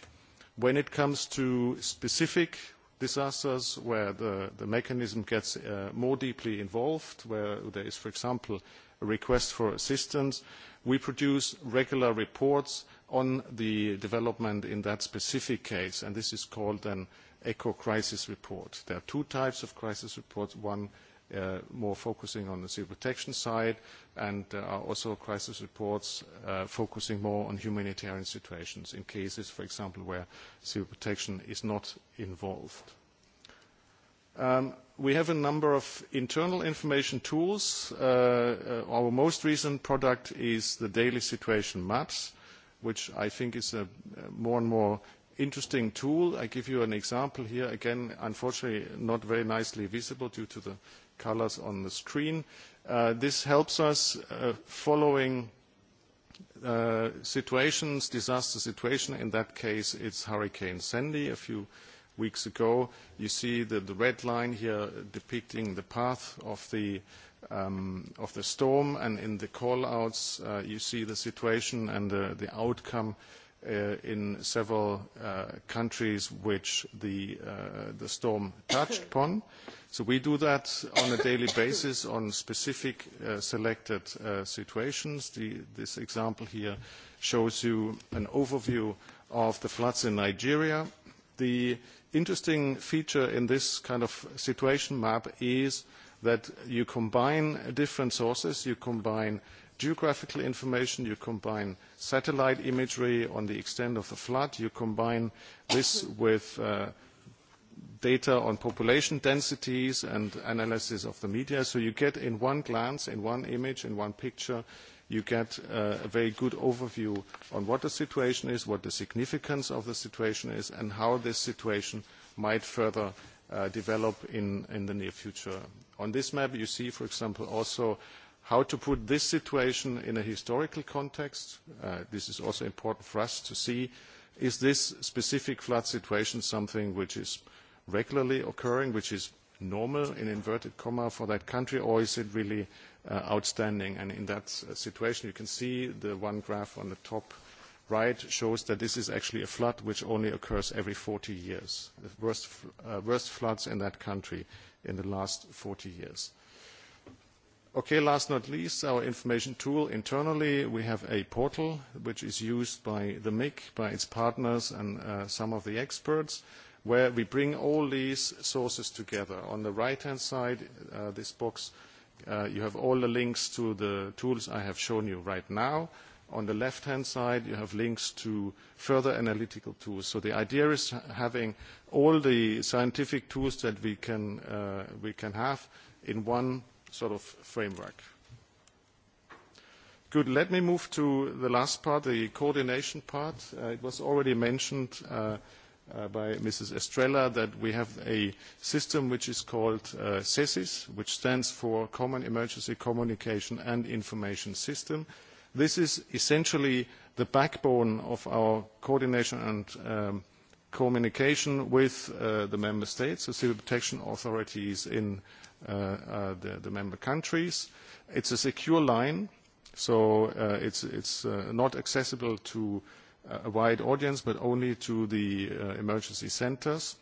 When it comes to specific disasters where the, the mechanism gets more deeply involved, where there is, for example, a request for assistance, we produce regular reports on the development in that specific case, and this is called an ECHO crisis report. There are two types of crisis reports, one more focusing on the civil protection side, and there are also crisis reports focusing more on humanitarian situations in cases, for example, where civil protection is not involved. We have a number of internal information tools. Our most recent product is the daily situation maps, which I think is a more and more interesting tool. I give you an example here. Again, unfortunately, not very nicely visible due to the colors on the screen. This helps us following situations, disaster situation. In that case, it's Hurricane Sandy a few weeks ago. You see the red line here depicting the path of the storm, and in the call-outs, you see the situation and the outcome in several countries which the storm touched upon. So we do that on a daily basis on specific selected uh situations. The This example here shows you an overview of the floods in Nigeria. The interesting feature in this kind of situation map is that you combine different sources, you combine geographical information, you combine satellite imagery on the extent of the flood, you combine this with data on population densities and analysis of the media. So you get in one glance, in one image, in one picture, you get a very good overview on what the situation is, what the significance of the situation is, and how this situation might further develop in the near future. On this map, you see, for example, also How to put this situation in a historical context, this is also important for us to see. Is this specific flood situation something which is regularly occurring, which is normal, in inverted comma, for that country, or is it really outstanding? And in that situation, you can see the one graph on the top right shows that this is actually a flood which only occurs every 40 years. The worst floods in that country in the last 40 years Okay, last not least, our information tool internally, we have a portal which is used by the MIC, by its partners and some of the experts, where we bring all these sources together. On the right-hand side, this box, you have all the links to the tools I have shown you right now. On the left-hand side, you have links to further analytical tools. So the idea is having all the scientific tools that we can have in one sort of framework. Good. Let me move to the last part, the coordination part. It was already mentioned by Mrs. Estrella that we have a system which is called CESIS, which stands for Common Emergency Communication and Information System. This is essentially the backbone of our coordination and communication with the member states, the civil protection authorities in the member countries. It's a secure line, so it's not accessible to a wide audience, but only to the emergency centers.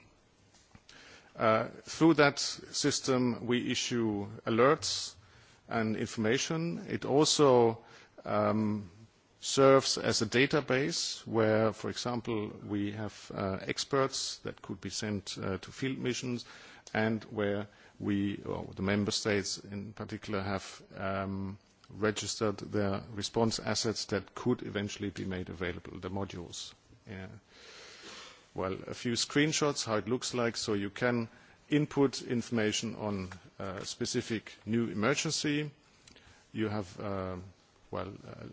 Through that system, we issue alerts and information. It also serves as a database where, for example, we have experts that could be sent to field missions and where we, or the member states in particular, have um, registered their response assets that could eventually be made available, the modules. Yeah. Well, a few screenshots, how it looks like, so you can input information on a specific new emergency. You have, uh, well, uh,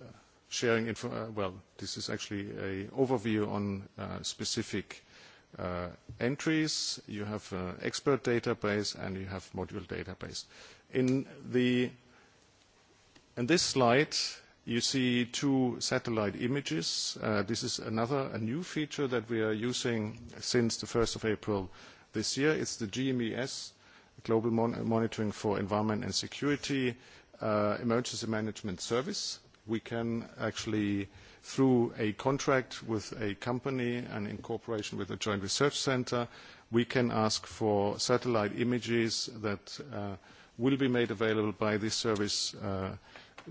sharing info, uh, well, this is actually an overview on uh, specific entries, you have an expert database, and you have module database. In the in this slide, you see two satellite images. This is another, a new feature that we are using since the 1st of April this year. It's the GMES, Global Monitoring for Environment and Security Emergency Management Service. We can actually uh, Through a contract with a company and in cooperation with a joint research centre, we can ask for satellite images that will be made available by this service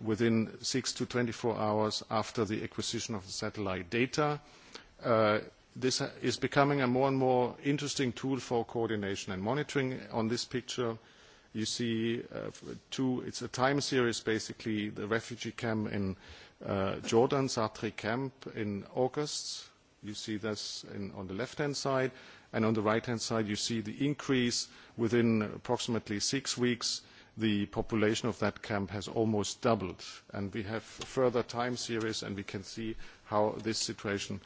within six to twenty four hours after the acquisition of the satellite data. This is becoming a more and more interesting tool for coordination and monitoring. On this picture, you see two, it's a time series, basically, the refugee camp in Jordan, Sartre camp in August. You see this on the left-hand side. and On the right-hand side, you see the increase within approximately six weeks. The population of that camp has almost doubled. and We have further time series, and we can see how this situation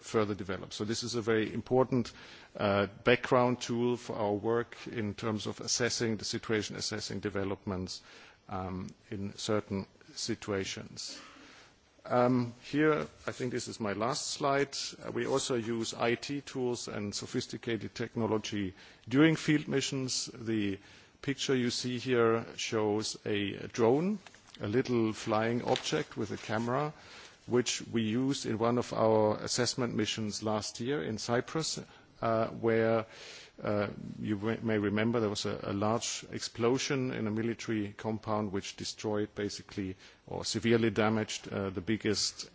further develops. So this is a very important background tool for our work in terms of assessing the situation, assessing developments in certain situations. Here, I think this is my last slide. We also use IT tools and sophisticated technology during field missions. The picture you see here shows a drone, a little flying object with a camera, which we used in one of our assessment missions last year in Cyprus, where You may remember there was a large explosion in a military compound which destroyed basically or severely damaged the biggest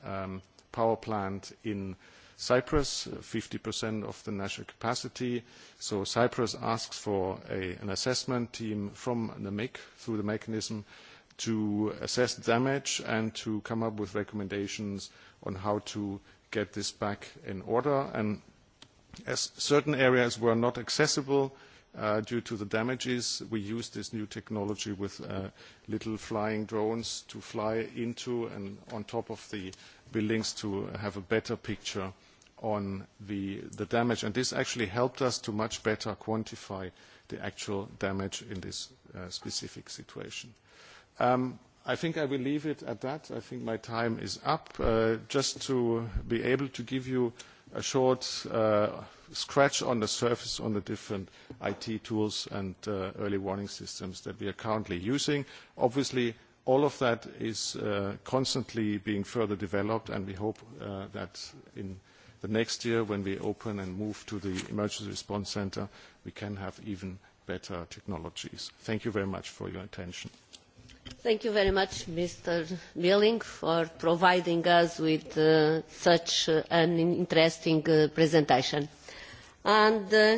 power plant in Cyprus, 50% of the national capacity. So Cyprus asks for an assessment team from the MIC through the mechanism to assess damage and to come up with recommendations on how to get this back in order. And As certain areas were not accessible due to the damages, we used this new technology with little flying drones to fly into and on top of the buildings to have a better picture on the damage. and This actually helped us to much better quantify the actual damage in this specific situation. I think I will leave it at that. I think my time is up. Just to be able to give you a short scratch on the surface on the different IT tools and early warning systems that we are currently using. Obviously, all of that is constantly being further developed, and we hope that in the next year, when we open and move to the emergency response center, we can have even better technologies. Thank you very much for your attention. Thank you very much, Mr. Milling, for providing us with uh, such uh, an interesting uh, presentation. And uh,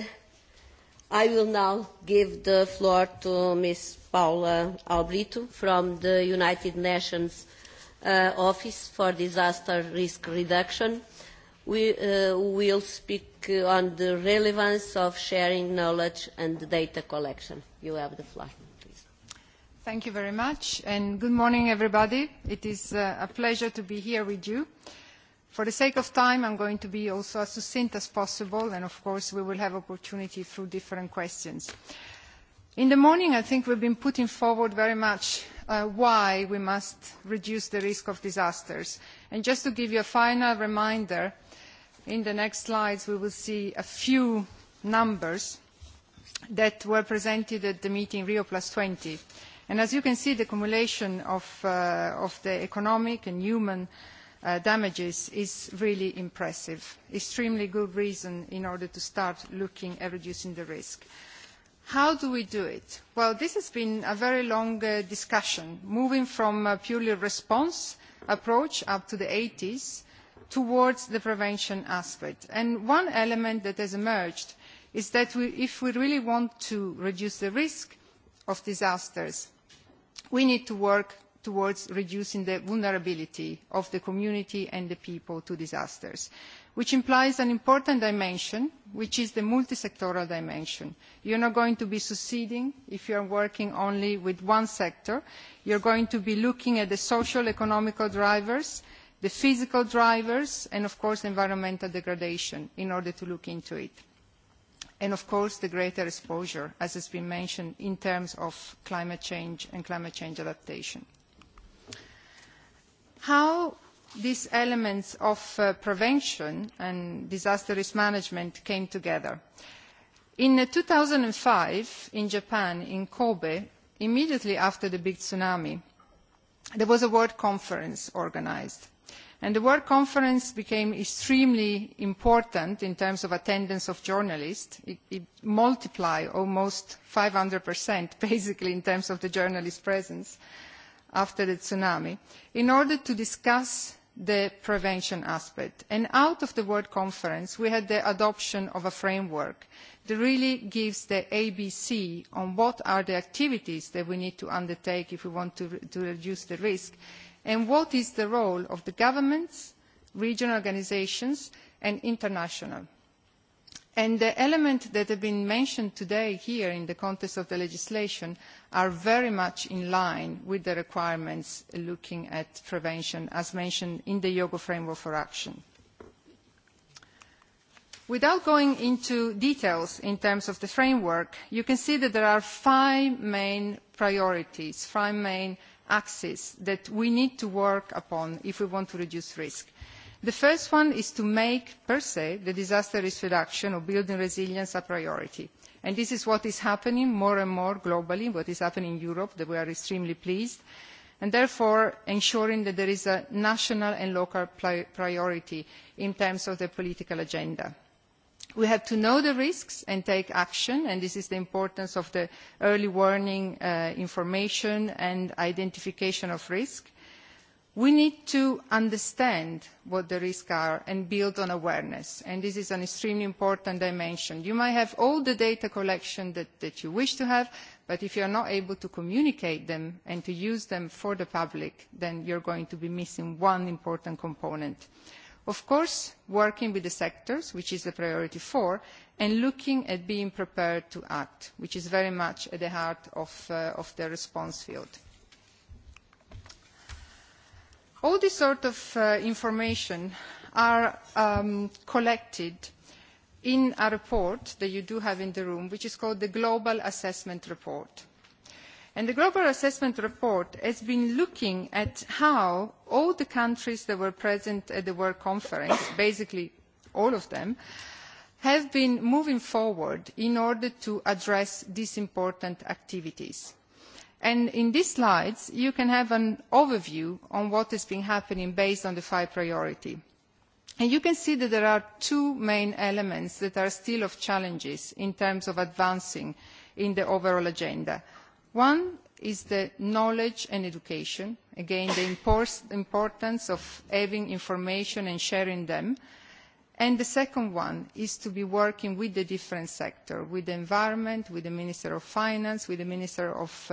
I will now give the floor to Ms. Paula Albrito from the United Nations uh, Office for Disaster Risk Reduction. We uh, will speak on the relevance of sharing knowledge and data collection. You have the floor. Thank you very much, and good morning, everybody. It is a pleasure to be here with you. For the sake of time, I'm going to be also as succinct as possible, and of course, we will have opportunity through different questions. In the morning, I think we've been putting forward very much why we must reduce the risk of disasters. And just to give you a final reminder, in the next slides, we will see a few numbers that were presented at the meeting Rio Plus 20 As you can see, the accumulation of the economic and human damages is really impressive. Extremely good reason in order to start looking at reducing the risk. How do we do it? Well, this has been a very long discussion, moving from a purely response approach up to the 80s towards the prevention aspect. And one element that has emerged is that if we really want to reduce the risk of disasters, we need to work towards reducing the vulnerability of the community and the people to disasters which implies an important dimension which is the multisectoral dimension. you are not going to be succeeding if you are working only with one sector. you are going to be looking at the social economic drivers the physical drivers and of course environmental degradation in order to look into it and of course the greater exposure, as has been mentioned, in terms of climate change and climate change adaptation. How these elements of prevention and disaster risk management came together. In two thousand five in Japan, in Kobe, immediately after the big tsunami, there was a world conference organised the world conference became extremely important in terms of attendance of journalists. it multiplied almost five hundred basically in terms of the journalist presence after the tsunami in order to discuss the prevention aspect. out of the world conference we had the adoption of a framework that really gives the abc on what are the activities that we need to undertake if we want to reduce the risk and what is the role of the governments, regional organisations and international. And the elements that have been mentioned today here in the context of the legislation are very much in line with the requirements looking at prevention as mentioned in the Yogo Framework for Action. Without going into details in terms of the framework, you can see that there are five main priorities, five main axes that we need to work upon if we want to reduce risk. The first one is to make, per se, the disaster risk reduction or building resilience a priority. And this is what is happening more and more globally, what is happening in Europe, that we are extremely pleased, and therefore ensuring that there is a national and local priority in terms of the political agenda we have to know the risks and take action and this is the importance of the early warning information and identification of risk. we need to understand what the risks are and build on awareness and this is an extremely important dimension. you might have all the data collection that you wish to have but if you are not able to communicate them and to use them for the public then you are going to be missing one important component. Of course, working with the sectors, which is the priority four, and looking at being prepared to act, which is very much at the heart of, the response field. All this sort of information are collected in a report that you do have in the room, which is called the Global Assessment Report the global assessment report has been looking at how all the countries that were present at the world conference, basically all of them, have been moving forward in order to address these important activities. In these slides, you can have an overview on what has been happening based on the five priority. You can see that there are two main elements that are still of challenges in terms of advancing in the overall agenda. One is the knowledge and education. Again, the importance of having information and sharing them. And the second one is to be working with the different sectors, with the environment, with the Minister of Finance, with the Minister of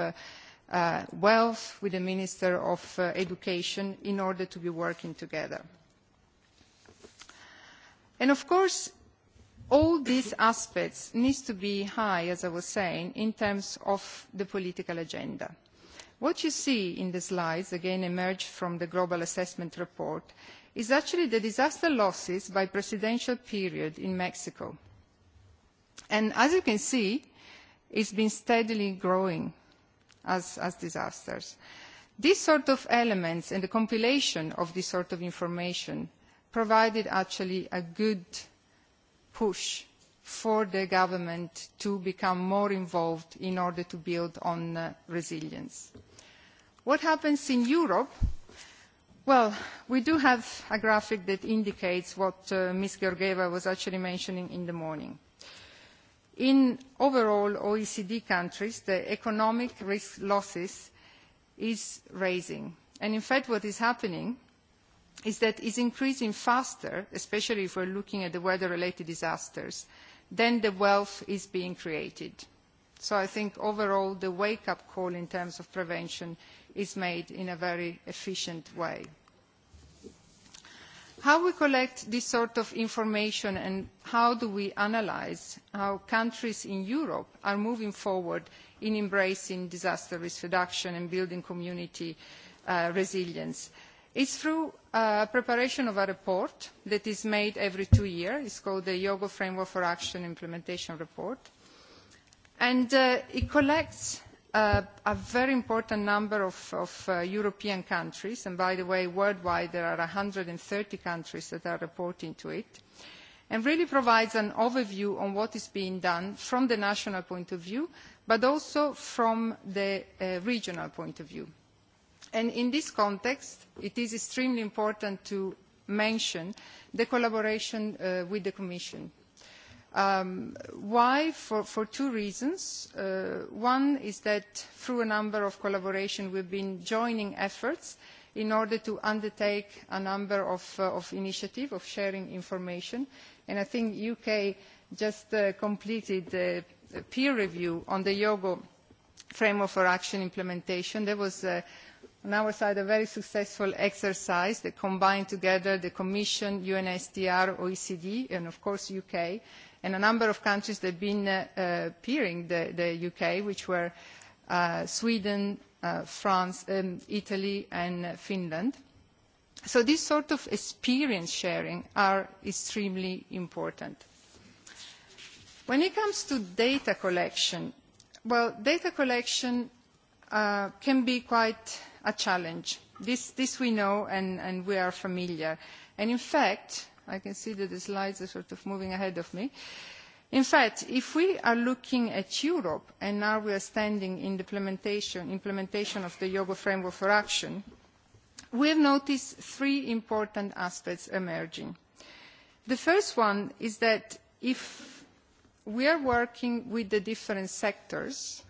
Wealth, with the Minister of Education, in order to be working together. And of course, all these aspects need to be high, as I was saying, in terms of the political agenda. What you see in the slides, again emerged from the Global Assessment Report, is actually the disaster losses by presidential period in Mexico. And as you can see, it has been steadily growing as, as disasters. These sort of elements and the compilation of this sort of information provided actually a good push for the government to become more involved in order to build on resilience. What happens in Europe? Well, we do have a graphic that indicates what Ms. Georgieva was actually mentioning in the morning. In overall OECD countries, the economic risk losses is rising. And in fact, what is happening is that it's increasing faster, especially if we're looking at the weather-related disasters, than the wealth is being created. So I think overall the wake-up call in terms of prevention is made in a very efficient way. How we collect this sort of information and how do we analyse how countries in Europe are moving forward in embracing disaster risk reduction and building community resilience? It is through preparation of a report that is made every two years. It's called the Yogo Framework for Action Implementation Report. And it collects a very important number of, European countries, and by the way, worldwide there are one hundred and thirty countries that are reporting to it, and really provides an overview on what is being done from the national point of view, but also from the regional point of view in this context, it is extremely important to mention the collaboration with the Commission. why? For, two reasons. one is that through a number of collaboration, we have been joining efforts in order to undertake a number of, initiatives of sharing information. And I think the UK just completed a peer review on the Yogo framework for action implementation. There was on our side a very successful exercise that combined together the Commission, UNHCR, OECD, and of course UK, and a number of countries that have been uh, peering the, the UK, which were uh, Sweden, uh, France, um, Italy, and Finland. So this sort of experience sharing are extremely important. When it comes to data collection, well, data collection uh, can be quite a challenge. This, this we know and, and we are familiar. And in fact, I can see that the slides are sort of moving ahead of me. In fact, if we are looking at Europe and now we are standing in the implementation, implementation of the Yoga Framework for Action, we have noticed three important aspects emerging. The first one is that if we are working with the different sectors,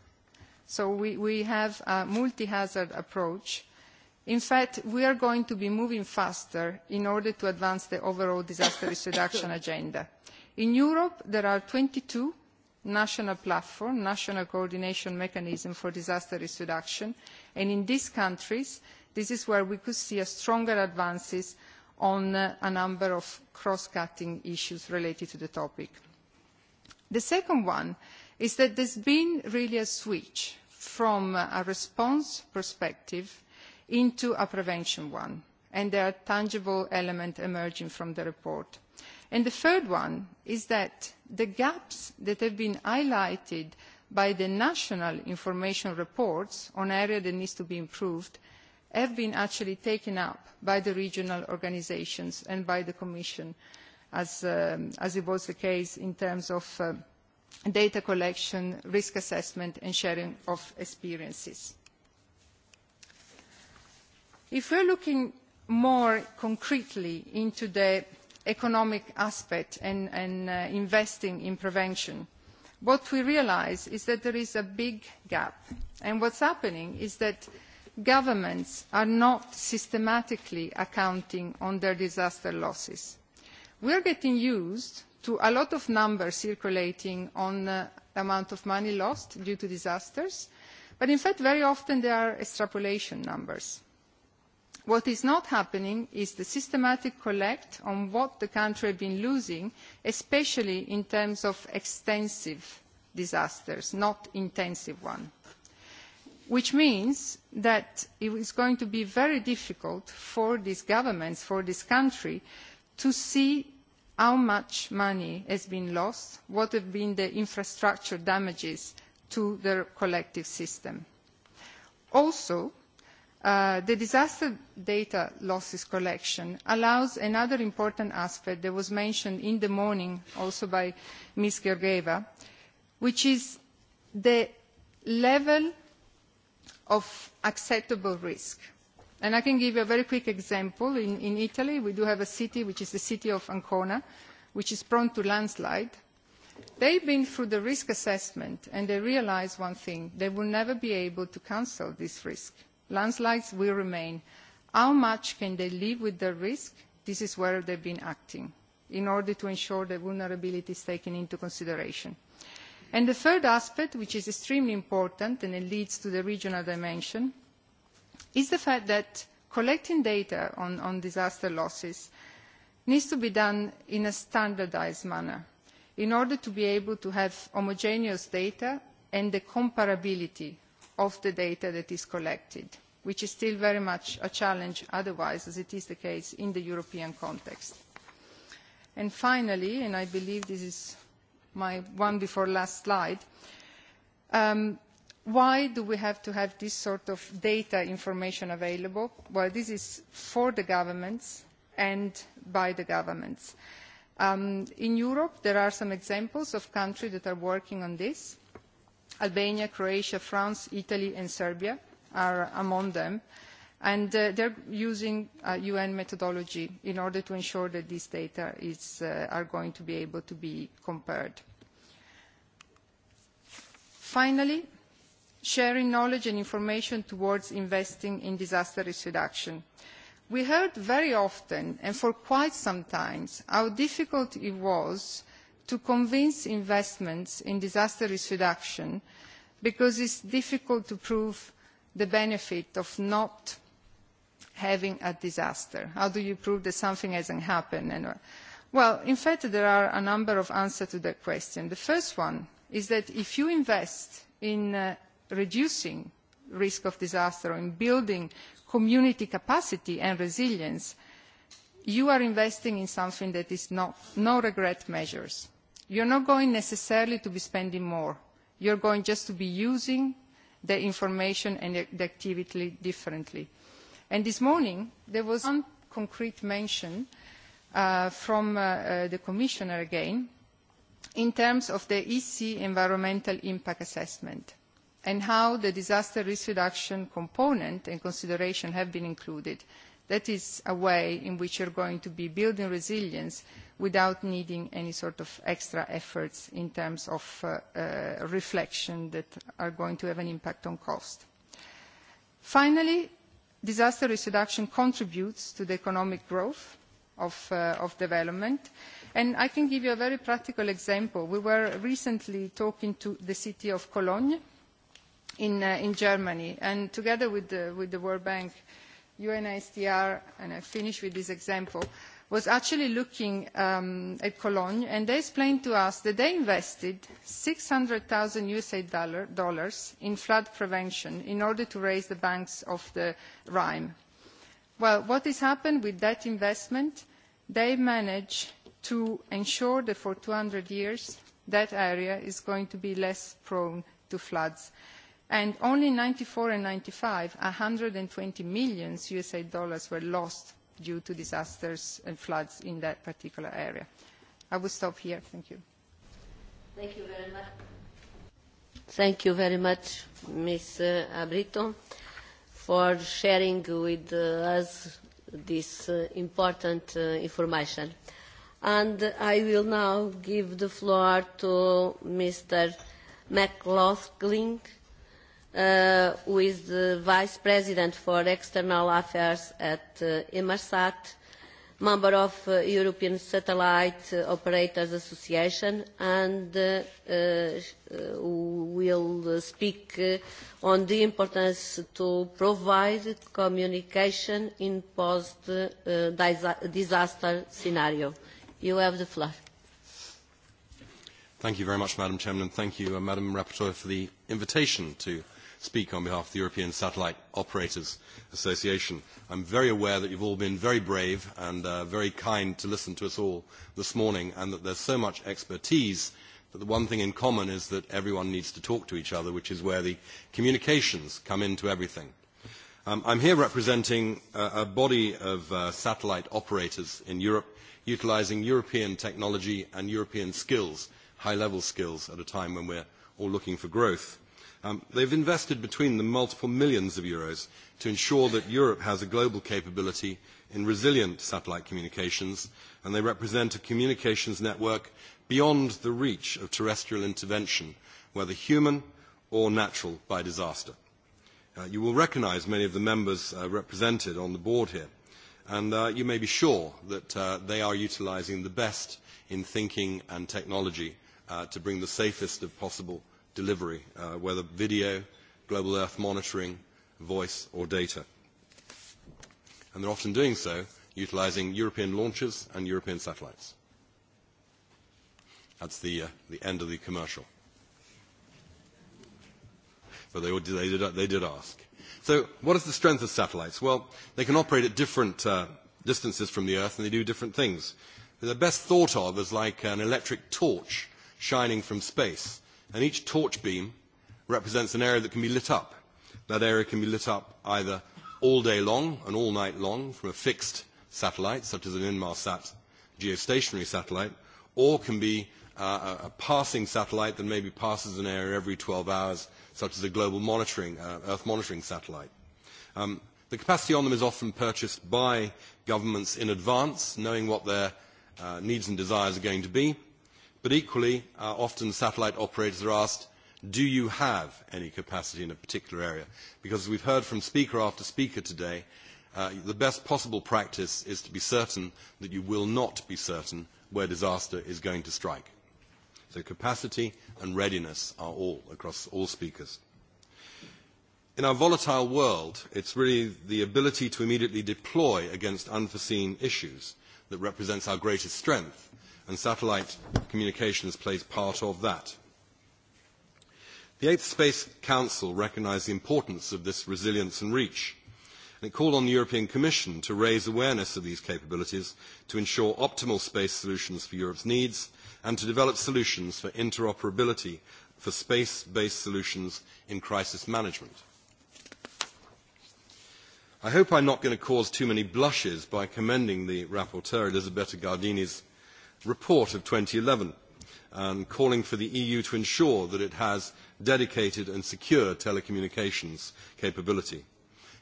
So we, have a multi-hazard approach. In fact, we are going to be moving faster in order to advance the overall disaster risk reduction agenda. In Europe, there are twenty two national platform, national coordination mechanism for disaster risk reduction, and in these countries, this is where we could see stronger advances on a number of cross-cutting issues related to the topic. The second one is that there has been really a switch from a response perspective into a prevention one. And there are tangible elements emerging from the report. And the third one is that the gaps that have been highlighted by the national information reports on areas that need to be improved have been actually taken up by the regional organisations and by the Commission, as, was the case in terms of data collection, risk assessment and sharing of experiences. If we are looking more concretely into the economic aspect and, investing in prevention, what we realise is that there is a big gap. And what is happening is that governments are not systematically accounting on their disaster losses. We are getting used to a lot of numbers circulating on the amount of money lost due to disasters, but in fact very often they are extrapolation numbers. What is not happening is the systematic collect on what the country has been losing, especially in terms of extensive disasters, not intensive ones. Which means that it is going to be very difficult for these governments, for this country, to see how much money has been lost, what have been the infrastructure damages to the collective system. Also, the disaster data losses collection allows another important aspect that was mentioned in the morning also by Ms. Georgieva, which is the level of acceptable risk. And I can give you a very quick example. In, in Italy, we do have a city, which is the city of Ancona, which is prone to landslide. They've been through the risk assessment, and they realised one thing. They will never be able to cancel this risk. Landslides will remain. How much can they live with the risk? This is where they've been acting in order to ensure that vulnerability is taken into consideration. And the third aspect, which is extremely important, and it leads to the regional dimension, is the fact that collecting data on, disaster losses needs to be done in a standardised manner in order to be able to have homogeneous data and the comparability of the data that is collected, which is still very much a challenge otherwise, as it is the case in the European context. And finally, and I believe this is my one before last slide, um, Why do we have to have this sort of data information available? Well, this is for the governments and by the governments. in Europe, there are some examples of countries that are working on this. Albania, Croatia, France, Italy, and Serbia are among them. And they are using UN methodology in order to ensure that these data are going to be able to be compared. Finally, sharing knowledge and information towards investing in disaster risk reduction. We heard very often, and for quite some time, how difficult it was to convince investments in disaster risk reduction because it is difficult to prove the benefit of not having a disaster. How do you prove that something hasn't happened? well, in fact, there are a number of answers to that question. The first one is that if you invest in reducing risk of disaster or in building community capacity and resilience, you are investing in something that is no, no regret measures. You are not going necessarily to be spending more. You are going just to be using the information and the activity differently. And this morning, there was one concrete mention from the Commissioner again in terms of the EC environmental impact assessment and how the disaster risk reduction component and consideration have been included. That is a way in which you are going to be building resilience without needing any sort of extra efforts in terms of reflection that are going to have an impact on cost. Finally, disaster risk reduction contributes to the economic growth of development. And I can give you a very practical example. We were recently talking to the city of Cologne, in, uh, in Germany. And together with the, with the World Bank, UNHCR, and I finish with this example, was actually looking um, at Cologne, and they explained to us that they invested 600,000 USA dollar, dollars in flood prevention in order to raise the banks of the Rhine. Well, what has happened with that investment? They managed to ensure that for two hundred years that area is going to be less prone to floods and only in ninety four and ninety five one hundred and twenty million usa dollars were lost due to disasters and floods in that particular area. I will stop here. Thank you. Thank you very much. Thank you very much, Ms. Abrito, for sharing with us this important information. And I will now give the floor to Mr. McLaughlin uh, who is the Vice President for External Affairs at uh, Emarsat, member of uh, European Satellite Operators Association, and uh, uh, will speak uh, on the importance to provide communication in post-disaster scenario. You have the floor. Thank you very much, Madam Chairman, and thank you, uh, Madam Rapporteur, for the invitation to uh, speak on behalf of the European Satellite Operators Association. I'm very aware that you've all been very brave and uh, very kind to listen to us all this morning and that there's so much expertise that the one thing in common is that everyone needs to talk to each other, which is where the communications come into everything. Um, I'm here representing a, a body of uh, satellite operators in Europe utilising European technology and European skills, high-level skills, at a time when we're all looking for growth. They have invested between them multiple millions of euros to ensure that Europe has a global capability in resilient satellite communications, and they represent a communications network beyond the reach of terrestrial intervention, whether human or natural by disaster. you will recognise many of the members represented on the board here, and you may be sure that they are utilising the best in thinking and technology to bring the safest of possible delivery, whether video, global earth monitoring, voice or data. And they're often doing so utilising European launches and European satellites. That's the, uh, the end of the commercial. But they, they, did, they did ask. So what is the strength of satellites? Well, they can operate at different uh, distances from the Earth and they do different things. They're best thought of as like an electric torch shining from space and each torch beam represents an area that can be lit up. That area can be lit up either all day long and all night long from a fixed satellite, such as an Inmarsat geostationary satellite, or can be uh, a, a passing satellite that maybe passes an area every 12 hours, such as a global monitoring, uh, Earth monitoring satellite. Um, the capacity on them is often purchased by governments in advance, knowing what their uh, needs and desires are going to be But equally, often satellite operators are asked, do you have any capacity in a particular area? Because as we've heard from speaker after speaker today, the best possible practice is to be certain that you will not be certain where disaster is going to strike. So capacity and readiness are all across all speakers. In our volatile world, it's really the ability to immediately deploy against unforeseen issues that represents our greatest strength and satellite communications plays part of that. The Eighth Space Council recognised the importance of this resilience and reach, and it called on the European Commission to raise awareness of these capabilities to ensure optimal space solutions for Europe's needs and to develop solutions for interoperability for space-based solutions in crisis management. I hope I am not going to cause too many blushes by commending the rapporteur, Elisabetta Gardini's report of eleven and calling for the EU to ensure that it has dedicated and secure telecommunications capability.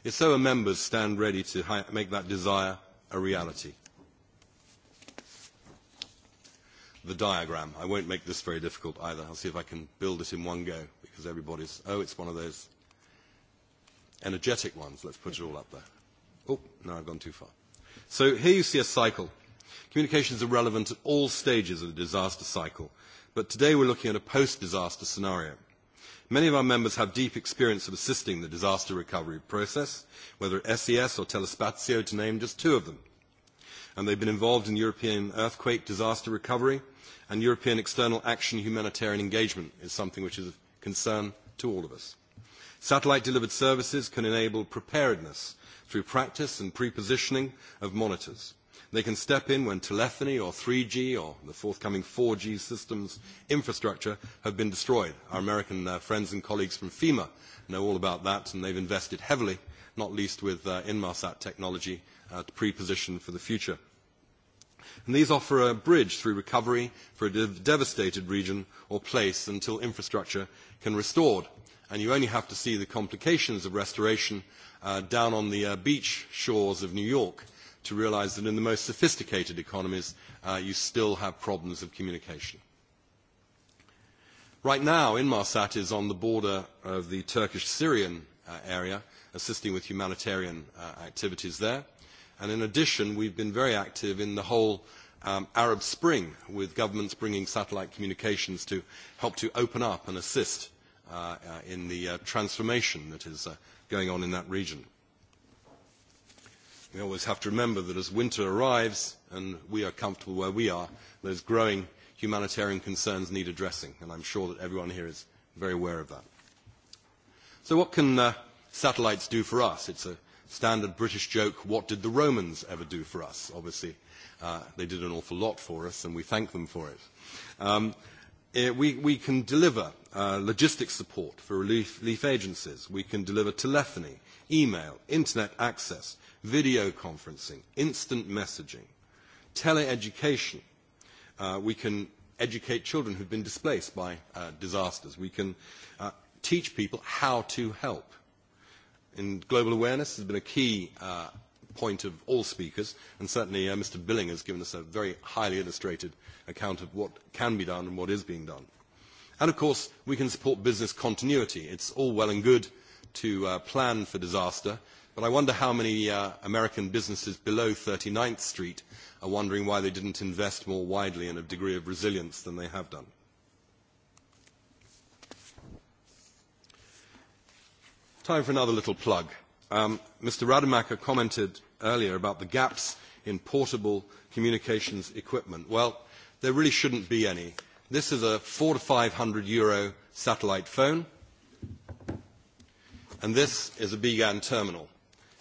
If so, our members stand ready to make that desire a reality. The diagram. I won't make this very difficult either. I'll see if I can build it in one go because everybody's, oh, it's one of those energetic ones. Let's put it all up there. Oh, no, I've gone too far. So here you see a cycle Communications are relevant at all stages of the disaster cycle, but today we're looking at a post-disaster scenario. Many of our members have deep experience of assisting the disaster recovery process, whether SES or Telespazio, to name just two of them. And they've been involved in European earthquake disaster recovery, and European external action humanitarian engagement is something which is of concern to all of us. Satellite-delivered services can enable preparedness through practice and pre-positioning of monitors They can step in when telephony or 3G or the forthcoming 4G systems infrastructure have been destroyed. Our American uh, friends and colleagues from FEMA know all about that, and they've invested heavily, not least with uh, Inmarsat technology, uh, to pre-position for the future. And these offer a bridge through recovery for a dev- devastated region or place until infrastructure can be restored. And you only have to see the complications of restoration uh, down on the uh, beach shores of New York – to realise that in the most sophisticated economies, you still have problems of communication. Right now, Inmarsat is on the border of the Turkish-Syrian area, assisting with humanitarian activities there. And in addition, we have been very active in the whole Arab Spring, with governments bringing satellite communications to help to open up and assist in the transformation that is going on in that region. We always have to remember that as winter arrives and we are comfortable where we are, those growing humanitarian concerns need addressing, and I'm sure that everyone here is very aware of that. So what can uh, satellites do for us? It's a standard British joke, what did the Romans ever do for us? Obviously, uh, they did an awful lot for us, and we thank them for it. Um, it we, we can deliver uh, logistics support for relief, relief agencies. We can deliver telephony, email, internet access, video conferencing, instant messaging, teleeducation. Uh, we can educate children who've been displaced by uh, disasters. We can uh, teach people how to help. In global awareness has been a key uh, point of all speakers, and certainly uh, Mr. Billing has given us a very highly illustrated account of what can be done and what is being done. And of course, we can support business continuity. It's all well and good to uh, plan for disaster, But I wonder how many uh, American businesses below 39th Street are wondering why they didn't invest more widely in a degree of resilience than they have done. Time for another little plug. Um, Mr. Rademacher commented earlier about the gaps in portable communications equipment. Well, there really shouldn't be any. This is a four to five hundred euro satellite phone, and this is a BGAN terminal.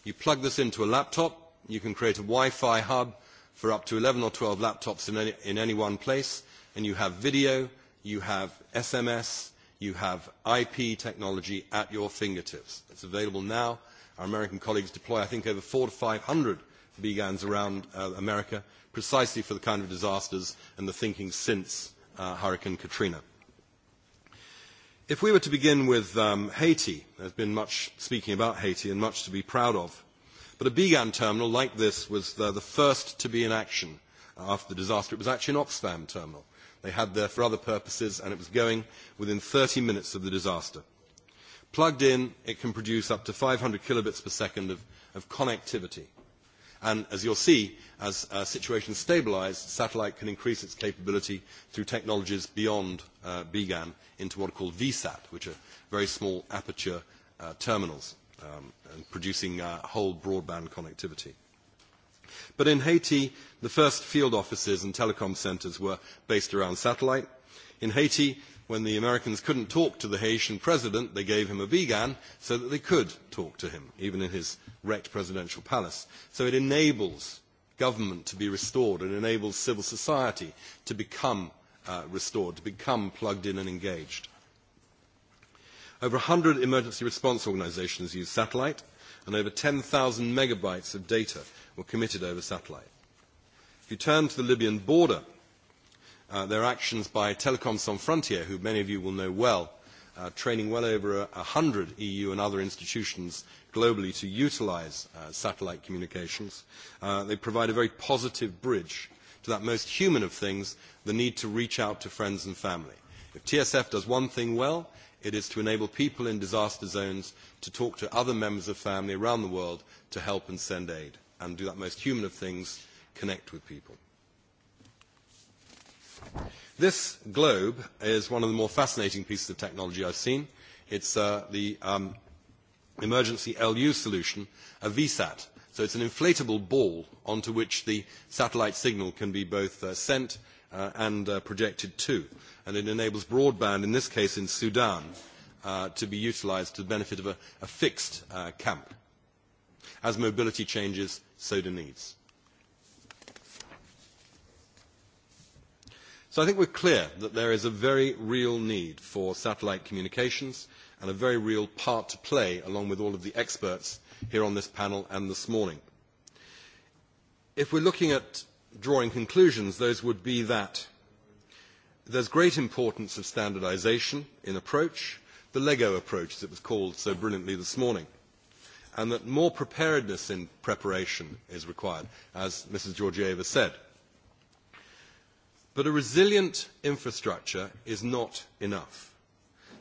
You plug this into a laptop, you can create a Wi-Fi hub for up to 11 or 12 laptops in any, in any one place, and you have video, you have SMS, you have IP technology at your fingertips. It's available now. Our American colleagues deploy, I think, over four to 500 BGANs around uh, America precisely for the kind of disasters and the thinking since uh, Hurricane Katrina. If we were to begin with um, Haiti, there's been much speaking about Haiti and much to be proud of. But a BGAN terminal like this was the, the first to be in action after the disaster. It was actually an Oxfam terminal. They had there for other purposes, and it was going within 30 minutes of the disaster. Plugged in, it can produce up to 500 kilobits per second of, of connectivity And as you'll see, as uh, situations stabilise, satellite can increase its capability through technologies beyond uh, BGAN into what are called VSAT, which are very small aperture uh, terminals um, and producing uh, whole broadband connectivity. But in Haiti, the first field offices and telecom centres were based around satellite. In Haiti, When the Americans couldn't talk to the Haitian president, they gave him a vegan so that they could talk to him, even in his wrecked presidential palace. So it enables government to be restored and enables civil society to become restored, to become plugged in and engaged. Over one hundred emergency response organisations use satellite, and over ten 10,000 megabytes of data were committed over satellite. If you turn to the Libyan border, their actions by Telecom Sans Frontier, who many of you will know well, training well over a hundred EU and other institutions globally to utilise satellite communications. they provide a very positive bridge to that most human of things, the need to reach out to friends and family. If TSF does one thing well, it is to enable people in disaster zones to talk to other members of family around the world to help and send aid and do that most human of things, connect with people. This globe is one of the more fascinating pieces of technology I've seen. It's uh, the um, emergency LU solution, a VSAT. So it's an inflatable ball onto which the satellite signal can be both uh, sent uh, and uh, projected to. And it enables broadband, in this case in Sudan, uh, to be utilized to the benefit of a, a fixed uh, camp. As mobility changes, so do needs. So I think we're clear that there is a very real need for satellite communications and a very real part to play along with all of the experts here on this panel and this morning. If we're looking at drawing conclusions, those would be that there's great importance of standardisation in approach, the Lego approach as it was called so brilliantly this morning, and that more preparedness in preparation is required, as Mrs. Georgieva said But a resilient infrastructure is not enough.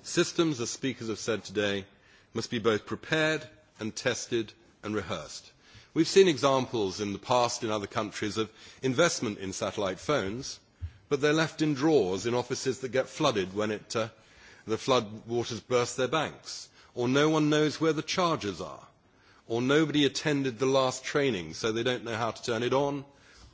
Systems, as speakers have said today, must be both prepared and tested and rehearsed. We've seen examples in the past in other countries of investment in satellite phones, but they're left in drawers in offices that get flooded when it, uh, the flood waters burst their banks, or no one knows where the chargers are, or nobody attended the last training so they don't know how to turn it on,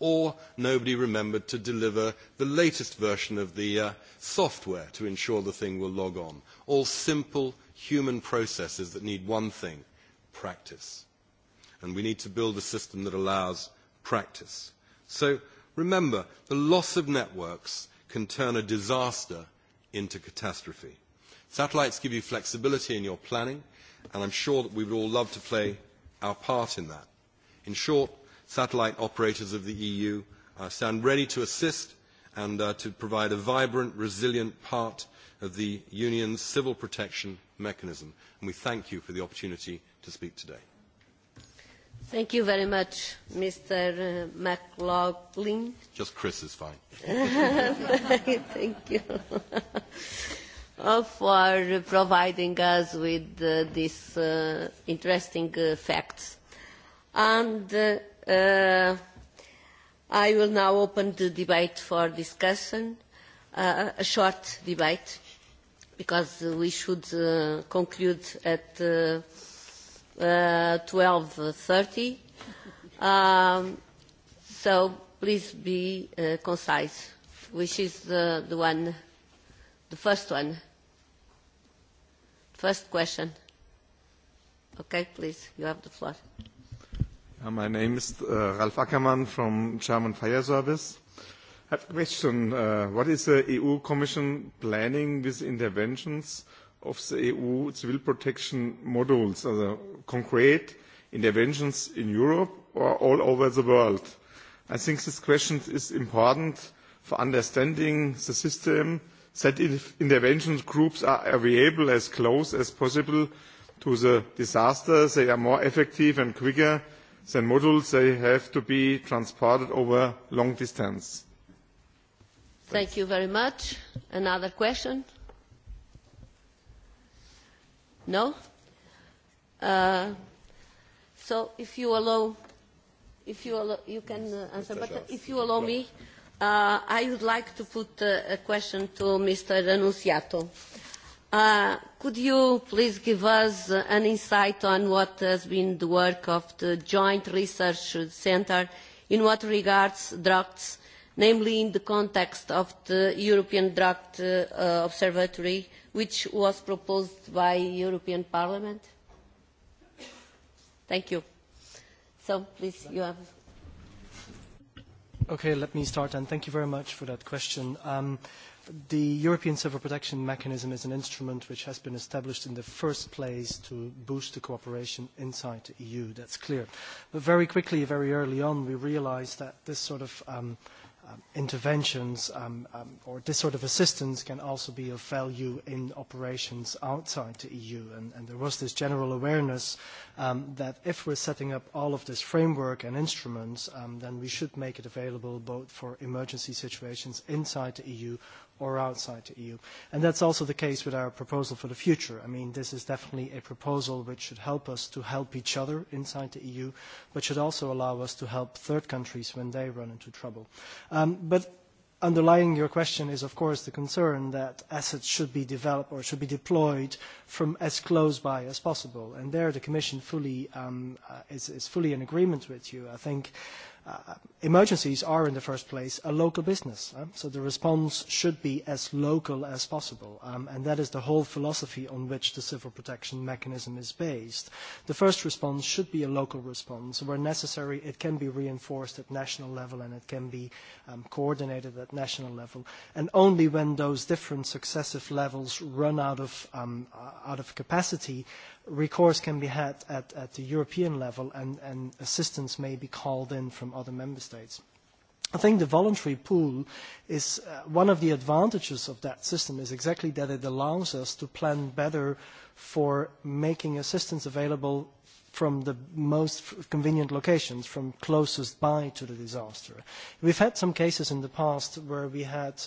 or nobody remembered to deliver the latest version of the software to ensure the thing will log on. All simple human processes that need one thing, practice. And we need to build a system that allows practice. So remember, the loss of networks can turn a disaster into catastrophe. Satellites give you flexibility in your planning, and I'm sure that we would all love to play our part in that. In short, satellite operators of the EU stand ready to assist and to provide a vibrant, resilient part of the Union's civil protection mechanism. And we thank you for the opportunity to speak today. Thank you very much, Mr. McLaughlin. Just Chris is fine. Thank you for providing us with uh, these uh, interesting uh, facts. And uh, I will now open the debate for discussion, a short debate, because we should conclude at twelve thirty. so please be concise, which is the, the one, the first one. First question. Okay, please, you have the floor. My name is Ralf Ackermann from German Fire Service. I have a question. What is the EU Commission planning with interventions of the EU civil protection modules, also concrete interventions in Europe or all over the world? I think this question is important for understanding the system, that if intervention groups are available as close as possible to the disaster, they are more effective and quicker than modules. They have to be transported over long distance. Thank you very much. Another question? No? Uh, so if you allow, if you allow, you can uh, answer, but if you allow me, uh, I would like to put uh, a question to Mr. Annunziato. Uh, could you please give us an insight on what has been the work of the Joint Research Centre in what regards drugs, namely in the context of the European Drug uh, Observatory, which was proposed by European Parliament? Thank you. So, please, you have Okay, let me start, and thank you very much for that question. Um, the European Civil Protection Mechanism is an instrument which has been established in the first place to boost the cooperation inside the EU, that's clear. But very quickly, very early on, we realized that this sort of um, – interventions um, um, or this sort of assistance can also be of value in operations outside the EU. And, and there was this general awareness um, that if we're setting up all of this framework and instruments, um, then we should make it available both for emergency situations inside the EU or outside the EU. And that's also the case with our proposal for the future. I mean, this is definitely a proposal which should help us to help each other inside the EU, but should also allow us to help third countries when they run into trouble. but underlying your question is, of course, the concern that assets should be developed or should be deployed from as close by as possible. And there the Commission fully, is, fully in agreement with you. I think emergencies are, in the first place, a local business, so the response should be as local as possible, and that is the whole philosophy on which the civil protection mechanism is based. The first response should be a local response. Where necessary, it can be reinforced at national level and it can be coordinated at national level, and only when those different successive levels run out of capacity recourse can be had at, at the European level and, and assistance may be called in from other member states. I think the voluntary pool is uh, one of the advantages of that system is exactly that it allows us to plan better for making assistance available from the most convenient locations, from closest by to the disaster. We've had some cases in the past where we had uh,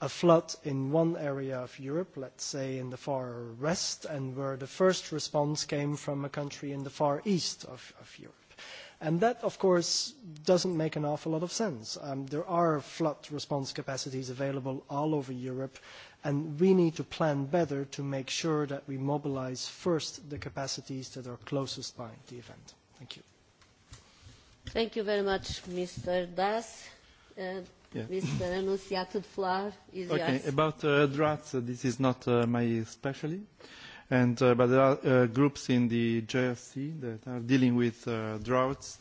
a flood in one area of Europe, let's say in the far west, and where the first response came from a country in the far east of, of Europe. And that, of course, doesn't make an awful lot of sense. there are flood response capacities available all over Europe, and we need to plan better to make sure that we mobilise first the capacities that are closest by the event. Thank you. Thank you very much, Mr. Das. Mr. Annunziato, the floor is okay, yours. About uh, droughts uh, this is not uh, my specialty. And, uh, but there are uh, groups in the JRC that are dealing with uh, droughts.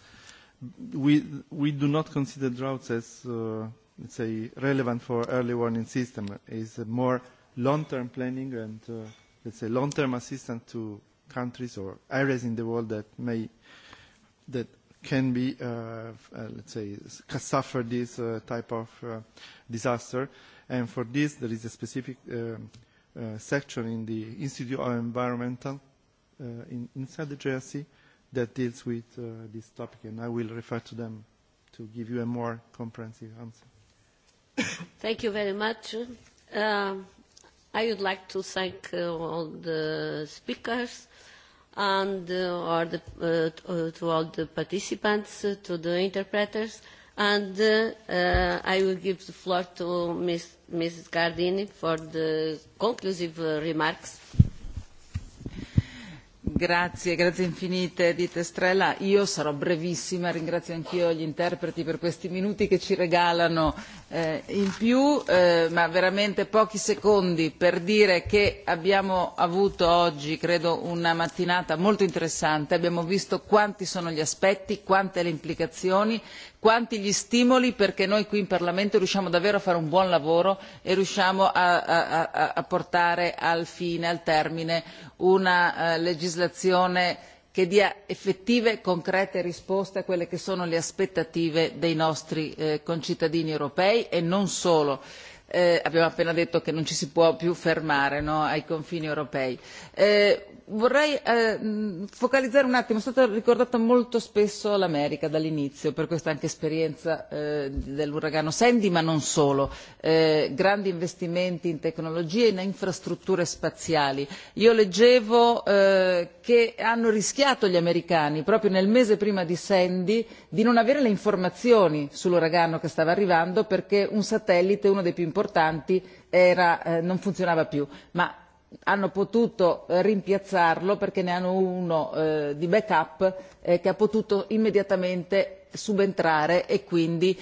We, we do not consider droughts as, uh, let's say, relevant for early warning system. It's a more long-term planning and, uh, let's say, long-term assistance to countries or areas in the world that may that can be, uh, uh, let's say, can suffer this uh, type of uh, disaster. And for this, there is a specific um, uh, section in the Institute of Environmental uh, in, inside the JRC that deals with uh, this topic, and I will refer to them to give you a more comprehensive answer. Thank you very much. Um, I would like to thank uh, all the speakers and uh, or the, uh, to all the participants, uh, to the interpreters, and uh, uh, I will give the floor to Ms. Mrs. Gardini for the conclusive uh, remarks. Grazie, grazie infinite di Testrella. Io sarò brevissima, ringrazio anch'io gli interpreti per questi minuti che ci regalano in più ma veramente pochi secondi per dire che abbiamo avuto oggi credo una mattinata molto interessante abbiamo visto quanti sono gli aspetti quante le implicazioni quanti gli stimoli perché noi qui in parlamento riusciamo davvero a fare un buon lavoro e riusciamo a portare al fine al termine una legislazione che dia effettive e concrete risposte a quelle che sono le aspettative dei nostri concittadini europei e non solo. abbiamo appena detto che non ci si può più fermare ai confini europei vorrei focalizzare un attimo, è stata ricordata molto spesso l'America dall'inizio, per questa anche esperienza dell'uragano Sandy, ma non solo. grandi investimenti in tecnologie e in infrastrutture spaziali. Io leggevo che hanno rischiato gli americani, proprio nel mese prima di Sandy, di non avere le informazioni sull'uragano che stava arrivando perché un satellite, uno dei più importanti, non funzionava più. Ma hanno potuto rimpiazzarlo perché ne hanno uno di backup che ha potuto immediatamente subentrare e quindi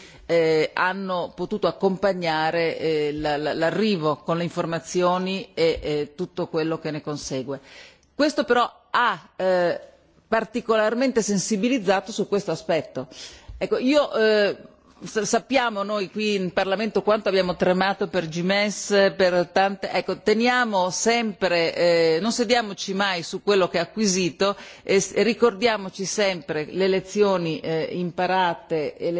hanno potuto accompagnare l'arrivo con le informazioni e tutto quello che ne consegue. Questo però ha particolarmente sensibilizzato su questo aspetto. Ecco, io sappiamo noi qui in parlamento quanto abbiamo tremato per gmes per tante ecco teniamo sempre non sediamoci mai su quello che è acquisito e ricordiamoci sempre le lezioni imparate e